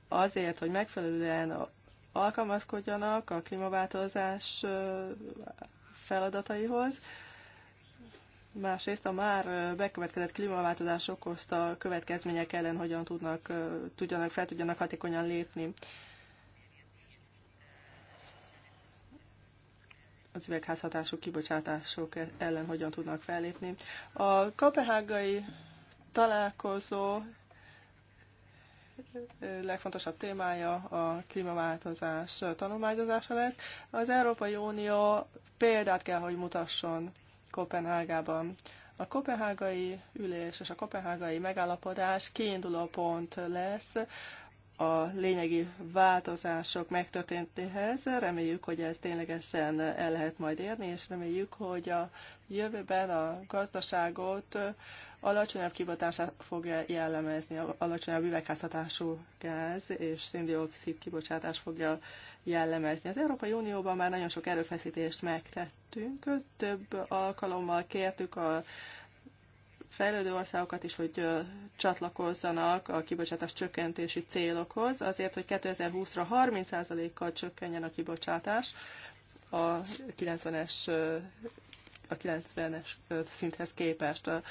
azért, hogy megfelelően alkalmazkodjanak a klímaváltozás feladataihoz, másrészt a már bekövetkezett klímaváltozás okozta következmények ellen hogyan tudnak, tudjanak, fel tudjanak hatékonyan lépni. az üvegházhatású kibocsátások e- ellen hogyan tudnak fellépni. A kopehágai találkozó legfontosabb témája a klímaváltozás tanulmányozása lesz. Az Európai Unió példát kell, hogy mutasson Kopenhágában. A kopenhágai ülés és a kopenhágai megállapodás kiinduló pont lesz a lényegi változások megtörténtéhez. Reméljük, hogy ez ténylegesen el lehet majd érni, és reméljük, hogy a jövőben a gazdaságot alacsonyabb kibocsátása fogja jellemezni, alacsonyabb üvegházhatású gáz és széndiokszid kibocsátás fogja jellemezni. Az Európai Unióban már nagyon sok erőfeszítést megtettünk, több alkalommal kértük a fejlődő országokat is, hogy csatlakozzanak a kibocsátás csökkentési célokhoz, azért, hogy 2020-ra 30%-kal csökkenjen a kibocsátás a 90-es a 90-es szinthez képest. A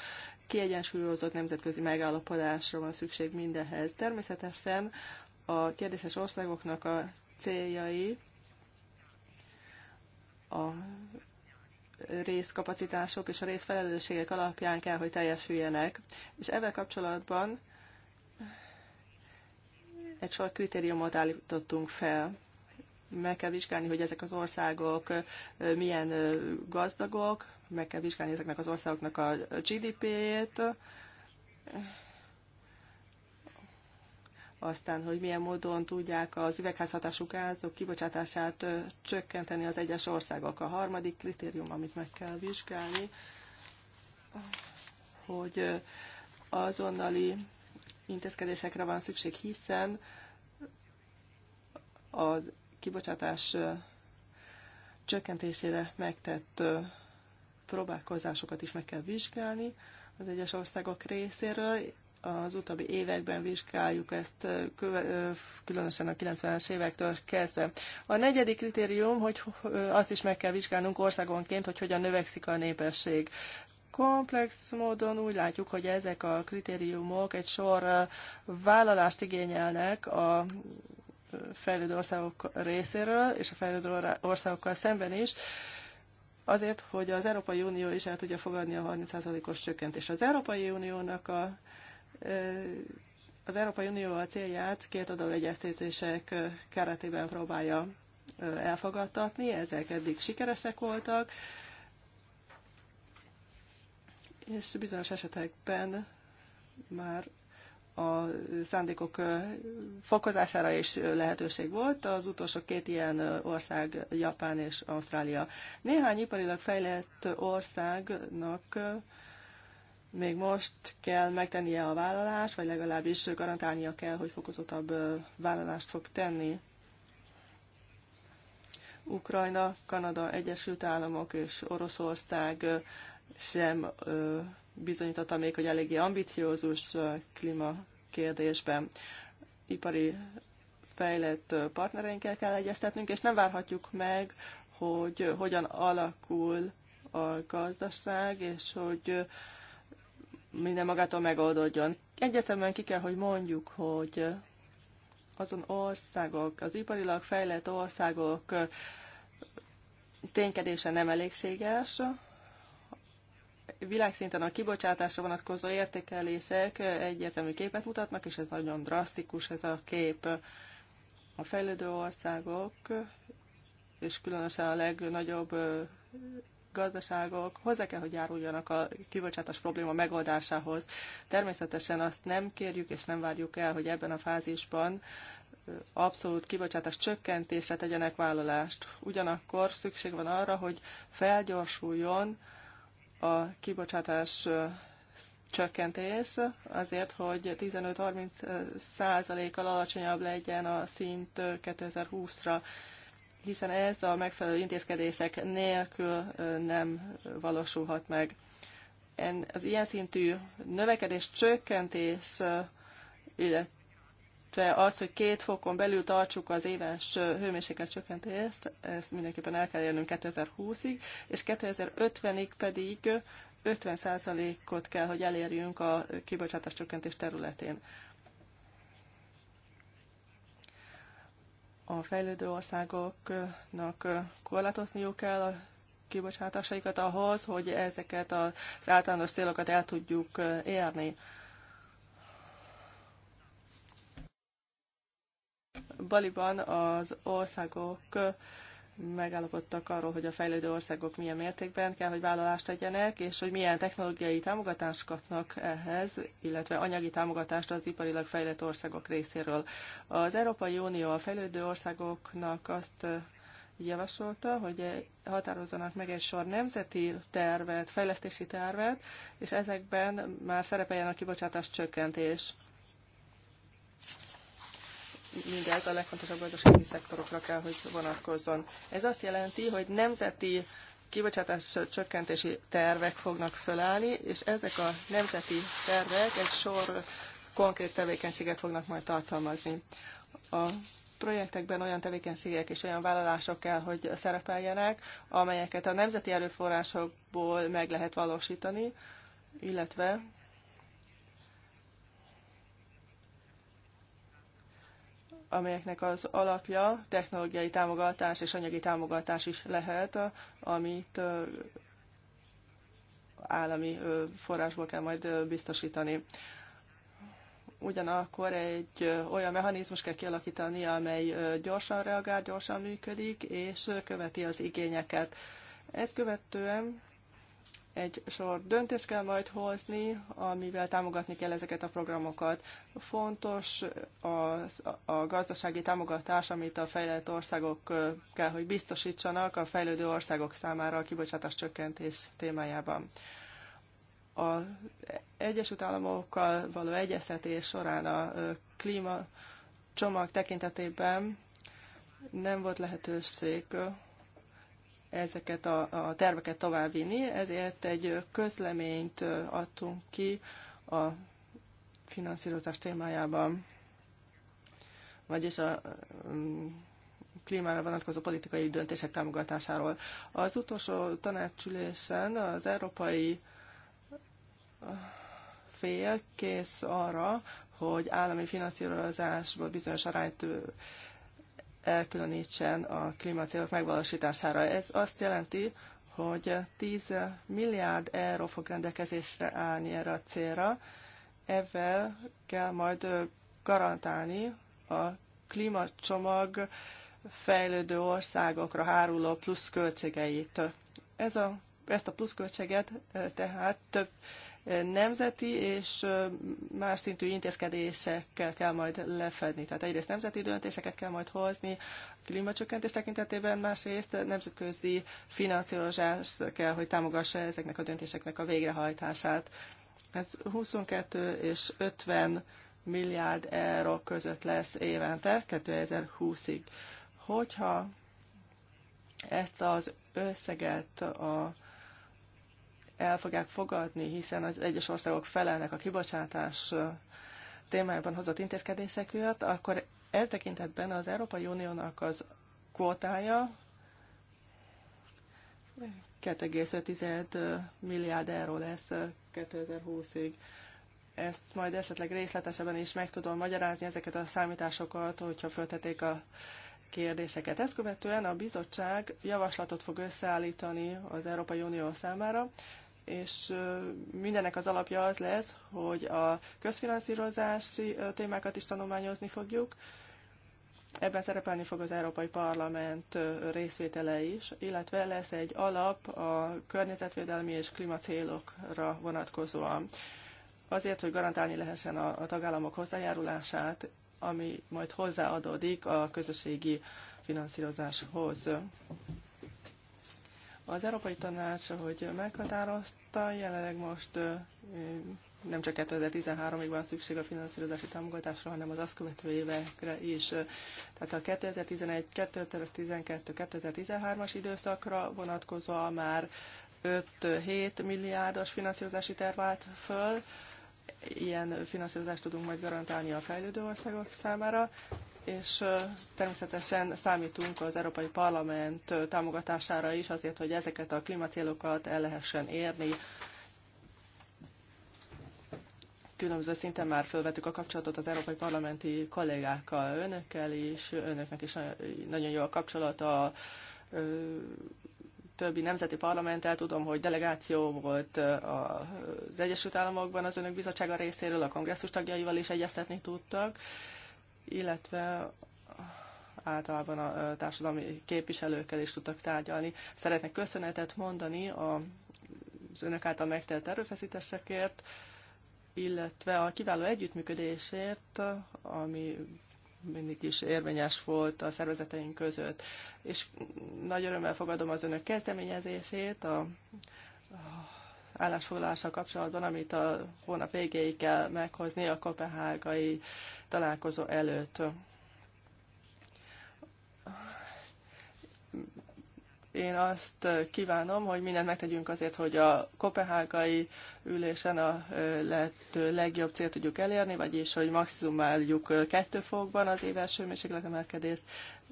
kiegyensúlyozott nemzetközi megállapodásra van szükség mindenhez. Természetesen a kérdéses országoknak a céljai a részkapacitások és a részfelelősségek alapján kell, hogy teljesüljenek. És ezzel kapcsolatban egy sor kritériumot állítottunk fel. Meg kell vizsgálni, hogy ezek az országok milyen gazdagok, meg kell vizsgálni ezeknek az országoknak a GDP-jét, aztán, hogy milyen módon tudják az üvegházhatású gázok kibocsátását csökkenteni az egyes országok. A harmadik kritérium, amit meg kell vizsgálni, hogy azonnali intézkedésekre van szükség, hiszen a kibocsátás csökkentésére megtett próbálkozásokat is meg kell vizsgálni az egyes országok részéről, az utóbbi években vizsgáljuk ezt, különösen a 90-es évektől kezdve. A negyedik kritérium, hogy azt is meg kell vizsgálnunk országonként, hogy hogyan növekszik a népesség. Komplex módon úgy látjuk, hogy ezek a kritériumok egy sor vállalást igényelnek a fejlődő országok részéről, és a fejlődő országokkal szemben is, azért, hogy az Európai Unió is el tudja fogadni a 30%-os csökkentést. Az Európai Uniónak a az Európai Unió a célját két oldalú egyeztetések keretében próbálja elfogadtatni. Ezek eddig sikeresek voltak, és bizonyos esetekben már a szándékok fokozására is lehetőség volt. Az utolsó két ilyen ország Japán és Ausztrália. Néhány iparilag fejlett országnak még most kell megtennie a vállalást, vagy legalábbis garantálnia kell, hogy fokozottabb vállalást fog tenni. Ukrajna, Kanada, Egyesült Államok és Oroszország sem bizonyította még, hogy eléggé ambiciózus klímakérdésben ipari fejlett partnereinkkel kell egyeztetnünk, és nem várhatjuk meg, hogy hogyan alakul a gazdaság, és hogy minden magától megoldódjon. Egyetemen ki kell, hogy mondjuk, hogy azon országok, az iparilag fejlett országok ténykedése nem elégséges, világszinten a kibocsátásra vonatkozó értékelések egyértelmű képet mutatnak, és ez nagyon drasztikus ez a kép. A fejlődő országok, és különösen a legnagyobb gazdaságok hozzá kell, hogy járuljanak a kibocsátás probléma megoldásához. Természetesen azt nem kérjük és nem várjuk el, hogy ebben a fázisban abszolút kibocsátás csökkentésre tegyenek vállalást. Ugyanakkor szükség van arra, hogy felgyorsuljon a kibocsátás csökkentés azért, hogy 15-30 százalékkal alacsonyabb legyen a szint 2020-ra hiszen ez a megfelelő intézkedések nélkül nem valósulhat meg. En az ilyen szintű növekedés csökkentés, illetve az, hogy két fokon belül tartsuk az éves hőmérséklet csökkentést, ezt mindenképpen el kell érnünk 2020-ig, és 2050-ig pedig 50%-ot kell, hogy elérjünk a kibocsátás csökkentés területén. a fejlődő országoknak korlátozniuk kell a kibocsátásaikat ahhoz, hogy ezeket az általános célokat el tudjuk érni. Baliban az országok megállapodtak arról, hogy a fejlődő országok milyen mértékben kell, hogy vállalást tegyenek, és hogy milyen technológiai támogatást kapnak ehhez, illetve anyagi támogatást az iparilag fejlett országok részéről. Az Európai Unió a fejlődő országoknak azt javasolta, hogy határozzanak meg egy sor nemzeti tervet, fejlesztési tervet, és ezekben már szerepeljen a kibocsátás csökkentés mindez a legfontosabb gazdasági szektorokra kell, hogy vonatkozzon. Ez azt jelenti, hogy nemzeti kibocsátás csökkentési tervek fognak fölállni, és ezek a nemzeti tervek egy sor konkrét tevékenységet fognak majd tartalmazni. A projektekben olyan tevékenységek és olyan vállalások kell, hogy szerepeljenek, amelyeket a nemzeti erőforrásokból meg lehet valósítani, illetve amelyeknek az alapja technológiai támogatás és anyagi támogatás is lehet, amit állami forrásból kell majd biztosítani. Ugyanakkor egy olyan mechanizmus kell kialakítani, amely gyorsan reagál, gyorsan működik, és követi az igényeket. Ezt követően egy sor döntést kell majd hozni, amivel támogatni kell ezeket a programokat. Fontos a, a gazdasági támogatás, amit a fejlett országok kell, hogy biztosítsanak a fejlődő országok számára a kibocsátás csökkentés témájában. Az Egyesült Államokkal való egyeztetés során a klíma csomag tekintetében nem volt lehetőség ezeket a, a terveket továbbvinni, ezért egy közleményt adtunk ki a finanszírozás témájában, vagyis a mm, klímára vonatkozó politikai döntések támogatásáról. Az utolsó tanácsülésen az európai fél kész arra, hogy állami finanszírozásból bizonyos arányt elkülönítsen a klímacélok megvalósítására. Ez azt jelenti, hogy 10 milliárd euró fog rendelkezésre állni erre a célra. Ezzel kell majd garantálni a klímacsomag fejlődő országokra háruló pluszköltségeit. Ez a, ezt a pluszköltséget eh, tehát több nemzeti és más szintű intézkedésekkel kell majd lefedni. Tehát egyrészt nemzeti döntéseket kell majd hozni A klímacsökkentés tekintetében, másrészt nemzetközi finanszírozás kell, hogy támogassa ezeknek a döntéseknek a végrehajtását. Ez 22 és 50 milliárd euró között lesz évente 2020-ig. Hogyha ezt az összeget a el fogják fogadni, hiszen az egyes országok felelnek a kibocsátás témájában hozott intézkedésekért, akkor eltekintetben az Európai Uniónak az kvótája 2,5 milliárd euró lesz 2020-ig. Ezt majd esetleg részletesebben is meg tudom magyarázni ezeket a számításokat, hogyha föltették a kérdéseket. Ezt követően a bizottság javaslatot fog összeállítani az Európai Unió számára, és mindennek az alapja az lesz, hogy a közfinanszírozási témákat is tanulmányozni fogjuk. Ebben szerepelni fog az Európai Parlament részvétele is, illetve lesz egy alap a környezetvédelmi és klímacélokra vonatkozóan. Azért, hogy garantálni lehessen a, a tagállamok hozzájárulását, ami majd hozzáadódik a közösségi finanszírozáshoz. Az Európai Tanács, ahogy meghatározta, jelenleg most nem csak 2013-ig van szükség a finanszírozási támogatásra, hanem az azt követő évekre is. Tehát a 2011, 2012, 2013-as időszakra vonatkozóan már 5-7 milliárdos finanszírozási terv állt föl. Ilyen finanszírozást tudunk majd garantálni a fejlődő országok számára, és természetesen számítunk az Európai Parlament támogatására is azért, hogy ezeket a klímacélokat el lehessen érni. Különböző szinten már felvettük a kapcsolatot az európai parlamenti kollégákkal, önökkel is, önöknek is nagyon jó a kapcsolat a többi nemzeti parlamenttel. Tudom, hogy delegáció volt az Egyesült Államokban az önök bizottsága részéről, a kongresszus tagjaival is egyeztetni tudtak illetve általában a társadalmi képviselőkkel is tudtak tárgyalni. Szeretnék köszönetet mondani az önök által megtelt erőfeszítésekért, illetve a kiváló együttműködésért, ami mindig is érvényes volt a szervezeteink között. És nagy örömmel fogadom az önök kezdeményezését, a, állásfoglalása kapcsolatban, amit a hónap végéig kell meghozni a kopenhágai találkozó előtt. Én azt kívánom, hogy mindent megtegyünk azért, hogy a kopenhágai ülésen a lehető legjobb célt tudjuk elérni, vagyis hogy maximáljuk kettő fokban az éves hőmérsékletemelkedést,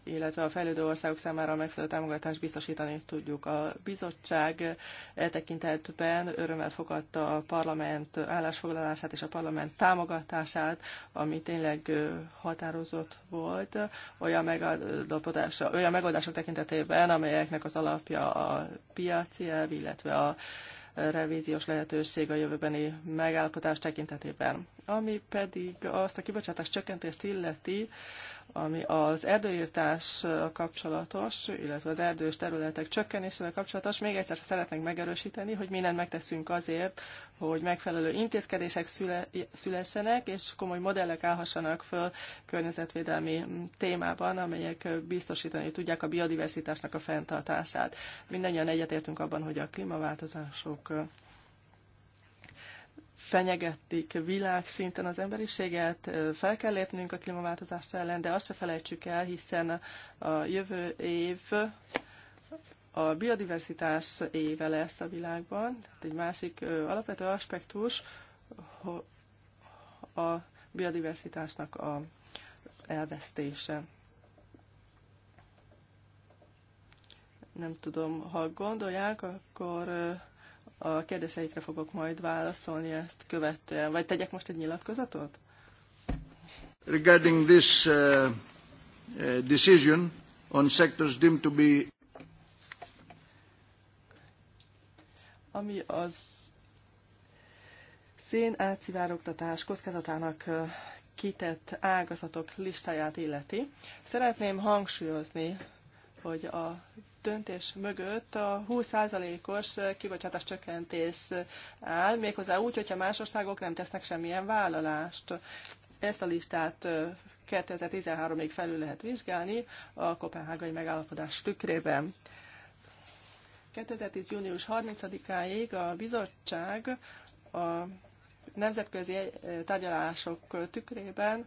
illetve a fejlődő országok számára megfelelő támogatást biztosítani tudjuk. A bizottság e tekintetben örömmel fogadta a parlament állásfoglalását és a parlament támogatását, ami tényleg határozott volt, olyan, olyan megoldások tekintetében, amelyeknek az alapja a piaci elv, illetve a revíziós lehetőség a jövőbeni megállapodás tekintetében. Ami pedig azt a kibocsátás csökkentést illeti, ami az erdőírtás kapcsolatos, illetve az erdős területek csökkenésével kapcsolatos, még egyszer szeretnénk megerősíteni, hogy mindent megteszünk azért, hogy megfelelő intézkedések szülessenek, és komoly modellek állhassanak föl környezetvédelmi témában, amelyek biztosítani tudják a biodiversitásnak a fenntartását. Mindennyian egyetértünk abban, hogy a klímaváltozások fenyegetik világszinten az emberiséget, fel kell lépnünk a klímaváltozás ellen, de azt se felejtsük el, hiszen a jövő év a biodiversitás éve lesz a világban. Egy másik alapvető aspektus a biodiversitásnak a elvesztése. Nem tudom, ha gondolják, akkor a kérdéseikre fogok majd válaszolni ezt követően. Vagy tegyek most egy nyilatkozatot? Regarding this uh, uh decision on sectors deemed to be ami az szén átszivárogtatás kockázatának uh, kitett ágazatok listáját illeti. Szeretném hangsúlyozni, hogy a döntés mögött a 20%-os kibocsátás csökkentés áll, méghozzá úgy, hogyha más országok nem tesznek semmilyen vállalást. Ezt a listát 2013-ig felül lehet vizsgálni a kopenhágai megállapodás tükrében. 2010. június 30-áig a bizottság a nemzetközi tárgyalások tükrében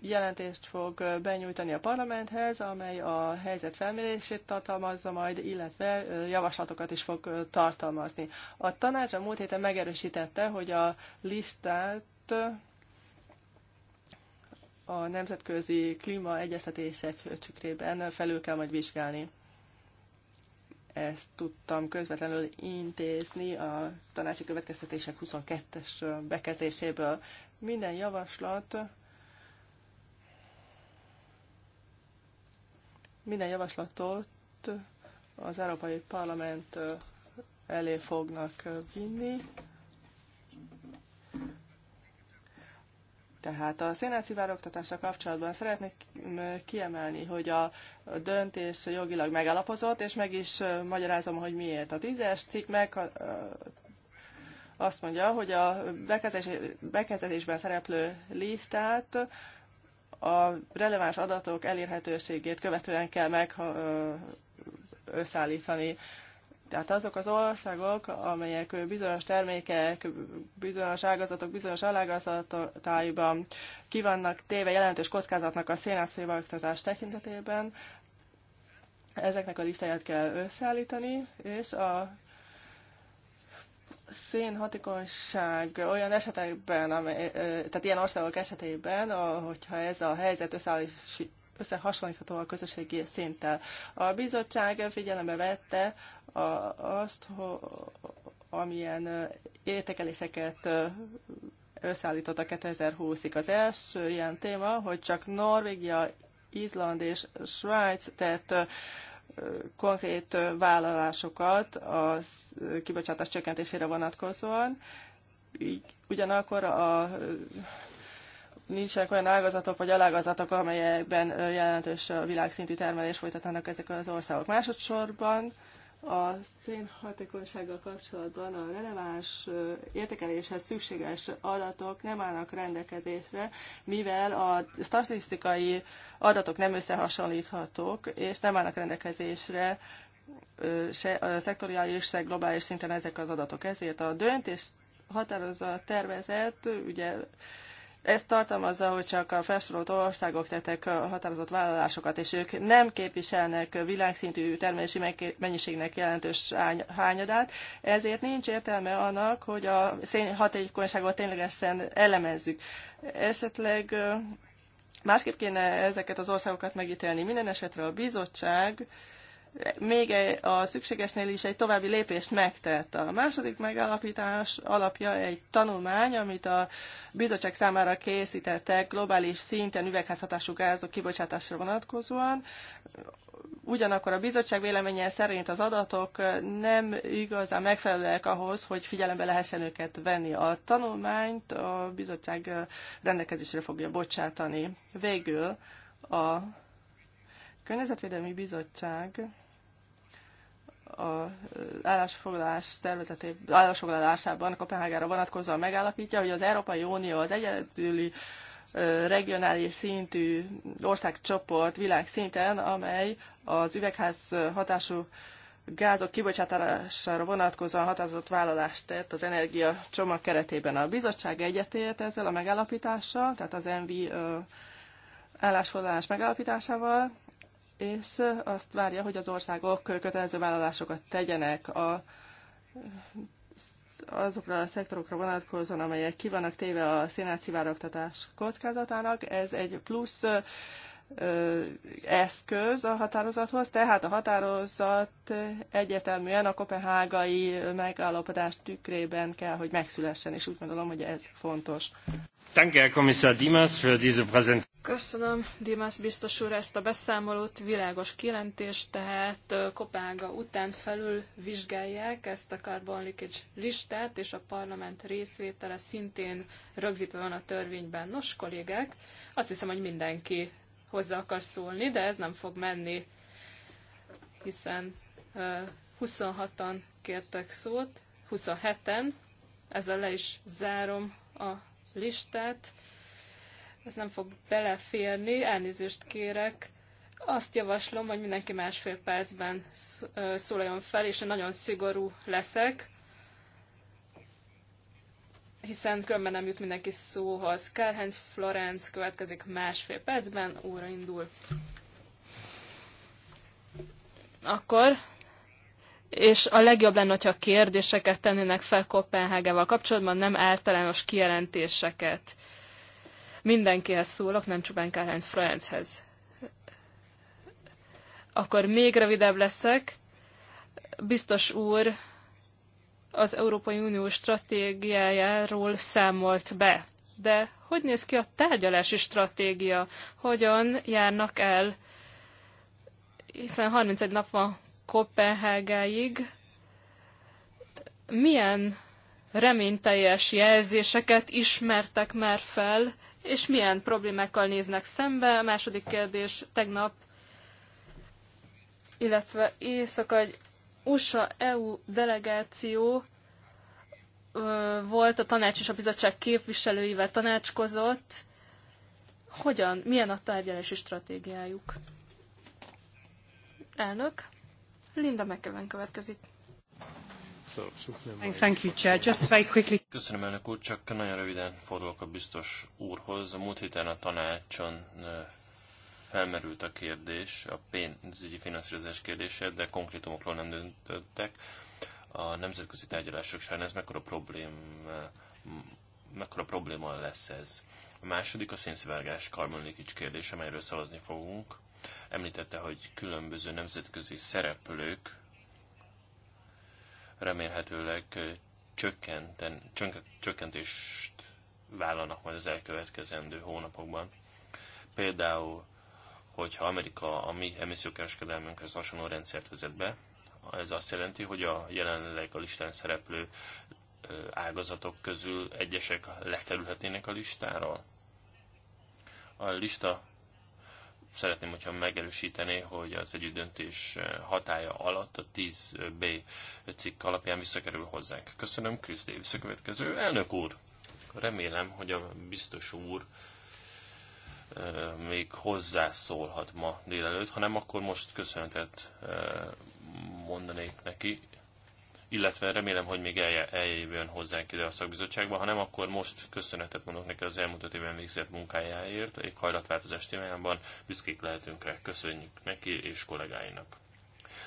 jelentést fog benyújtani a parlamenthez, amely a helyzet felmérését tartalmazza majd, illetve javaslatokat is fog tartalmazni. A tanács a múlt héten megerősítette, hogy a listát a nemzetközi klímaegyeztetések tükrében felül kell majd vizsgálni. Ezt tudtam közvetlenül intézni a tanácsi következtetések 22-es bekezdéséből. Minden javaslat minden javaslatot az Európai Parlament elé fognak vinni. Tehát a szénátszivárogtatásra kapcsolatban szeretnék kiemelni, hogy a döntés jogilag megalapozott, és meg is magyarázom, hogy miért. A tízes cikk meg azt mondja, hogy a bekezdésben szereplő listát a releváns adatok elérhetőségét követően kell meg összeállítani. Tehát azok az országok, amelyek bizonyos termékek, bizonyos ágazatok, bizonyos alágazatájban kivannak téve jelentős kockázatnak a szénátszivagtazás tekintetében, ezeknek a listáját kell összeállítani, és a szén hatékonyság olyan esetekben, amely, tehát ilyen országok esetében, hogyha ez a helyzet összehasonlítható a közösségi szinttel. A bizottság figyelembe vette azt, ho, amilyen értékeléseket összeállított a 2020-ig. Az első ilyen téma, hogy csak Norvégia, Izland és Svájc tett konkrét vállalásokat a kibocsátás csökkentésére vonatkozóan. Ugyanakkor a nincsenek olyan ágazatok vagy alágazatok, amelyekben jelentős világszintű termelés folytatnak ezek az országok. Másodszorban a szén hatékonysággal kapcsolatban a releváns értékeléshez szükséges adatok nem állnak rendelkezésre, mivel a statisztikai adatok nem összehasonlíthatók, és nem állnak rendelkezésre se a szektoriális, se globális szinten ezek az adatok. Ezért a döntés határozza a tervezet, ugye ez tartalmazza, hogy csak a felsorolt országok tettek határozott vállalásokat, és ők nem képviselnek világszintű termelési mennyiségnek jelentős hányadát, ezért nincs értelme annak, hogy a hatékonyságot ténylegesen elemezzük. Esetleg másképp kéne ezeket az országokat megítélni. Minden esetre a bizottság még a szükségesnél is egy további lépést megtett. A második megállapítás alapja egy tanulmány, amit a bizottság számára készítettek globális szinten üvegházhatású gázok kibocsátásra vonatkozóan. Ugyanakkor a bizottság véleménye szerint az adatok nem igazán megfelelőek ahhoz, hogy figyelembe lehessen őket venni. A tanulmányt a bizottság rendelkezésre fogja bocsátani. Végül a Környezetvédelmi Bizottság az állásfoglalás tervezetében, állásfoglalásában Kopenhágára vonatkozóan megállapítja, hogy az Európai Unió az egyedüli regionális szintű országcsoport világszinten, amely az üvegház hatású gázok kibocsátására vonatkozóan határozott vállalást tett az energia csomag keretében. A bizottság egyetért ezzel a megállapítással, tehát az ENVI állásfoglalás megállapításával, és azt várja, hogy az országok kötelező vállalásokat tegyenek a, azokra a szektorokra vonatkozóan, amelyek ki vannak téve a szénátszivárogtatás kockázatának. Ez egy plusz eszköz a határozathoz, tehát a határozat egyértelműen a kopenhágai megállapodás tükrében kell, hogy megszülessen, és úgy gondolom, hogy ez fontos. Köszönöm, Dimas, für diese Köszönöm, Dimas biztos úr, ezt a beszámolót, világos kijelentést, tehát Kopenhága után felül vizsgálják ezt a carbon leakage listát, és a parlament részvétele szintén rögzítve van a törvényben. Nos, kollégák, azt hiszem, hogy mindenki hozzá akar szólni, de ez nem fog menni, hiszen 26-an kértek szót, 27-en, ezzel le is zárom a listát ez nem fog beleférni, elnézést kérek. Azt javaslom, hogy mindenki másfél percben szólaljon fel, és én nagyon szigorú leszek, hiszen különben nem jut mindenki szóhoz. Kárhánc Florence következik másfél percben, óra indul. Akkor és a legjobb lenne, hogyha kérdéseket tennének fel Kopenhágával kapcsolatban, nem általános kijelentéseket mindenkihez szólok, nem csupán Karl-Heinz Akkor még rövidebb leszek. Biztos úr az Európai Unió stratégiájáról számolt be. De hogy néz ki a tárgyalási stratégia? Hogyan járnak el? Hiszen 31 nap van Kopenhágáig. Milyen reményteljes jelzéseket ismertek már fel, és milyen problémákkal néznek szembe. A második kérdés tegnap, illetve éjszaka egy USA-EU e delegáció volt, a tanács és a bizottság képviselőivel tanácskozott. Hogyan, milyen a tárgyalási stratégiájuk? Elnök, Linda McEwen következik. Thank you, Chair. Just very quickly. Köszönöm, elnök úr, csak nagyon röviden fordulok a biztos úrhoz. A múlt héten a tanácson felmerült a kérdés, a pénzügyi finanszírozás kérdése, de konkrétumokról nem döntöttek. A nemzetközi tárgyalások során ez mekkora probléma, mekkora probléma lesz ez? A második a szénszivárgás Karmelnikics kérdés, amelyről szavazni fogunk. Említette, hogy különböző nemzetközi szereplők remélhetőleg csökkenten, csökkentést vállalnak majd az elkövetkezendő hónapokban. Például, hogyha Amerika a mi emissziókereskedelmünkhez hasonló rendszert vezet be, ez azt jelenti, hogy a jelenleg a listán szereplő ágazatok közül egyesek lekerülhetnének a listáról. A lista szeretném, hogyha megerősítené, hogy az együttdöntés hatája alatt a 10B cikk alapján visszakerül hozzánk. Köszönöm, Krisz Davis a következő. Elnök úr, remélem, hogy a biztos úr még hozzászólhat ma délelőtt, hanem akkor most köszönetet mondanék neki, illetve remélem, hogy még eljövjön hozzánk ide a szakbizottságba, ha nem, akkor most köszönetet mondok neki az elmúlt öt évben végzett munkájáért, hajlatváltozás témájában büszkék lehetünk rá, köszönjük neki és kollégáinak.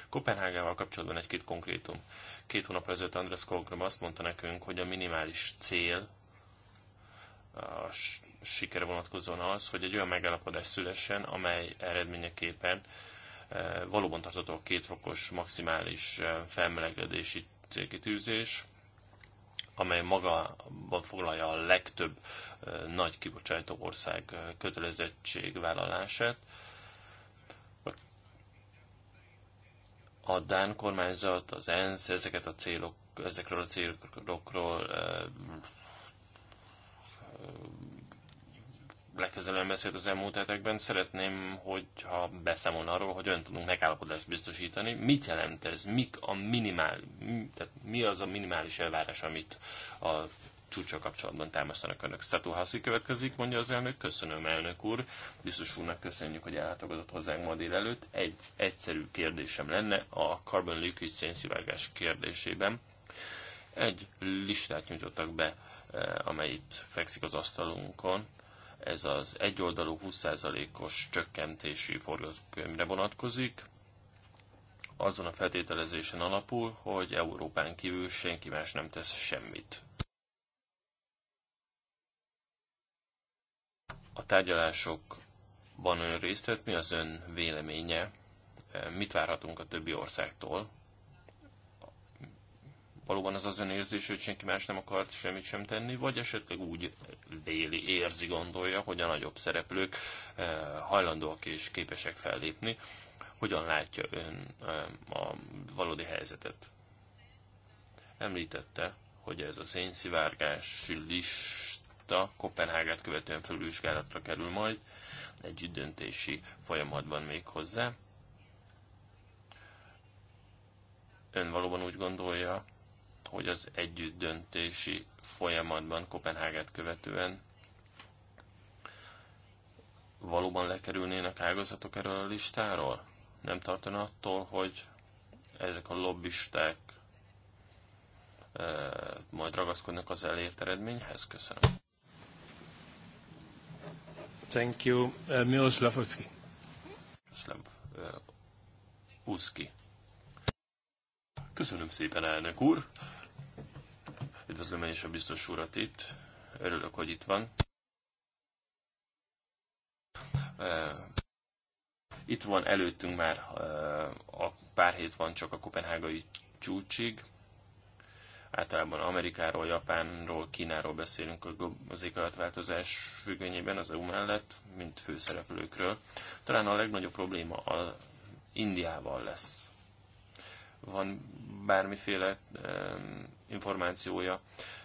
Kopenhágával kapcsolatban egy-két konkrétum. Két hónap ezelőtt András Kolgrom azt mondta nekünk, hogy a minimális cél a sikere vonatkozóan az, hogy egy olyan megállapodás szülessen, amely eredményeképpen eh, valóban tartható a kétfokos maximális eh, felmelegedési célkitűzés, amely magában foglalja a legtöbb nagy kibocsátó ország kötelezettségvállalását. A Dán kormányzat, az ENSZ ezeket a célok, ezekről a célokról legközelebb beszélt az elmúlt hetekben, szeretném, hogyha beszámolna arról, hogy ön tudunk megállapodást biztosítani. Mit jelent ez? Mik a minimál, tehát mi az a minimális elvárás, amit a csúcsa kapcsolatban támasztanak önök. Szatú Haszi következik, mondja az elnök. Köszönöm, elnök úr. Biztos úrnak köszönjük, hogy ellátogatott hozzánk ma délelőtt. Egy egyszerű kérdésem lenne a carbon leakage szénszivárgás kérdésében. Egy listát nyújtottak be, eh, amelyet fekszik az asztalunkon ez az egyoldalú 20%-os csökkentési forgatókönyvre vonatkozik, azon a feltételezésen alapul, hogy Európán kívül senki más nem tesz semmit. A tárgyalásokban ön részt vett, mi az ön véleménye, mit várhatunk a többi országtól, valóban az az érzés, hogy senki más nem akart semmit sem tenni, vagy esetleg úgy véli, érzi, gondolja, hogy a nagyobb szereplők eh, hajlandóak és képesek fellépni. Hogyan látja ön eh, a valódi helyzetet? Említette, hogy ez a szénszivárgás lista Kopenhágát követően felülvizsgálatra kerül majd, egy döntési folyamatban még hozzá. Ön valóban úgy gondolja, hogy az együttdöntési folyamatban Kopenhágát követően valóban lekerülnének ágazatok erről a listáról? Nem tartana attól, hogy ezek a lobbisták e, majd ragaszkodnak az elért eredményhez? Köszönöm. Thank you. Eh, Miroslav Ucki. Miroslav eh, Köszönöm szépen, elnök úr. Üdvözlöm én is a biztos urat itt. Örülök, hogy itt van. Itt van előttünk már, a pár hét van csak a kopenhágai csúcsig. Általában Amerikáról, Japánról, Kínáról beszélünk az éghajlatváltozás függvényében az EU mellett, mint főszereplőkről. Talán a legnagyobb probléma a Indiával lesz van bármiféle információja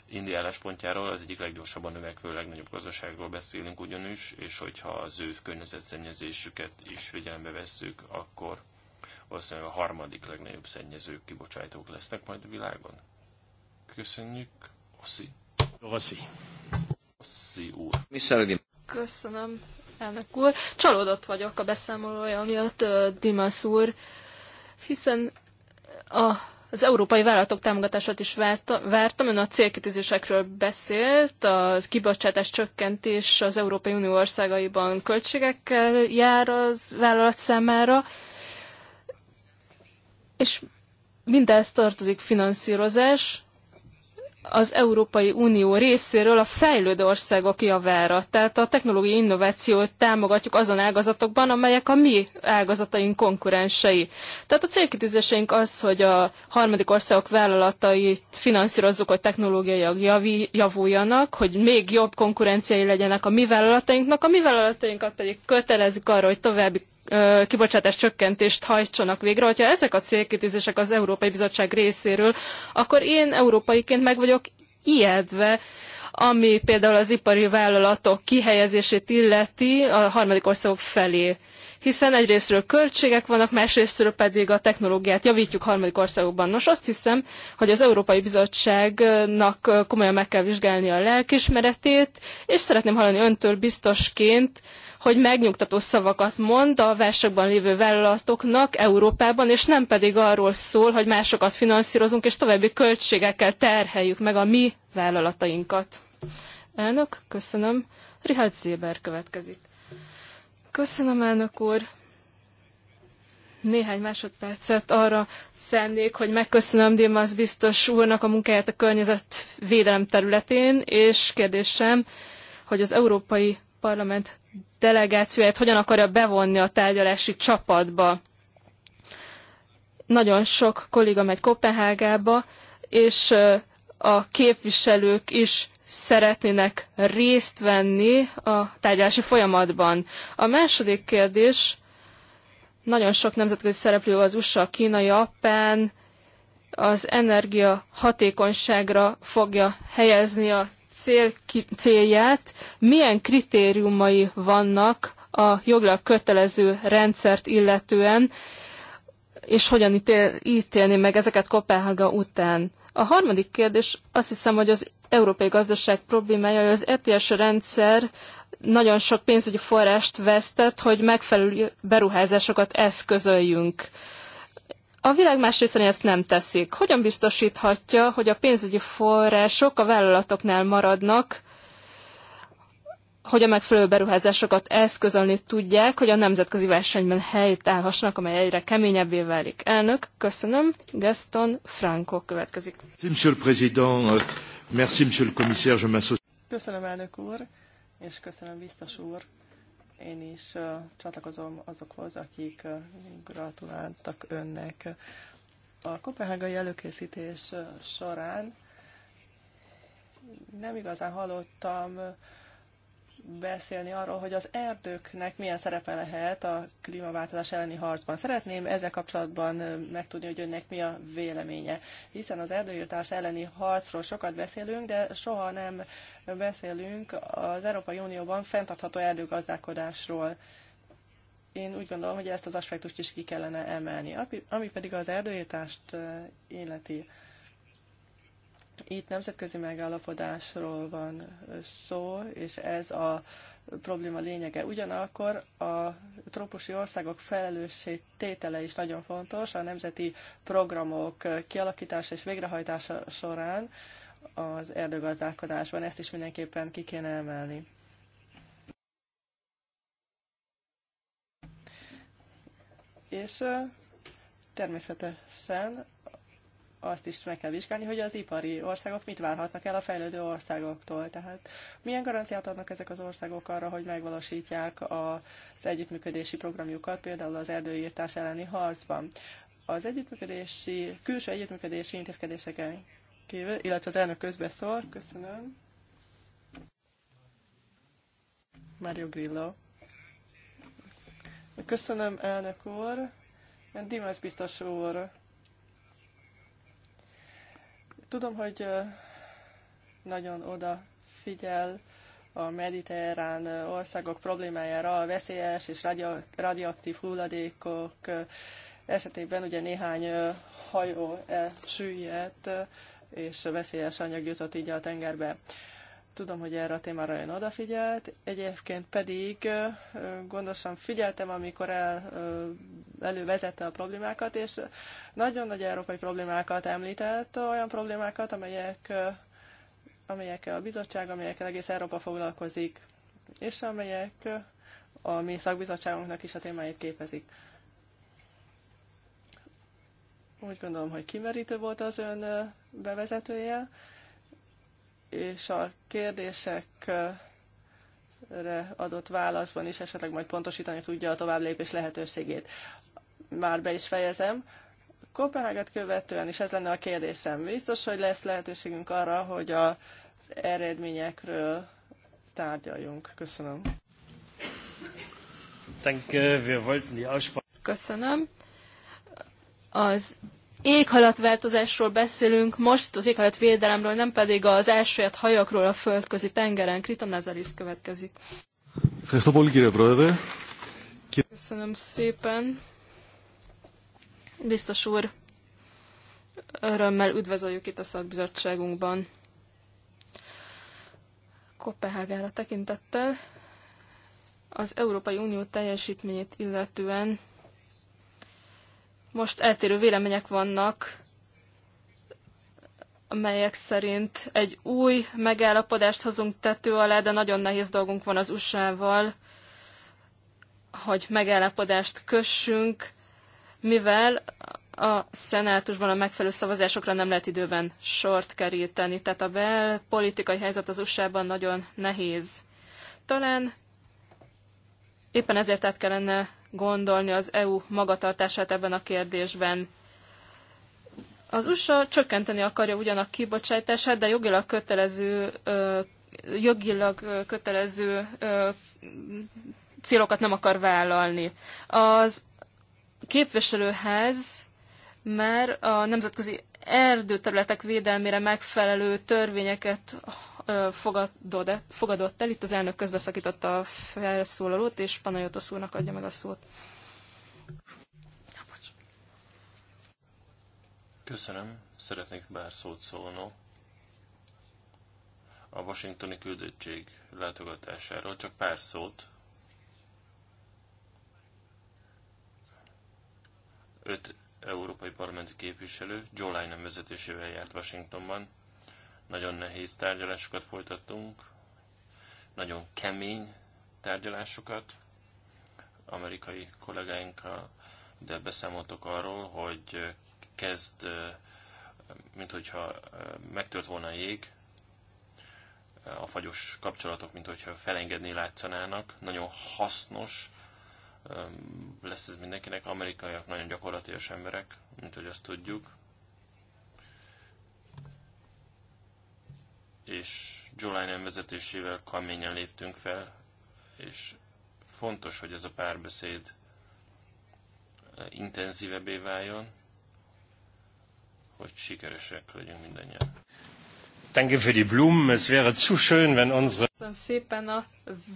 India álláspontjáról, az egyik leggyorsabban növekvő, legnagyobb gazdaságról beszélünk ugyanis, és hogyha az ő környezetszennyezésüket is figyelembe vesszük, akkor valószínűleg a harmadik legnagyobb szennyező kibocsátók lesznek majd a világon. Köszönjük, Oszi. Oszi. Oszi úr. Mi Köszönöm, elnök úr. Csalódott vagyok a beszámolója miatt, Dimas úr, hiszen a, az európai vállalatok támogatását is vártam. Ön a célkitűzésekről beszélt, a kibocsátás csökkentés az Európai Unió országaiban költségekkel jár az vállalat számára, és mindez tartozik finanszírozás, az Európai Unió részéről a fejlődő országok javára. Tehát a technológiai innovációt támogatjuk azon ágazatokban, amelyek a mi ágazataink konkurensei. Tehát a célkitűzéseink az, hogy a harmadik országok vállalatait finanszírozzuk, hogy technológiailag javi, javuljanak, hogy még jobb konkurenciai legyenek a mi vállalatainknak, a mi vállalatainkat pedig kötelezzük arra, hogy további kibocsátás csökkentést hajtsanak végre. Hogyha ezek a célkitűzések az Európai Bizottság részéről, akkor én európaiként meg vagyok ijedve, ami például az ipari vállalatok kihelyezését illeti a harmadik országok felé hiszen egyrésztről költségek vannak, másrésztről pedig a technológiát javítjuk harmadik országokban. Nos, azt hiszem, hogy az Európai Bizottságnak komolyan meg kell vizsgálni a lelkismeretét, és szeretném hallani öntől biztosként, hogy megnyugtató szavakat mond a válságban lévő vállalatoknak Európában, és nem pedig arról szól, hogy másokat finanszírozunk, és további költségekkel terheljük meg a mi vállalatainkat. Elnök, köszönöm. Richard Zéber következik. Köszönöm, elnök úr! Néhány másodpercet arra szennék, hogy megköszönöm Dimas biztos úrnak a munkáját a környezetvédelem területén, és kérdésem, hogy az Európai Parlament delegációját hogyan akarja bevonni a tárgyalási csapatba. Nagyon sok kolléga megy Kopenhágába, és a képviselők is szeretnének részt venni a tárgyalási folyamatban. A második kérdés, nagyon sok nemzetközi szereplő az USA, Kína, Japán az energia hatékonyságra fogja helyezni a cél, ki, célját. Milyen kritériumai vannak a joglag kötelező rendszert illetően, és hogyan ítél, ítélni meg ezeket Kopenhaga után? A harmadik kérdés azt hiszem, hogy az európai gazdaság problémája, hogy az ETS rendszer nagyon sok pénzügyi forrást vesztett, hogy megfelelő beruházásokat eszközöljünk. A világ más részén ezt nem teszik. Hogyan biztosíthatja, hogy a pénzügyi források a vállalatoknál maradnak, hogy a megfelelő beruházásokat eszközölni tudják, hogy a nemzetközi versenyben helyt állhassanak, amely egyre keményebbé válik. Elnök, köszönöm. Gaston Franco következik. Köszönöm, elnök úr, és köszönöm, biztos úr. Én is uh, csatlakozom azokhoz, akik uh, gratuláltak önnek. A kopenhágai előkészítés során nem igazán hallottam uh, beszélni arról, hogy az erdőknek milyen szerepe lehet a klímaváltozás elleni harcban. Szeretném ezzel kapcsolatban megtudni, hogy önnek mi a véleménye, hiszen az erdőírtás elleni harcról sokat beszélünk, de soha nem beszélünk az Európai Unióban fenntartható erdőgazdálkodásról. Én úgy gondolom, hogy ezt az aspektust is ki kellene emelni. Ami pedig az erdőírtást illeti itt nemzetközi megállapodásról van szó, és ez a probléma lényege. Ugyanakkor a trópusi országok felelősség tétele is nagyon fontos a nemzeti programok kialakítása és végrehajtása során az erdőgazdálkodásban. Ezt is mindenképpen ki kéne emelni. És természetesen azt is meg kell vizsgálni, hogy az ipari országok mit várhatnak el a fejlődő országoktól. Tehát milyen garanciát adnak ezek az országok arra, hogy megvalósítják az együttműködési programjukat, például az erdőírtás elleni harcban. Az együttműködési, külső együttműködési intézkedéseken kívül, illetve az elnök közbeszól, köszönöm. Mario Grillo. Köszönöm, elnök úr. Dimas biztos úr Tudom, hogy nagyon odafigyel a mediterrán országok problémájára, a veszélyes és radio- radioaktív hulladékok esetében ugye néhány hajó elsüllyedt, és veszélyes anyag jutott így a tengerbe tudom, hogy erre a témára ön odafigyelt, egyébként pedig gondosan figyeltem, amikor el, elővezette a problémákat, és nagyon nagy európai problémákat említett, olyan problémákat, amelyek, amelyekkel a bizottság, amelyekkel egész Európa foglalkozik, és amelyek a mi szakbizottságunknak is a témáit képezik. Úgy gondolom, hogy kimerítő volt az ön bevezetője, és a kérdésekre adott válaszban is esetleg majd pontosítani tudja a tovább lépés lehetőségét. Már be is fejezem. Kopenhágát követően is ez lenne a kérdésem. Biztos, hogy lesz lehetőségünk arra, hogy az eredményekről tárgyaljunk. Köszönöm. Köszönöm. Az éghajlatváltozásról beszélünk, most az éghajlatvédelemről, nem pedig az elsőjött hajakról a földközi tengeren. Krita Nazaris következik. Köszönöm szépen. Biztos úr, örömmel üdvözöljük itt a szakbizottságunkban. Kopenhágára tekintettel az Európai Unió teljesítményét illetően most eltérő vélemények vannak, amelyek szerint egy új megállapodást hozunk tető alá, de nagyon nehéz dolgunk van az USA-val, hogy megállapodást kössünk, mivel a szenátusban a megfelelő szavazásokra nem lehet időben sort keríteni, tehát a belpolitikai helyzet az USA-ban nagyon nehéz. Talán éppen ezért át kellene gondolni az EU magatartását ebben a kérdésben. Az USA csökkenteni akarja ugyan a kibocsátását, de jogilag kötelező, jogilag kötelező célokat nem akar vállalni. Az képviselőház már a nemzetközi erdőterületek védelmére megfelelő törvényeket fogadod, fogadott el. Itt az elnök közbeszakította a felszólalót, és Panajotos úrnak adja meg a szót. Köszönöm. Szeretnék bár szót szólnok a washingtoni küldöttség látogatásáról, csak pár szót. Öt európai parlamenti képviselő Joe Linen vezetésével járt Washingtonban, nagyon nehéz tárgyalásokat folytattunk, nagyon kemény tárgyalásokat amerikai kollégáinkkal, de beszámoltok arról, hogy kezd, mint hogyha megtört volna a jég, a fagyos kapcsolatok, mint hogyha felengedni látszanának. Nagyon hasznos lesz ez mindenkinek. Amerikaiak nagyon gyakorlatilag emberek, mint hogy azt tudjuk. és Jolinen vezetésével kaményen léptünk fel, és fontos, hogy ez a párbeszéd eh, intenzívebbé váljon, hogy sikeresek legyünk mindannyian. Danke für die Blumen, es wäre zu schön, wenn unsere... Köszönöm szépen a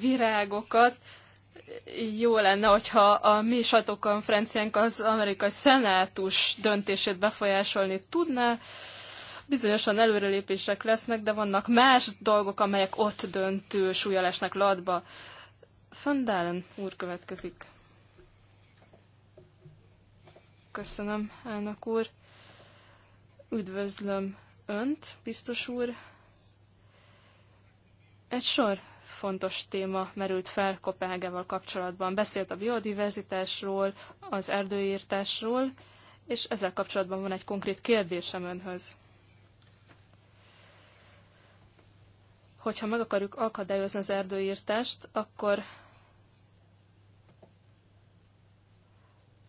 virágokat. Jó lenne, hogyha a mi sajtókonferenciánk az amerikai szenátus döntését befolyásolni tudná. Bizonyosan előrelépések lesznek, de vannak más dolgok, amelyek ott döntő súlya lesnek ladba. Fandálen úr következik. Köszönöm, elnök úr. Üdvözlöm önt, biztos úr. Egy sor fontos téma merült fel Kopenhágával kapcsolatban. Beszélt a biodiverzitásról, az erdőírtásról, és ezzel kapcsolatban van egy konkrét kérdésem önhöz. hogyha meg akarjuk akadályozni az erdőírtást, akkor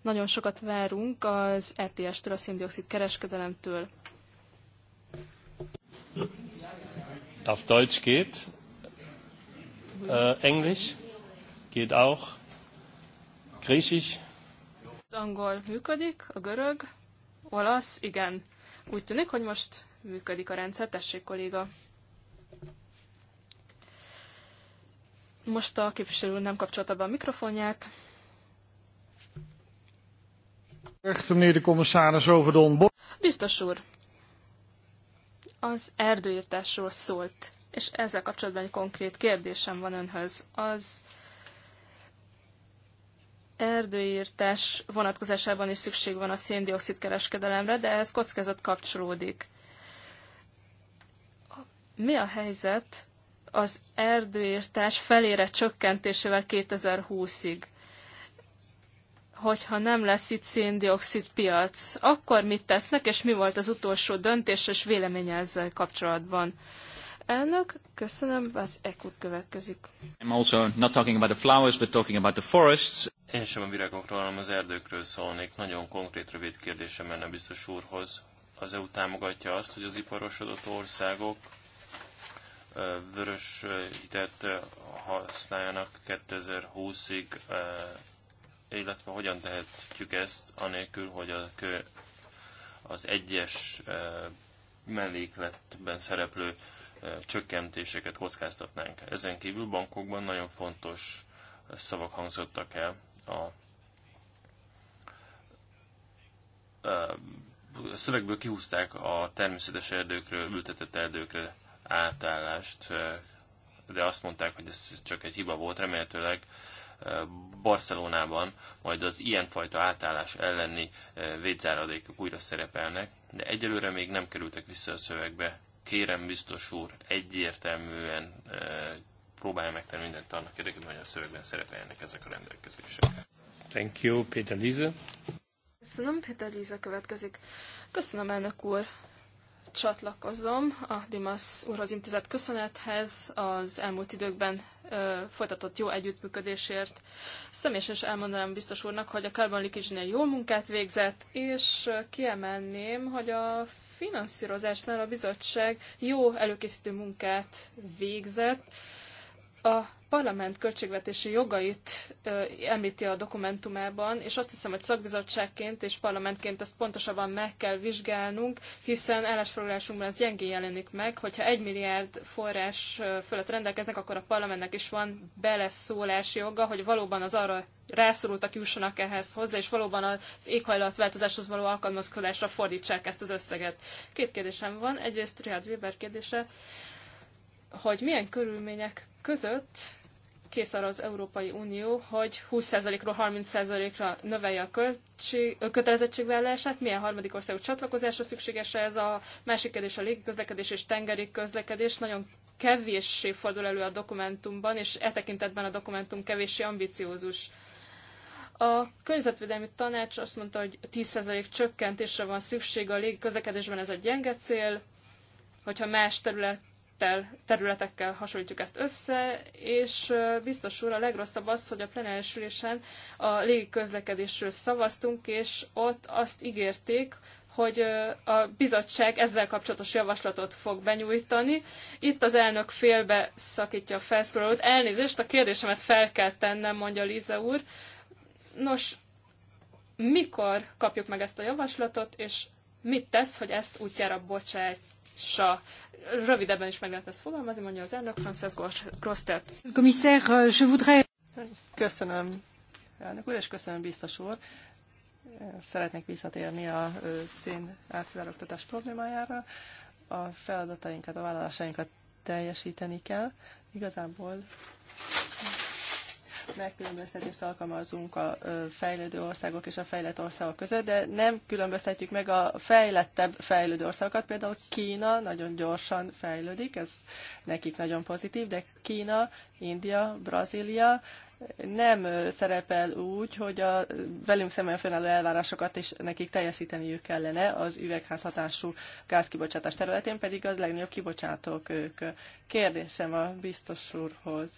nagyon sokat várunk az ETS-től, a szindioxid kereskedelemtől. Auf Deutsch geht. Uh, Englisch geht auch. Griechisch. Az angol működik, a görög, olasz, igen. Úgy tűnik, hogy most működik a rendszer. Tessék, kolléga. Most a képviselő nem kapcsolta be a mikrofonját. Biztos úr, az erdőírtásról szólt, és ezzel kapcsolatban egy konkrét kérdésem van önhöz. Az erdőírtás vonatkozásában is szükség van a széndiokszid kereskedelemre, de ez kockázat kapcsolódik. Mi a helyzet az erdőírtás felére csökkentésével 2020-ig. Hogyha nem lesz itt széndiokszid piac, akkor mit tesznek, és mi volt az utolsó döntés és véleménye ezzel kapcsolatban? Elnök, köszönöm, az ekut következik. I'm also not talking about the flowers, but talking about the forests. Én sem a virágokról, hanem az erdőkről szólnék. Nagyon konkrét, rövid kérdésem menne biztos úrhoz. Az EU támogatja azt, hogy az iparosodott országok vörös hitet használjanak 2020-ig, illetve hogyan tehetjük ezt, anélkül, hogy a kö, az egyes mellékletben szereplő csökkentéseket kockáztatnánk. Ezen kívül bankokban nagyon fontos szavak hangzottak el a szövegből kihúzták a természetes erdőkről, ültetett erdőkre átállást, de azt mondták, hogy ez csak egy hiba volt, remélhetőleg Barcelonában majd az ilyenfajta átállás elleni védzáradékok újra szerepelnek, de egyelőre még nem kerültek vissza a szövegbe. Kérem, biztos úr, egyértelműen próbálja megtenni mindent annak érdekében, hogy a szövegben szerepeljenek ezek a rendelkezések. Thank you, Péter Líze. Köszönöm, Péter Liza következik. Köszönöm, elnök úr csatlakozom a Dimas úrhoz intézett köszönethez az elmúlt időkben ö, folytatott jó együttműködésért. Személyesen is elmondanám biztos úrnak, hogy a Carbon leakage jó munkát végzett, és kiemelném, hogy a finanszírozásnál a bizottság jó előkészítő munkát végzett, a parlament költségvetési jogait ö, említi a dokumentumában, és azt hiszem, hogy szakbizottságként és parlamentként ezt pontosabban meg kell vizsgálnunk, hiszen állásfoglalásunkban ez gyengén jelenik meg, hogyha egy milliárd forrás fölött rendelkeznek, akkor a parlamentnek is van beleszólási joga, hogy valóban az arra rászorultak jussanak ehhez hozzá, és valóban az éghajlatváltozáshoz való alkalmazkodásra fordítsák ezt az összeget. Két kérdésem van. Egyrészt Richard Weber kérdése hogy milyen körülmények között kész arra az Európai Unió, hogy 20%-ról 30%-ra növelje a költség, kötelezettségvállalását, milyen harmadik országú csatlakozásra szükséges ez a másik kérdés a légiközlekedés és tengeri közlekedés. Nagyon kevéssé fordul elő a dokumentumban, és e tekintetben a dokumentum kevéssé ambiciózus. A környezetvédelmi tanács azt mondta, hogy 10% csökkentésre van szükség a légiközlekedésben, ez egy gyenge cél, hogyha más terület területekkel hasonlítjuk ezt össze, és biztos úr, a legrosszabb az, hogy a plenáris ülésen a légiközlekedésről szavaztunk, és ott azt ígérték, hogy a bizottság ezzel kapcsolatos javaslatot fog benyújtani. Itt az elnök félbe szakítja a felszólalót. Elnézést, a kérdésemet fel kell tennem, mondja Liza úr. Nos, mikor kapjuk meg ezt a javaslatot, és mit tesz, hogy ezt útjára bocsájt, sa rövidebben is meg lehetne ezt fogalmazni, mondja az elnök Frances Grostet. Euh, köszönöm, elnök úr, és köszönöm, biztos úr. Szeretnék visszatérni a szén átszivárogtatás problémájára. A feladatainkat, a vállalásainkat teljesíteni kell. Igazából megkülönböztetést alkalmazunk a fejlődő országok és a fejlett országok között, de nem különböztetjük meg a fejlettebb fejlődő országokat. Például Kína nagyon gyorsan fejlődik, ez nekik nagyon pozitív, de Kína, India, Brazília nem szerepel úgy, hogy a velünk szemben fennálló elvárásokat is nekik teljesíteniük kellene az üvegházhatású gázkibocsátás területén, pedig az legnagyobb kibocsátók ők. Kérdésem a biztos úrhoz.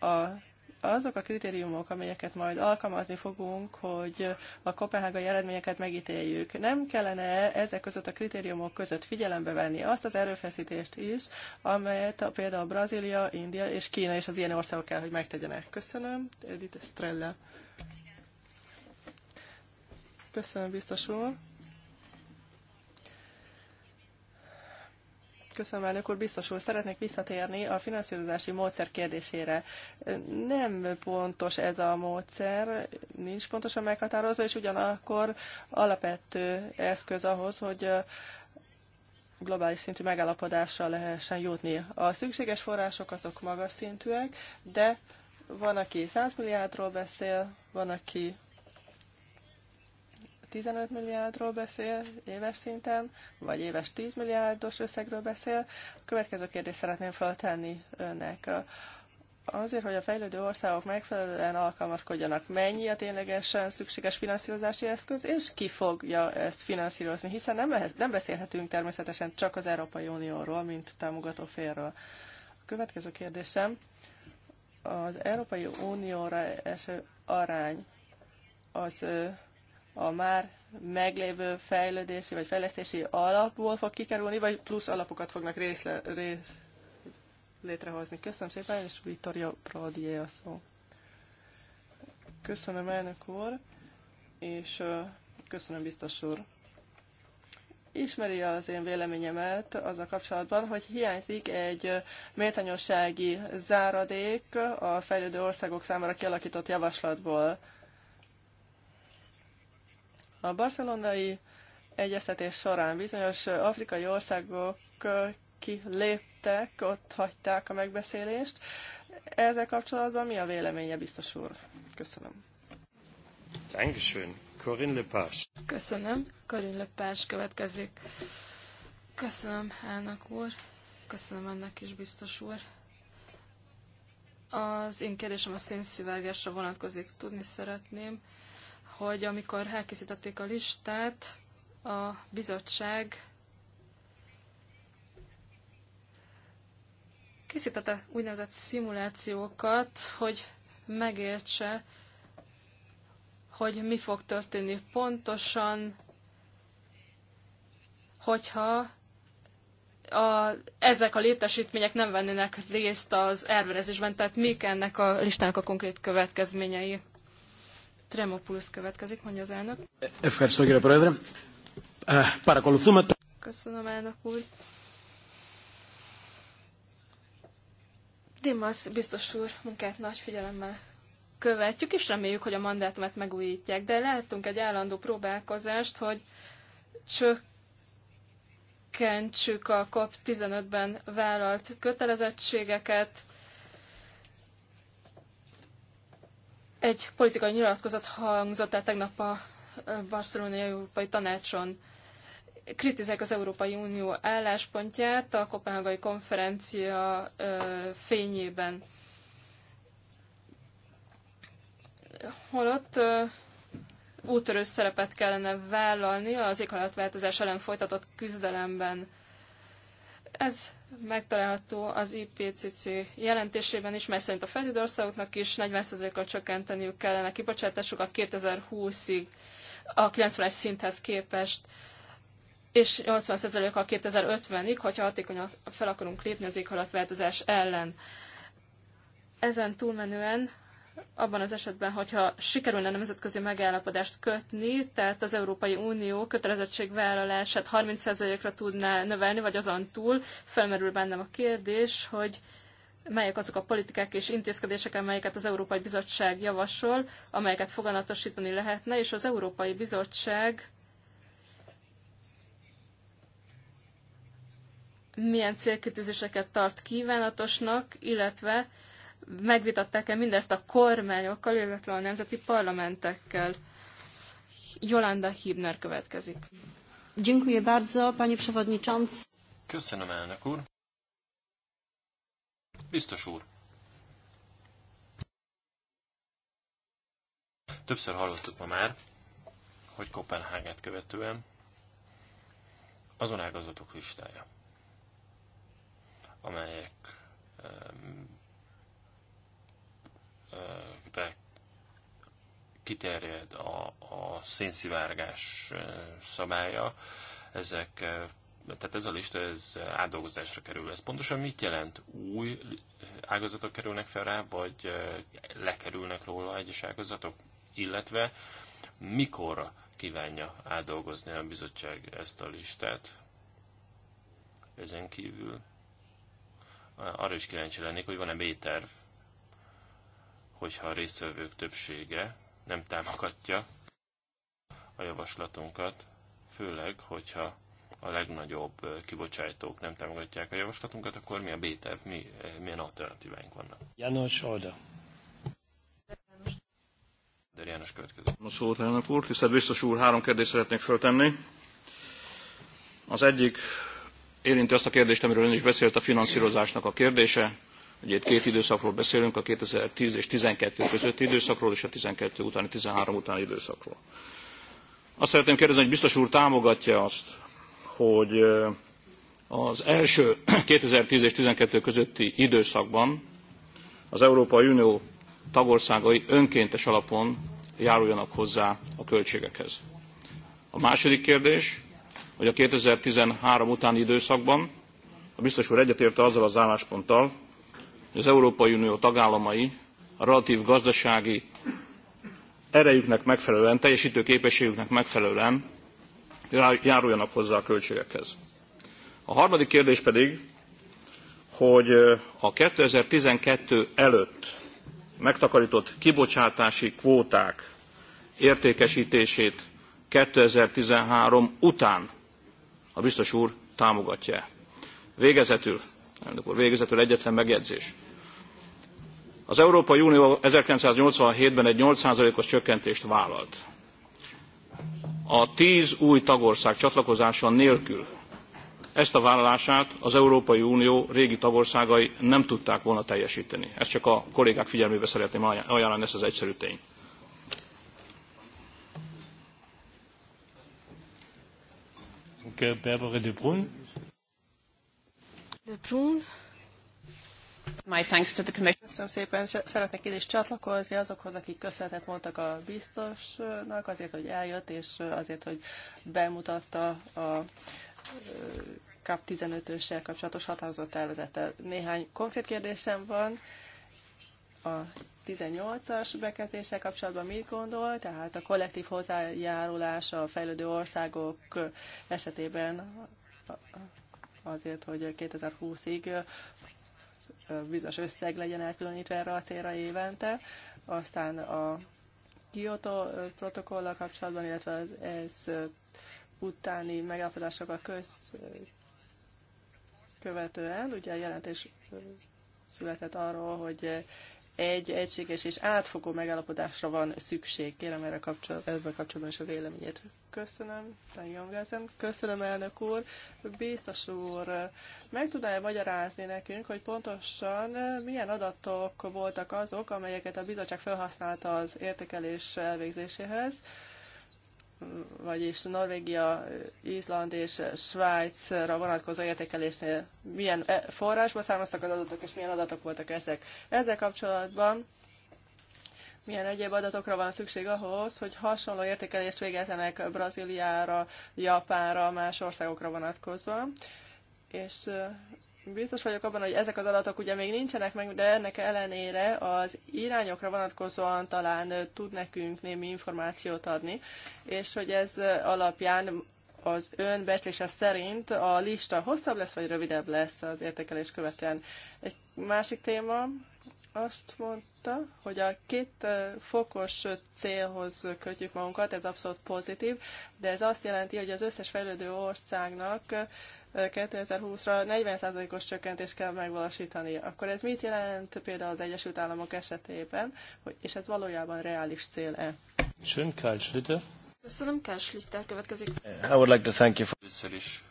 A azok a kritériumok, amelyeket majd alkalmazni fogunk, hogy a kopenhágai eredményeket megítéljük, nem kellene ezek között a kritériumok között figyelembe venni azt az erőfeszítést is, amelyet a például Brazília, India és Kína és az ilyen országok kell, hogy megtegyenek. Köszönöm, Edith Strella. Köszönöm, biztos úr. Köszönöm, elnök úr. Biztos úr, szeretnék visszatérni a finanszírozási módszer kérdésére. Nem pontos ez a módszer, nincs pontosan meghatározva, és ugyanakkor alapvető eszköz ahhoz, hogy globális szintű megállapodásra lehessen jutni. A szükséges források azok magas szintűek, de van, aki 100 milliárdról beszél, van, aki 15 milliárdról beszél éves szinten, vagy éves 10 milliárdos összegről beszél. A következő kérdést szeretném feltenni önnek. Azért, hogy a fejlődő országok megfelelően alkalmazkodjanak, mennyi a ténylegesen szükséges finanszírozási eszköz, és ki fogja ezt finanszírozni, hiszen nem, lehet, nem beszélhetünk természetesen csak az Európai Unióról, mint támogató félről. A következő kérdésem, az Európai Unióra eső arány az a már meglévő fejlődési vagy fejlesztési alapból fog kikerülni, vagy plusz alapokat fognak részle, rész, létrehozni. Köszönöm szépen, és Vittoria pradié a szó. Köszönöm, elnök úr, és köszönöm, biztos úr. Ismeri az én véleményemet az a kapcsolatban, hogy hiányzik egy méltányossági záradék a fejlődő országok számára kialakított javaslatból a barcelonai egyeztetés során bizonyos afrikai országok kiléptek, ott hagyták a megbeszélést. Ezzel kapcsolatban mi a véleménye, biztos úr? Köszönöm. Dankeschön. Corinne Lepage. Köszönöm. Corinne Lepage következik. Köszönöm, elnök úr. Köszönöm ennek is, biztos úr. Az én kérdésem a szénszivárgásra vonatkozik. Tudni szeretném, hogy amikor elkészítették a listát, a bizottság készítette úgynevezett szimulációkat, hogy megértse, hogy mi fog történni pontosan, hogyha a, ezek a létesítmények nem vennének részt az elverezésben, tehát mik ennek a listának a konkrét következményei. Tremopoulos következik, mondja az elnök. Köszönöm, elnök úr. Dimas biztos úr munkát nagy figyelemmel követjük, és reméljük, hogy a mandátumát megújítják. De láttunk egy állandó próbálkozást, hogy csökkentsük a COP15-ben vállalt kötelezettségeket, Egy politikai nyilatkozat hangzott el tegnap a Barcelonai Európai Tanácson. Kritizálják az Európai Unió álláspontját a Kopenhágai konferencia fényében. Holott útörő szerepet kellene vállalni az éghajlatváltozás ellen folytatott küzdelemben. Ez megtalálható az IPCC jelentésében is, mely szerint a fejlődő országoknak is 40%-kal csökkenteniük kellene kibocsátásukat 2020-ig a 90-es szinthez képest, és 80%-kal 2050-ig, hogyha hatékonyan fel akarunk lépni az éghajlatváltozás ellen. Ezen túlmenően abban az esetben, hogyha sikerülne nemzetközi megállapodást kötni, tehát az Európai Unió kötelezettségvállalását 30%-ra tudná növelni, vagy azon túl, felmerül bennem a kérdés, hogy melyek azok a politikák és intézkedések, amelyeket az Európai Bizottság javasol, amelyeket foganatosítani lehetne, és az Európai Bizottság milyen célkitűzéseket tart kívánatosnak, illetve megvitatták-e mindezt a kormányokkal, illetve a nemzeti parlamentekkel. Jolanda Hibner következik. Dziękuję bardzo, panie przewodniczący. Köszönöm, elnök úr. Biztos úr. Többször hallottuk ma már, hogy Kopenhágát követően azon ágazatok listája, amelyek kiterjed a, a szénszivárgás szabálya, ezek, tehát ez a lista ez átdolgozásra kerül. Ez pontosan mit jelent? Új ágazatok kerülnek fel rá, vagy lekerülnek róla egyes ágazatok? Illetve mikor kívánja átdolgozni a bizottság ezt a listát? Ezen kívül arra is kíváncsi lennék, hogy van-e B-terv hogyha a résztvevők többsége nem támogatja a javaslatunkat, főleg, hogyha a legnagyobb kibocsátók nem támogatják a javaslatunkat, akkor mi a BTF, mi, milyen alternatíváink vannak? János Alda. De János következő. A szót elnök úr, tisztelt biztos úr, három kérdést szeretnék föltenni. Az egyik érinti azt a kérdést, amiről ön is beszélt, a finanszírozásnak a kérdése. Ugye itt két időszakról beszélünk, a 2010 és 12 közötti időszakról, és a 12 utáni, 13 utáni időszakról. Azt szeretném kérdezni, hogy biztos úr támogatja azt, hogy az első 2010 (clears throat) és 12 közötti időszakban az Európai Unió tagországai önkéntes alapon járuljanak hozzá a költségekhez. A második kérdés, hogy a 2013 utáni időszakban a biztos úr egyetért azzal az állásponttal, hogy az Európai Unió tagállamai a relatív gazdasági erejüknek megfelelően, teljesítő képességüknek megfelelően járuljanak hozzá a költségekhez. A harmadik kérdés pedig, hogy a 2012 előtt megtakarított kibocsátási kvóták értékesítését 2013 után a biztos úr támogatja. Végezetül Elnök úr, végezetül egyetlen megjegyzés. Az Európai Unió 1987-ben egy 8%-os csökkentést vállalt. A 10 új tagország csatlakozása nélkül ezt a vállalását az Európai Unió régi tagországai nem tudták volna teljesíteni. Ezt csak a kollégák figyelmébe szeretném ajánlani, ezt az egyszerű tény. Barbara le My thanks to the commission. Köszönöm szépen, szeretnék én is csatlakozni azokhoz, akik köszönetet mondtak a biztosnak azért, hogy eljött, és azért, hogy bemutatta a CAP 15-össel kapcsolatos határozott tervezetet. Néhány konkrét kérdésem van. A 18-as bekezdéssel kapcsolatban mit gondol, tehát a kollektív hozzájárulás a fejlődő országok esetében azért, hogy 2020-ig bizonyos összeg legyen elkülönítve erre a célra évente. Aztán a Kyoto protokollal kapcsolatban, illetve az ez utáni megállapodásokkal köz, követően, ugye a jelentés született arról, hogy egy egységes és átfogó megállapodásra van szükség. Kérem erre kapcsolat, ebben kapcsolatban is a véleményét. Köszönöm, Tanjongázen. Köszönöm, elnök úr. Biztos úr, meg tudná-e magyarázni nekünk, hogy pontosan milyen adatok voltak azok, amelyeket a bizottság felhasználta az értékelés elvégzéséhez, vagyis Norvégia, Izland és Svájcra vonatkozó értékelésnél milyen e, forrásból származtak az adatok, és milyen adatok voltak ezek. Ezzel kapcsolatban milyen egyéb adatokra van szükség ahhoz, hogy hasonló értékelést végezzenek Brazíliára, Japánra, más országokra vonatkozva? és biztos vagyok abban, hogy ezek az adatok ugye még nincsenek meg, de ennek ellenére az irányokra vonatkozóan talán tud nekünk némi információt adni, és hogy ez alapján az ön becslése szerint a lista hosszabb lesz, vagy rövidebb lesz az értékelés követően. Egy másik téma, azt mondta, hogy a két fokos célhoz kötjük magunkat, ez abszolút pozitív, de ez azt jelenti, hogy az összes fejlődő országnak 2020-ra 40%-os csökkentést kell megvalósítani. Akkor ez mit jelent például az Egyesült Államok esetében, és ez valójában reális cél-e? Schön, Karl Köszönöm, Karl Schlüter. Következik. I would like to thank you for... Először is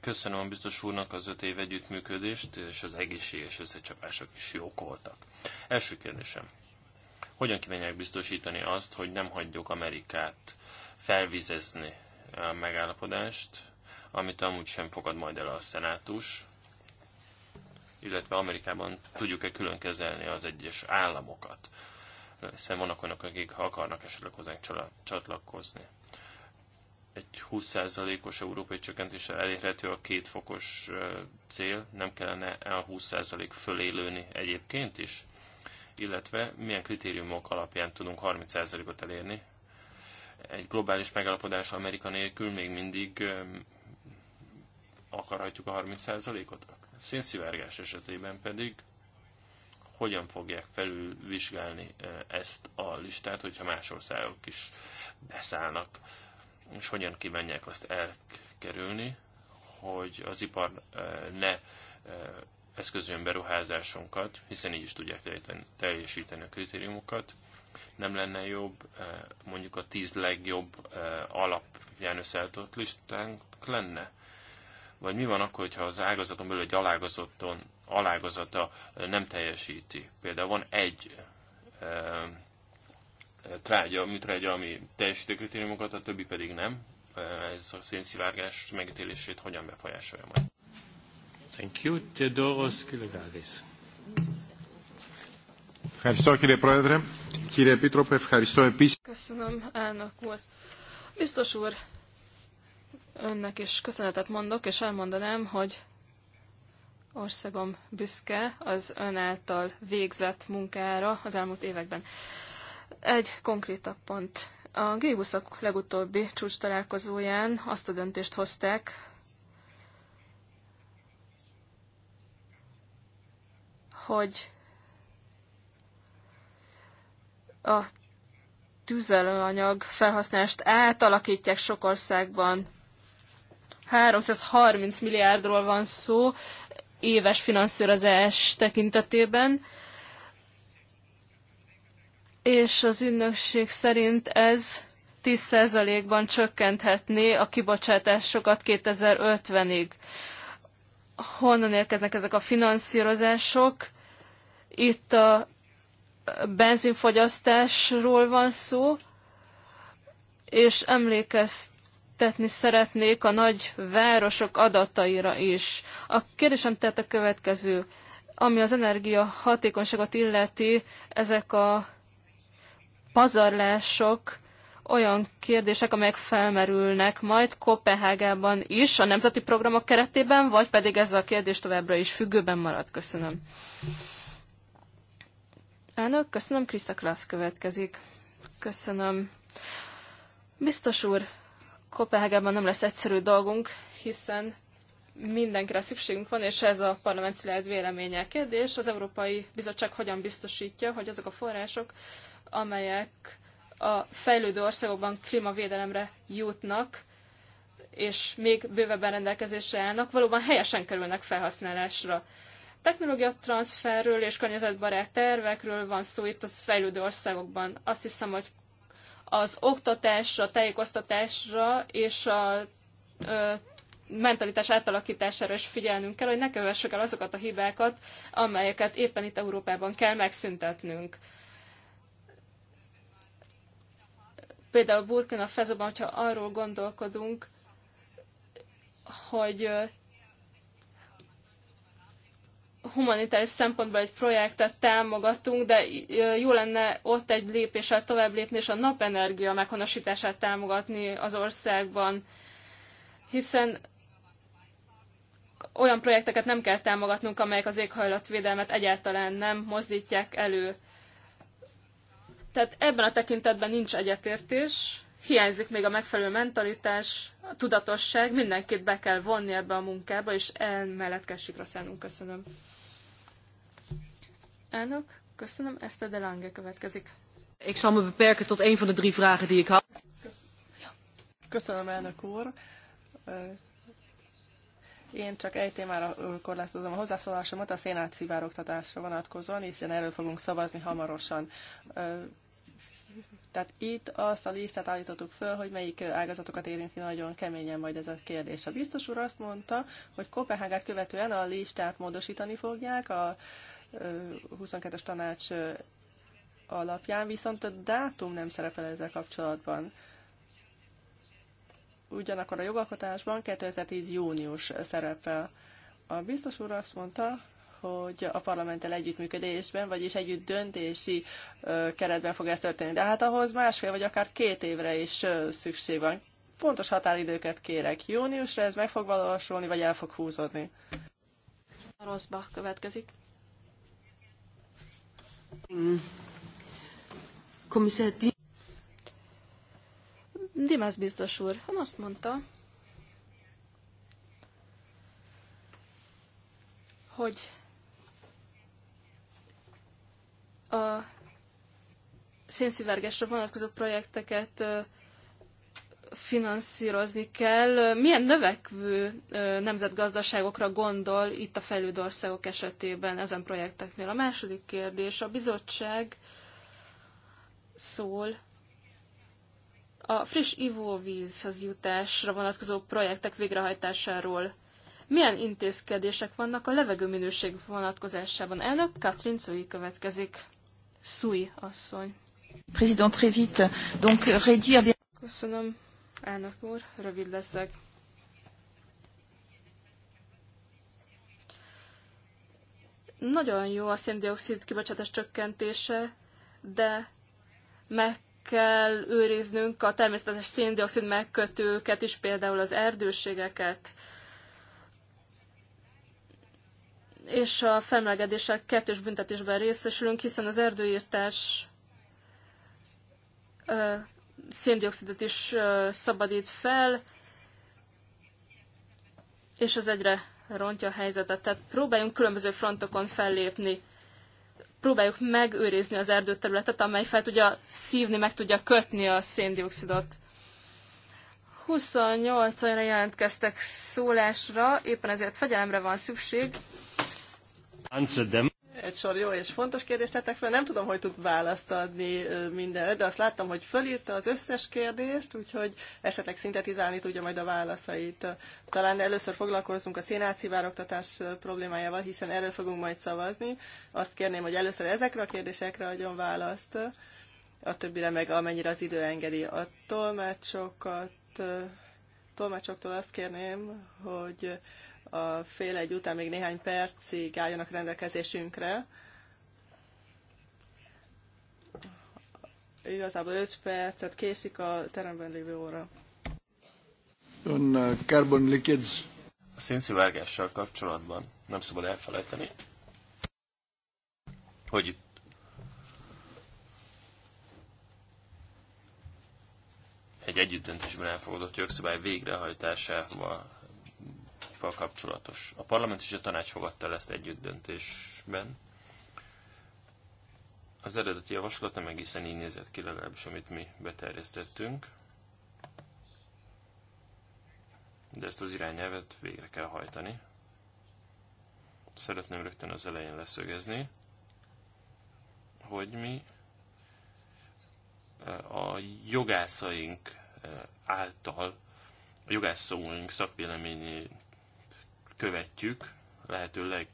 köszönöm a biztos úrnak az öt év együttműködést, és az egészséges összecsapások is jók voltak. Első kérdésem. Hogyan kívánják biztosítani azt, hogy nem hagyjuk Amerikát felvizezni a megállapodást, amit amúgy sem fogad majd el a szenátus, illetve Amerikában tudjuk-e külön kezelni az egyes államokat, hiszen vannak olyanok, akik akarnak esetleg hozzánk csatlakozni. Egy 20%-os európai csökkentéssel elérhető a két fokos cél, nem kellene a 20% fölé lőni egyébként is? Illetve milyen kritériumok alapján tudunk 30%-ot elérni? Egy globális megállapodás Amerika nélkül még mindig akarhatjuk a 30%-ot? Szénszivárgás esetében pedig hogyan fogják felülvizsgálni e, ezt a listát, hogyha más országok is beszállnak, és hogyan kívánják azt elkerülni, hogy az ipar e, ne e, eszközön beruházásunkat, hiszen így is tudják teljesíteni a kritériumokat. Nem lenne jobb mondjuk a tíz legjobb alapján összeállított listánk lenne? vagy mi van akkor, hogyha az ágazaton belül egy alágazaton, alágazata nem teljesíti. Például van egy e, trágya, műtrágya, ami teljesíti kritériumokat, a többi pedig nem. Ez a szénszivárgás megítélését hogyan befolyásolja majd? Thank you. Theodoros Kilagaris. Ευχαριστώ κύριε Πρόεδρε. Κύριε Επίτροπε, ευχαριστώ επίσης. Köszönöm, elnök úr. Biztos úr, Önnek is köszönetet mondok, és elmondanám, hogy országom büszke az ön által végzett munkára az elmúlt években. Egy konkrétabb pont. A Gébuszok legutóbbi csúcs találkozóján azt a döntést hozták, hogy a tüzelőanyag felhasználást átalakítják sok országban 330 milliárdról van szó éves finanszírozás tekintetében, és az ünnökség szerint ez 10%-ban csökkenthetné a kibocsátásokat 2050-ig. Honnan érkeznek ezek a finanszírozások? Itt a benzinfogyasztásról van szó, és emlékeztem, emlékeztetni szeretnék a nagy városok adataira is. A kérdésem tehát a következő. Ami az energia hatékonyságot illeti, ezek a pazarlások olyan kérdések, amelyek felmerülnek majd Kopenhágában is a nemzeti programok keretében, vagy pedig ez a kérdés továbbra is függőben marad. Köszönöm. Elnök, köszönöm. Krista Klassz következik. Köszönöm. Biztos úr, Kopenhágában nem lesz egyszerű dolgunk, hiszen mindenkire szükségünk van, és ez a parlament szilárd véleménye. Kérdés, az Európai Bizottság hogyan biztosítja, hogy azok a források, amelyek a fejlődő országokban klímavédelemre jutnak, és még bővebben rendelkezésre állnak, valóban helyesen kerülnek felhasználásra. Technológia transferről és környezetbarát tervekről van szó itt az fejlődő országokban. Azt hiszem, hogy az oktatásra, tájékoztatásra és a ö, mentalitás átalakítására is figyelnünk kell, hogy ne kövessük el azokat a hibákat, amelyeket éppen itt Európában kell megszüntetnünk. Például Burkina Fasoban, hogyha arról gondolkodunk, hogy humanitáris szempontból egy projektet támogatunk, de jó lenne ott egy lépéssel tovább lépni, és a napenergia meghonosítását támogatni az országban, hiszen olyan projekteket nem kell támogatnunk, amelyek az éghajlatvédelmet egyáltalán nem mozdítják elő. Tehát ebben a tekintetben nincs egyetértés, hiányzik még a megfelelő mentalitás, a tudatosság, mindenkit be kell vonni ebbe a munkába, és emellett kell sikraszánunk. Köszönöm. Elnök, köszönöm. Ezt a Delange következik. Ik zal me beperken tot van de drie vragen die ik had. Köszönöm, elnök úr. Én csak egy témára korlátozom a hozzászólásomat, a szénát szivárogtatásra vonatkozóan, hiszen erről fogunk szavazni hamarosan. Tehát itt azt a listát állítottuk föl, hogy melyik ágazatokat érinti nagyon keményen majd ez a kérdés. A biztos úr azt mondta, hogy Kopenhágát követően a listát módosítani fogják, a 22-es tanács alapján, viszont a dátum nem szerepel ezzel kapcsolatban. Ugyanakkor a jogalkotásban 2010. június szerepel. A biztos úr azt mondta, hogy a parlamenttel együttműködésben, vagyis együtt döntési keretben fog ez történni. De hát ahhoz másfél vagy akár két évre is szükség van. Pontos határidőket kérek. Júniusra ez meg fog valósulni, vagy el fog húzódni. Rosbach következik. Dimas biztos úr, ön azt mondta, hogy a szénszivárgásra vonatkozó projekteket finanszírozni kell. Milyen növekvő nemzetgazdaságokra gondol itt a fejlődő országok esetében ezen projekteknél? A második kérdés, a bizottság szól a friss ivóvízhez jutásra vonatkozó projektek végrehajtásáról. Milyen intézkedések vannak a levegőminőség vonatkozásában? Elnök Katrin Cui következik. Szúj asszony. Président, très vite. Donc, réduire... Köszönöm, Elnök úr, rövid leszek. Nagyon jó a széndiokszid kibocsátás csökkentése, de meg kell őriznünk a természetes széndiokszid megkötőket is, például az erdőségeket. És a felmelegedéssel kettős büntetésben részesülünk, hiszen az erdőírtás széndiokszidot is szabadít fel, és az egyre rontja a helyzetet. Tehát próbáljunk különböző frontokon fellépni, próbáljuk megőrizni az erdőterületet, amely fel tudja szívni, meg tudja kötni a széndiokszidot. 28 olyan jelentkeztek szólásra, éppen ezért fegyelemre van szükség egy sor jó és fontos kérdést tettek fel. Nem tudom, hogy tud választ adni mindenre, de azt láttam, hogy fölírta az összes kérdést, úgyhogy esetleg szintetizálni tudja majd a válaszait. Talán először foglalkozunk a szénátszivároktatás problémájával, hiszen erről fogunk majd szavazni. Azt kérném, hogy először ezekre a kérdésekre adjon választ, a többire meg amennyire az idő engedi. A tolmácsokat, tolmácsoktól azt kérném, hogy a fél egy után még néhány percig álljanak rendelkezésünkre. Igazából 5 percet késik a teremben lévő óra. Ön uh, carbon leakage. A szénszivárgással kapcsolatban nem szabad elfelejteni, hogy itt egy együttdöntésben elfogadott jogszabály végrehajtásával tárgyakkal kapcsolatos. A parlament és a tanács fogadta el ezt együtt döntésben. Az eredeti javaslat nem egészen így nézett ki, legalábbis amit mi beterjesztettünk. De ezt az irányelvet végre kell hajtani. Szeretném rögtön az elején leszögezni, hogy mi eh, a jogászaink eh, által, a jogászóink szakvéleményét követjük lehetőleg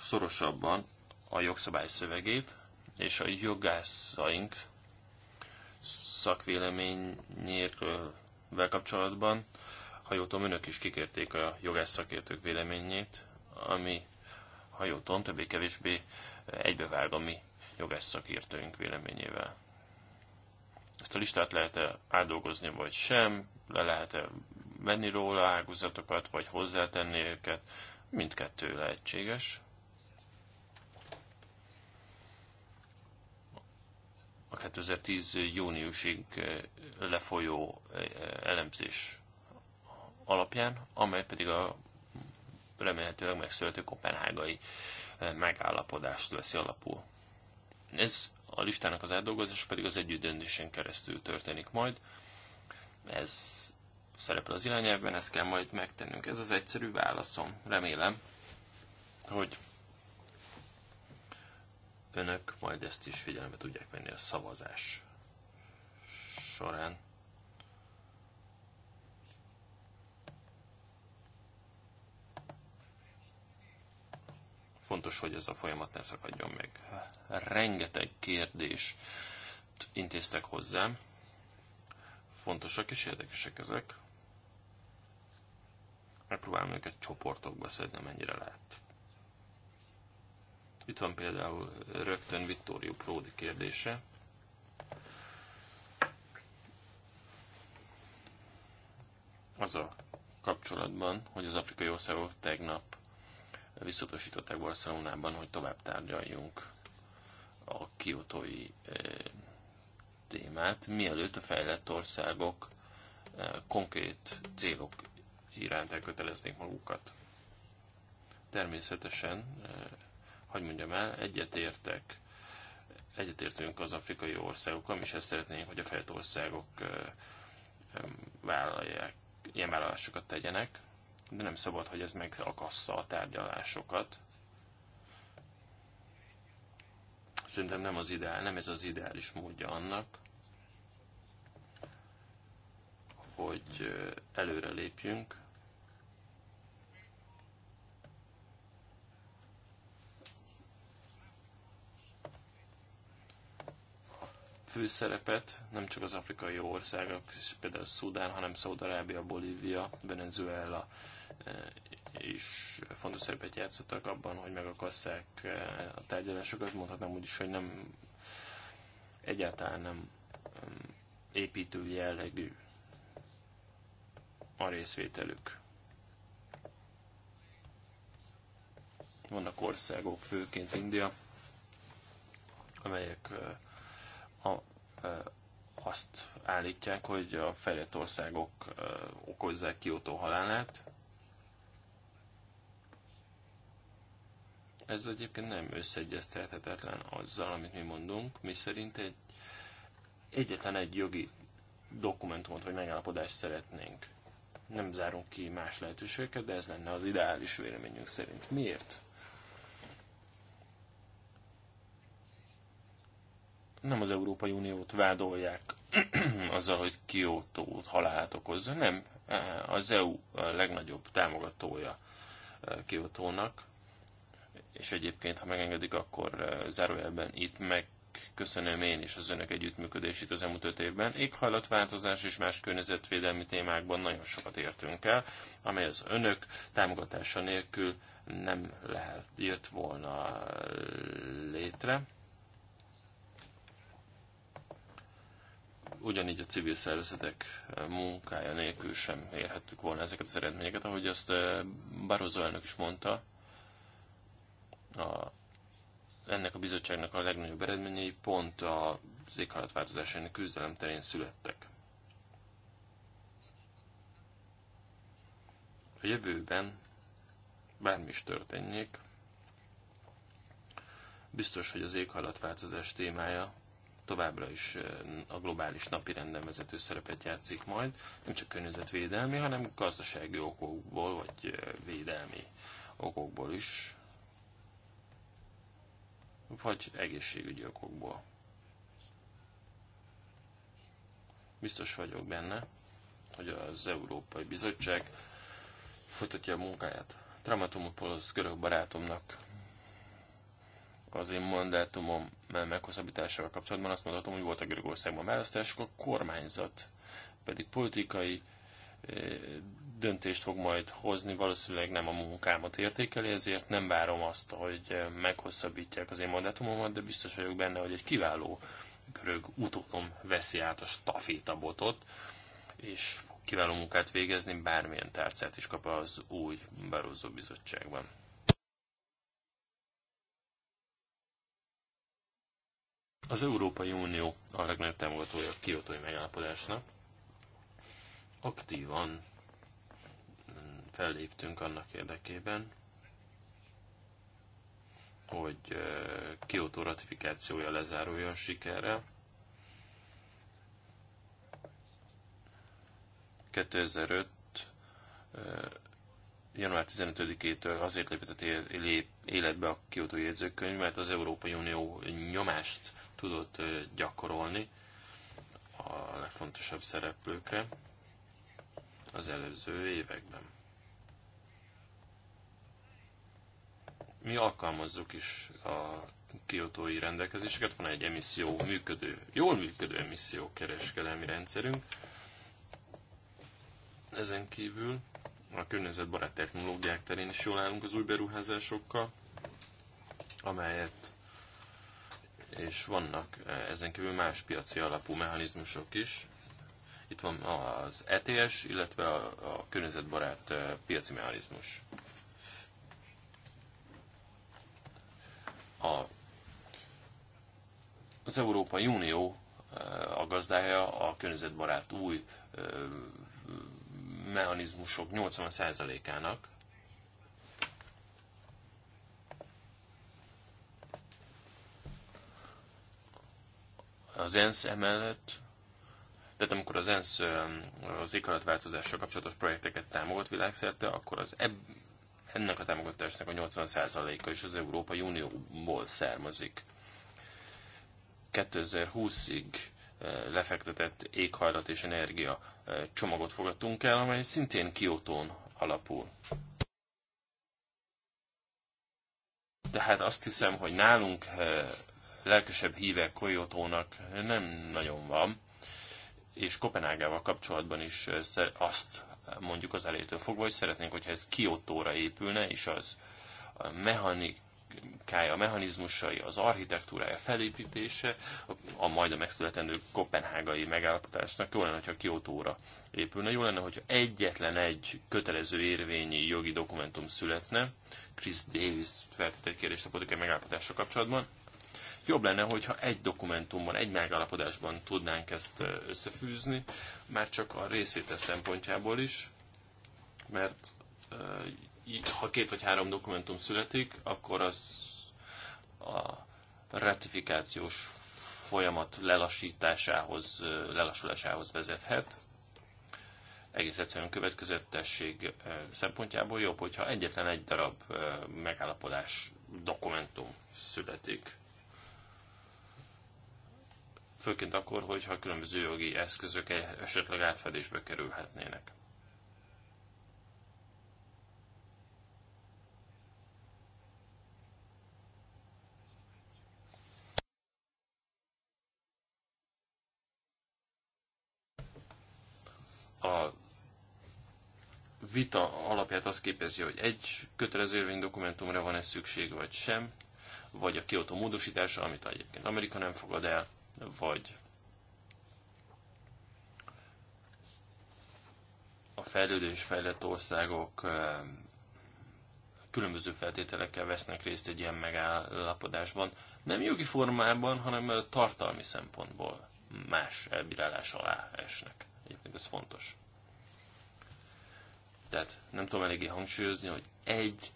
szorosabban a jogszabály szövegét, és a jogászaink szakvéleményéről kapcsolatban, ha jól tudom, önök is kikérték a jogász szakértők véleményét, ami, ha jól tudom, többé-kevésbé egybevág a mi jogász szakértőink véleményével. Ezt a listát lehet-e átdolgozni, vagy sem, le lehet-e venni róla ágazatokat, vagy hozzátenni őket, mindkettő lehetséges. A 2010 júniusig eh, lefolyó eh, elemzés alapján, amely pedig a remélhetőleg megszülető kopenhágai eh, megállapodást veszi alapul. Ez a listának az átdolgozása pedig az együttdöntésen keresztül történik majd. Ez szerepel az irányelvben, ezt kell majd megtennünk. Ez az egyszerű válaszom. Remélem, hogy önök majd ezt is figyelembe tudják venni a szavazás során. fontos, hogy ez a folyamat ne szakadjon meg. Rengeteg kérdés intéztek hozzám. Fontosak és érdekesek ezek. Megpróbálom őket csoportokba szedni, mennyire lehet. Itt van például rögtön Vittorio Pródi kérdése. Az a kapcsolatban, hogy az afrikai országok tegnap visszatosították Barcelonában, hogy tovább tárgyaljunk a kiotói eh, témát, mielőtt a fejlett országok eh, konkrét célok iránt elköteleznék magukat. Természetesen, hogy eh, mondjam el, egyetértek, egyetértünk az afrikai országokkal, és ezt szeretnénk, hogy a fejlett országok vállalják, ilyen vállalásokat tegyenek, de nem szabad, hogy ez megakassza a tárgyalásokat. Szerintem nem, az ideál, nem ez az ideális módja annak, hogy előre lépjünk, főszerepet, nem csak az afrikai országok, és például Szudán, hanem Szaudarábia, Bolívia, Venezuela eh, is fontos szerepet játszottak abban, hogy megakasszák eh, a tárgyalásokat. Mondhatnám úgy is, hogy nem egyáltalán nem építő jellegű a részvételük. Vannak országok, főként India, amelyek eh, a, azt állítják, hogy a fejlett országok okozzák Kyoto halálát. Ez egyébként nem összeegyeztethetetlen azzal, amit mi mondunk, mi szerint egy, egyetlen egy jogi dokumentumot vagy megállapodást szeretnénk. Nem zárunk ki más lehetőségeket, de ez lenne az ideális véleményünk szerint. Miért? nem az Európai Uniót vádolják (clears throat) azzal, hogy Kiotót halálát okozza, nem. E, az EU a legnagyobb támogatója e, Kiotónak, és egyébként, ha megengedik, akkor e, zárójelben itt meg köszönöm én is az önök együttműködését az elmúlt öt évben. Éghajlatváltozás és más környezetvédelmi témákban nagyon sokat értünk el, amely az önök támogatása nélkül nem lehet, jött volna létre. ugyanígy a civil szervezetek eh, munkája nélkül sem érhettük volna ezeket az eredményeket. Ahogy azt eh, Barroso elnök is mondta, a, ennek a bizottságnak a legnagyobb eredményei pont az éghajlatváltozás küzdelem terén születtek. A jövőben bármi is történjék, biztos, hogy az éghajlatváltozás témája továbbra is a globális napirenden vezető szerepet játszik majd, nem csak környezetvédelmi, hanem gazdasági okokból, vagy védelmi okokból is, vagy egészségügyi okokból. Biztos vagyok benne, hogy az Európai Bizottság folytatja a munkáját. Dramatomopolosz görög barátomnak az én mandátumom meghosszabbításával kapcsolatban azt mondhatom, hogy volt a Görögországban választások, a kormányzat pedig politikai eh, döntést fog majd hozni, valószínűleg nem a munkámat értékeli, ezért nem várom azt, hogy eh, meghosszabbítják az én mandátumomat, de biztos vagyok benne, hogy egy kiváló görög utódom veszi át a stafétabotot, és kiváló munkát végezni, bármilyen tárcát is kap az új Barózó bizottságban. Az Európai Unió a legnagyobb támogatója a kiotói megállapodásnak. Aktívan felléptünk annak érdekében, hogy Kyoto ratifikációja lezáruljon sikerrel. 2005. január 15-től azért lépett életbe a Kyoto jegyzőkönyv, mert az Európai Unió nyomást tudott gyakorolni a legfontosabb szereplőkre az előző években. Mi alkalmazzuk is a kiotói rendelkezéseket, van egy emisszió működő, jól működő emisszió kereskedelmi rendszerünk. Ezen kívül a környezetbarát technológiák terén is jól állunk az új beruházásokkal, amelyet és vannak eh, ezen kívül más piaci alapú mechanizmusok is. Itt van az ETS, illetve a, a környezetbarát eh, piaci mechanizmus. A, az Európai Unió eh, a gazdája a környezetbarát új mechanizmusok 80%-ának, Az ENSZ emellett, tehát amikor az ENSZ az éghajlatváltozással kapcsolatos projekteket támogat világszerte, akkor az eb ennek a támogatásnak a 80%-a is az Európai Unióból származik. 2020-ig lefektetett éghajlat és energia csomagot fogadtunk el, amely szintén Kiotón alapul. Tehát azt hiszem, hogy nálunk lelkesebb híve Koyotónak nem nagyon van, és Kopenhágával kapcsolatban is azt mondjuk az elétől fogva, hogy szeretnénk, hogyha ez Kiotóra épülne, és az a mechanikája, a mechanizmusai, az architektúrája felépítése, a majd a megszületendő kopenhágai megállapodásnak jó lenne, hogyha Kiotóra épülne. Jó lenne, hogyha egyetlen egy kötelező érvényi jogi dokumentum születne. Chris Davis feltett egy kérdést a politikai megállapodásra kapcsolatban. Jobb lenne, hogyha egy dokumentumban, egy megállapodásban tudnánk ezt összefűzni, már csak a részvétel szempontjából is, mert ha két vagy három dokumentum születik, akkor az a ratifikációs folyamat lelassításához, lelassulásához vezethet. Egész egyszerűen következetesség szempontjából jobb, hogyha egyetlen egy darab megállapodás dokumentum születik főként akkor, hogyha különböző jogi eszközök esetleg átfedésbe kerülhetnének. A vita alapját azt képezi, hogy egy kötelező érvény dokumentumra van-e szükség, vagy sem, vagy a Kyoto módosítása, amit egyébként Amerika nem fogad el, vagy a fejlődő és fejlett országok eh, különböző feltételekkel vesznek részt egy ilyen megállapodásban, nem jogi formában, hanem eh, tartalmi szempontból más elbírálás alá esnek. Egyébként ez fontos. Tehát nem tudom eléggé hangsúlyozni, hogy egy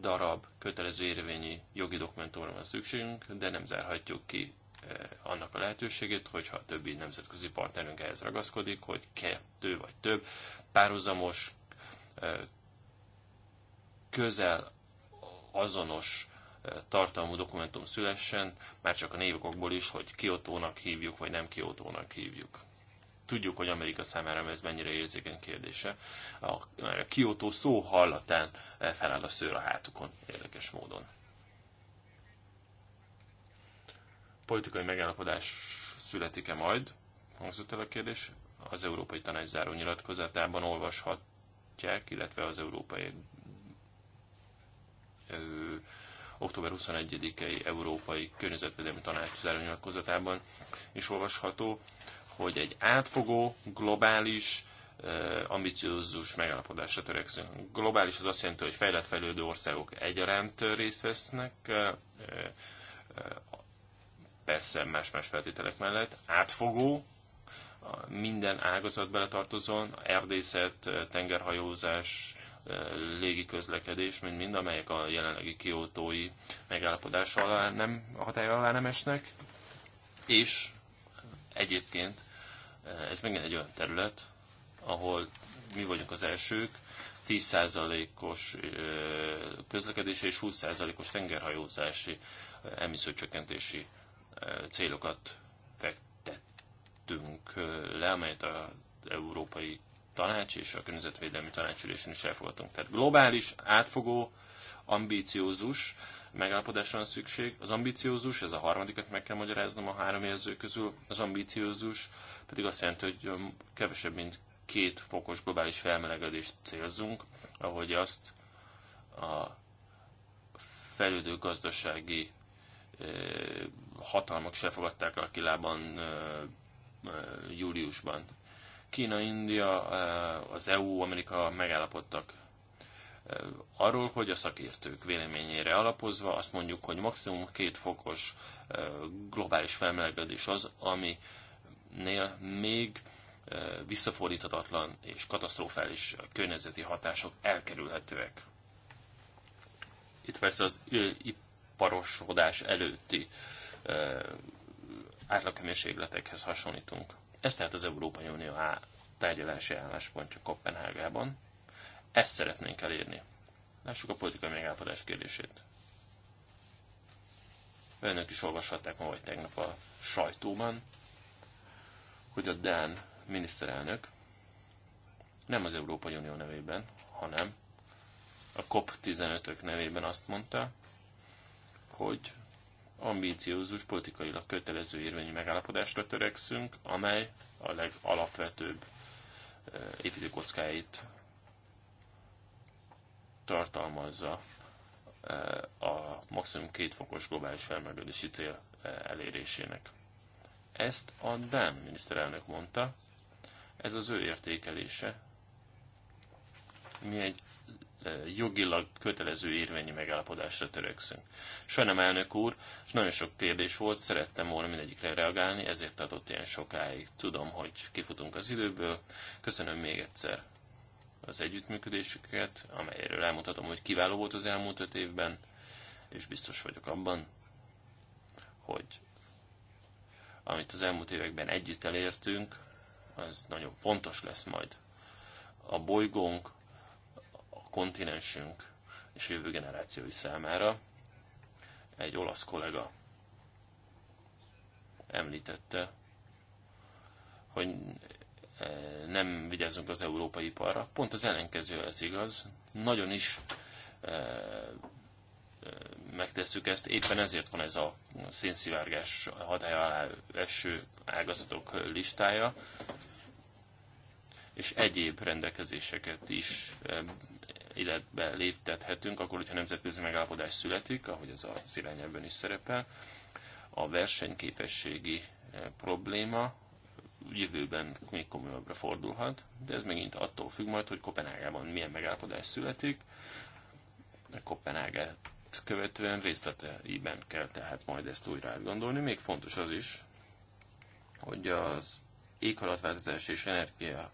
darab kötelező érvényi jogi dokumentumra van szükségünk, de nem zárhatjuk ki Eh, annak a lehetőségét, hogyha a többi nemzetközi partnerünk ehhez ragaszkodik, hogy kettő vagy több párhuzamos, eh, közel azonos eh, tartalmú dokumentum szülessen, már csak a névokból is, hogy kiotónak hívjuk, vagy nem kiotónak hívjuk. Tudjuk, hogy Amerika számára ez mennyire érzékeny kérdése. A, a kiotó szó hallatán feláll a szőr a hátukon, érdekes módon. politikai megállapodás születik-e majd, hangzott el a kérdés, az Európai Tanács záró nyilatkozatában olvashatják, illetve az Európai ö, október 21-i Európai Környezetvédelmi Tanács záró nyilatkozatában is olvasható, hogy egy átfogó, globális, ambiciózus megállapodásra törekszünk. Globális az azt jelenti, hogy fejlett fejlődő országok egyaránt részt vesznek, persze más-más feltételek mellett, átfogó, minden ágazat beletartozon, erdészet, tengerhajózás, légiközlekedés, mint mind, amelyek a jelenlegi kiótói megállapodás alá nem, a hatály alá nem esnek, és egyébként ez megint egy olyan terület, ahol mi vagyunk az elsők, 10%-os közlekedési és 20%-os tengerhajózási emisszőcsökkentési célokat fektettünk le, amelyet az Európai Tanács és a Környezetvédelmi Tanácsülésen is elfogadtunk. Tehát globális, átfogó, ambíciózus megállapodásra van szükség. Az ambíciózus, ez a harmadikat meg kell magyaráznom a három érző közül, az ambíciózus pedig azt jelenti, hogy kevesebb, mint két fokos globális felmelegedést célzunk, ahogy azt a fejlődő gazdasági hatalmak se fogadták el Kilában júliusban. Kína, India, az EU, Amerika megállapodtak arról, hogy a szakértők véleményére alapozva azt mondjuk, hogy maximum két fokos globális felmelegedés az, ami nél még visszafordíthatatlan és katasztrofális környezeti hatások elkerülhetőek. Itt persze az parosodás előtti átlagkömérségletekhez hasonlítunk. Ez tehát az Európai Unió á, tárgyalási álláspontja Kopenhágában. Ezt szeretnénk elérni. Lássuk a politikai megállapodás kérdését. Önök is olvashatták ma vagy tegnap a sajtóban, hogy a Dán miniszterelnök nem az Európai Unió nevében, hanem a COP15-ök nevében azt mondta, hogy ambíciózus, politikailag kötelező érvényű megállapodásra törekszünk, amely a legalapvetőbb eh, építőkockáit tartalmazza eh, a maximum kétfokos globális felmelegedési cél eh, elérésének. Ezt a Dán miniszterelnök mondta, ez az ő értékelése. Mi egy jogilag kötelező érvényi megállapodásra törekszünk. Sajnálom, elnök úr, és nagyon sok kérdés volt, szerettem volna mindegyikre reagálni, ezért tartott ilyen sokáig. Tudom, hogy kifutunk az időből. Köszönöm még egyszer az együttműködésüket, amelyről elmondhatom, hogy kiváló volt az elmúlt öt évben, és biztos vagyok abban, hogy amit az elmúlt években együtt elértünk, az nagyon fontos lesz majd a bolygónk, kontinensünk és a jövő generációi számára. Egy olasz kollega említette, hogy e, nem vigyázzunk az európai iparra. Pont az ellenkező ez igaz. Nagyon is e, e, megtesszük ezt. Éppen ezért van ez a szénszivárgás hatája alá eső ágazatok listája, és egyéb rendelkezéseket is életbe léptethetünk, akkor, hogyha nemzetközi megállapodás születik, ahogy ez a irányelvben is szerepel, a versenyképességi eh, probléma jövőben még komolyabbra fordulhat, de ez megint attól függ majd, hogy Kopenhágában milyen megállapodás születik. Kopenhágát követően részleteiben kell tehát majd ezt újra átgondolni. Még fontos az is, hogy az éghalatváltozás és energia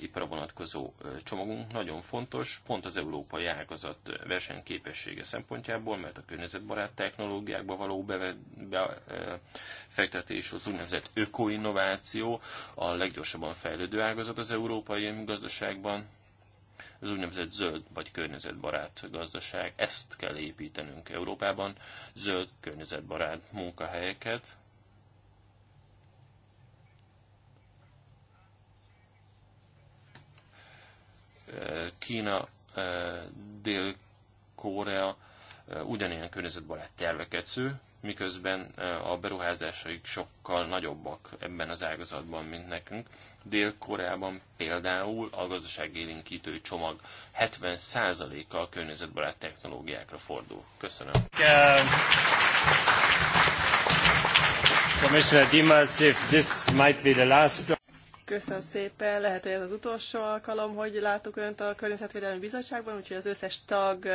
ipara vonatkozó csomagunk nagyon fontos, pont az európai ágazat versenyképessége szempontjából, mert a környezetbarát technológiákba való befektetés, az úgynevezett ökoinnováció a leggyorsabban fejlődő ágazat az európai gazdaságban, az úgynevezett zöld vagy környezetbarát gazdaság, ezt kell építenünk Európában, zöld környezetbarát munkahelyeket, Kína, eh, Dél-Korea eh, ugyanilyen környezetbarát terveket sző, miközben eh, a beruházásaik sokkal nagyobbak ebben az ágazatban, mint nekünk. Dél-Koreában például a gazdaságélinkítő csomag 70%-a a környezetbarát technológiákra fordul. Köszönöm. Commissioner Dimas, if this might be the last... Köszönöm szépen, lehet, hogy ez az utolsó alkalom, hogy látok Önt a Környezetvédelmi Bizottságban, úgyhogy az összes tag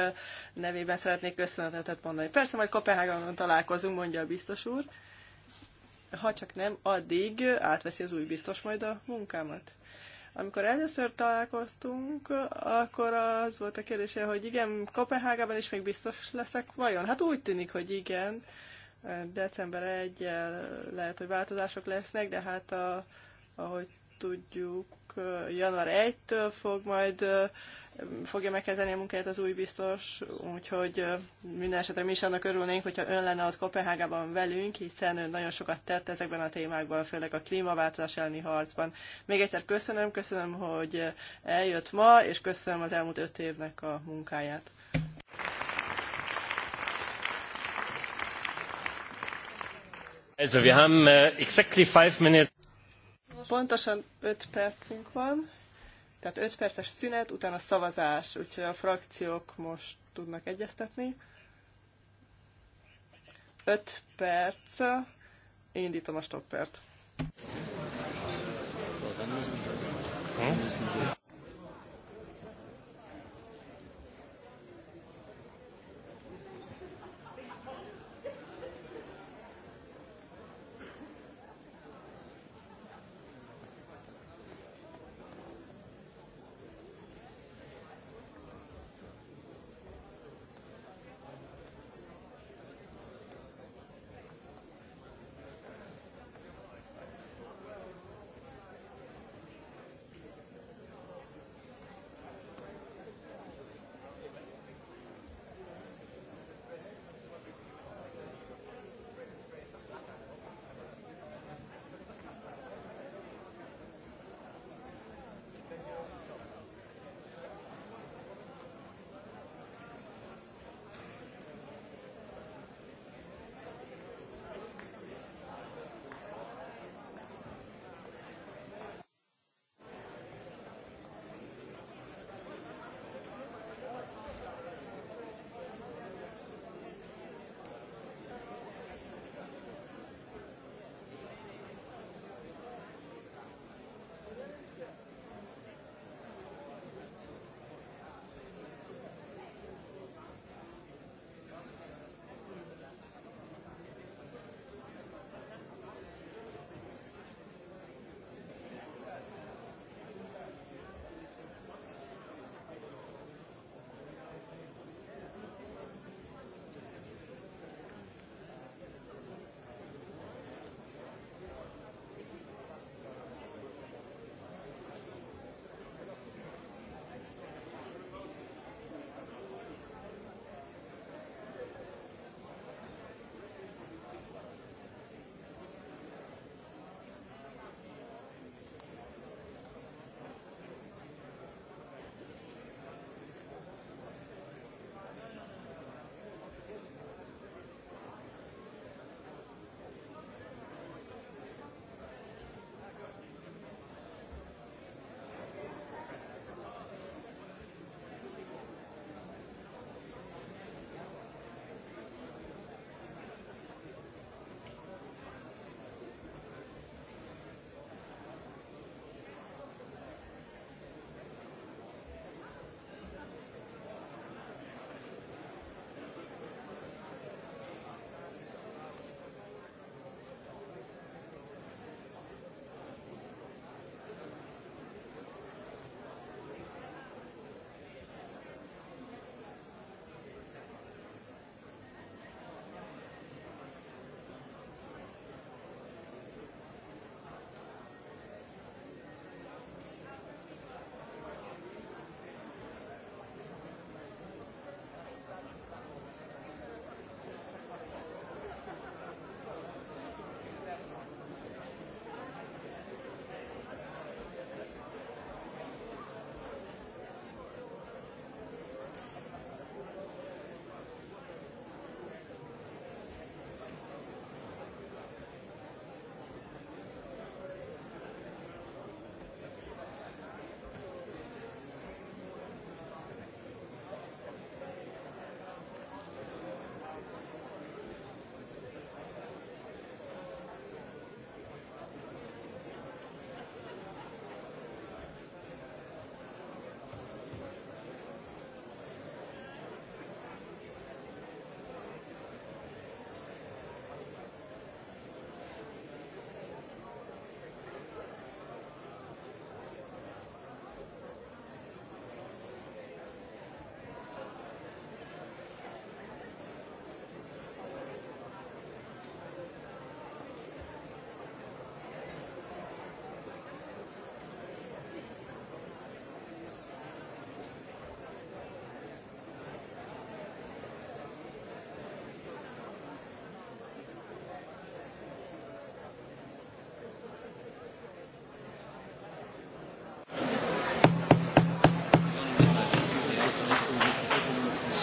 nevében szeretnék köszönetet mondani. Persze majd Kopenhágában találkozunk, mondja a biztos úr. Ha csak nem, addig átveszi az új biztos majd a munkámat. Amikor először találkoztunk, akkor az volt a kérdése, hogy igen, Kopenhágában is még biztos leszek vajon? Hát úgy tűnik, hogy igen. December 1 lehet, hogy változások lesznek, de hát a, ahogy tudjuk, január 1-től fog majd fogja megkezdeni a munkáját az új biztos, úgyhogy minden esetre mi is annak örülnénk, hogyha ön lenne ott Kopenhágában velünk, hiszen ön nagyon sokat tett ezekben a témákban, főleg a klímaváltozás elleni harcban. Még egyszer köszönöm, köszönöm, hogy eljött ma, és köszönöm az elmúlt öt évnek a munkáját. Also wir haben äh, exactly five minutes. Pontosan 5 percünk van, tehát 5 perces szünet, utána szavazás, úgyhogy a frakciók most tudnak egyeztetni. 5 perc, indítom a stoppert. Hm?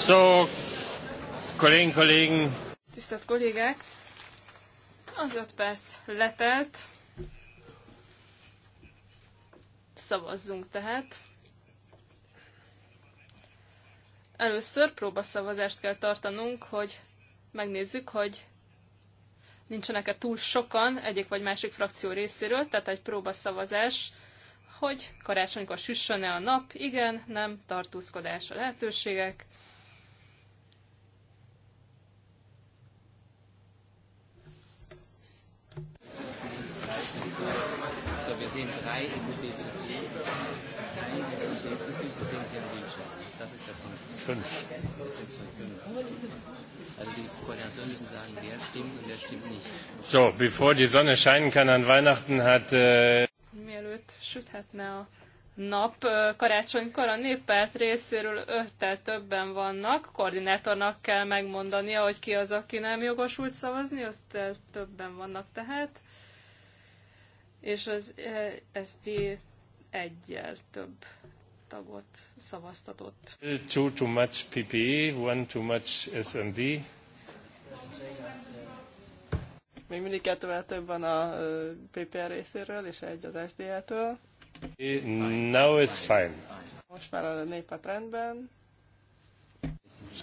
So, kollégén, kollégén. Tisztelt kollégák, az öt perc letelt. Szavazzunk tehát. Először próbaszavazást kell tartanunk, hogy megnézzük, hogy nincsenek-e túl sokan egyik vagy másik frakció részéről, tehát egy próbaszavazás, hogy karácsonykor süssön-e a nap, igen, nem, tartózkodás a lehetőségek. before the sun shines kann an Weihnachten hat... Äh, Mielőtt süthetne a nap karácsonykor a néppárt részéről öttel többen vannak, koordinátornak kell megmondania, hogy ki az, aki nem jogosult szavazni, öttel többen vannak tehát, és az SD egyel több tagot szavaztatott. Two too much PPE, one too much SND. Még mindig kettővel több van a PPR részéről, és egy az SDL-től. Now it's fine. Most már a néppárt rendben.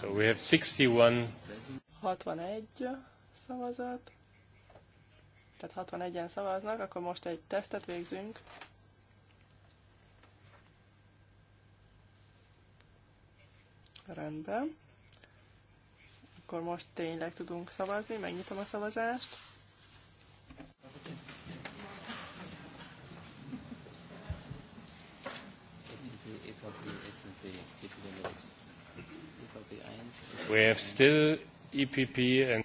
So we have 61. 61 szavazat. Tehát 61-en szavaznak, akkor most egy tesztet végzünk. Rendben. Akkor most tényleg tudunk szavazni, megnyitom a szavazást. We have still EPP and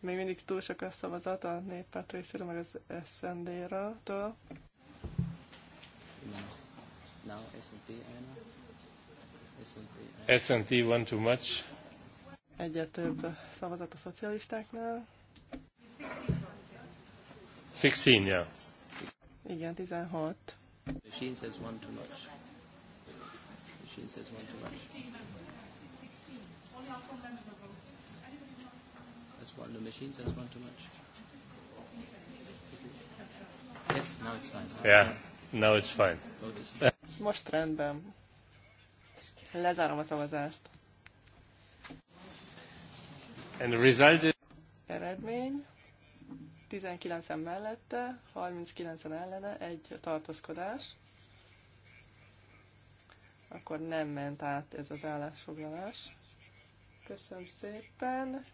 még mindig túl sok a szavazat a néppárt részéről, meg az SND-ről. S&T one too much. Egyre több szavazat a szocialistáknál. 16, yeah. Igen, 16. Machine says one too much. Machine says one too much. That's one. The machine says one too much. Yes, now it's fine. Now yeah, it's now it's fine. Most rendben. Lezárom a szavazást. And the result is... Eredmény. 19-en mellette, 39-en ellene, egy tartózkodás. Akkor nem ment át ez az állásfoglalás. Köszönöm szépen.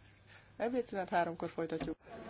Ebédszünet háromkor folytatjuk.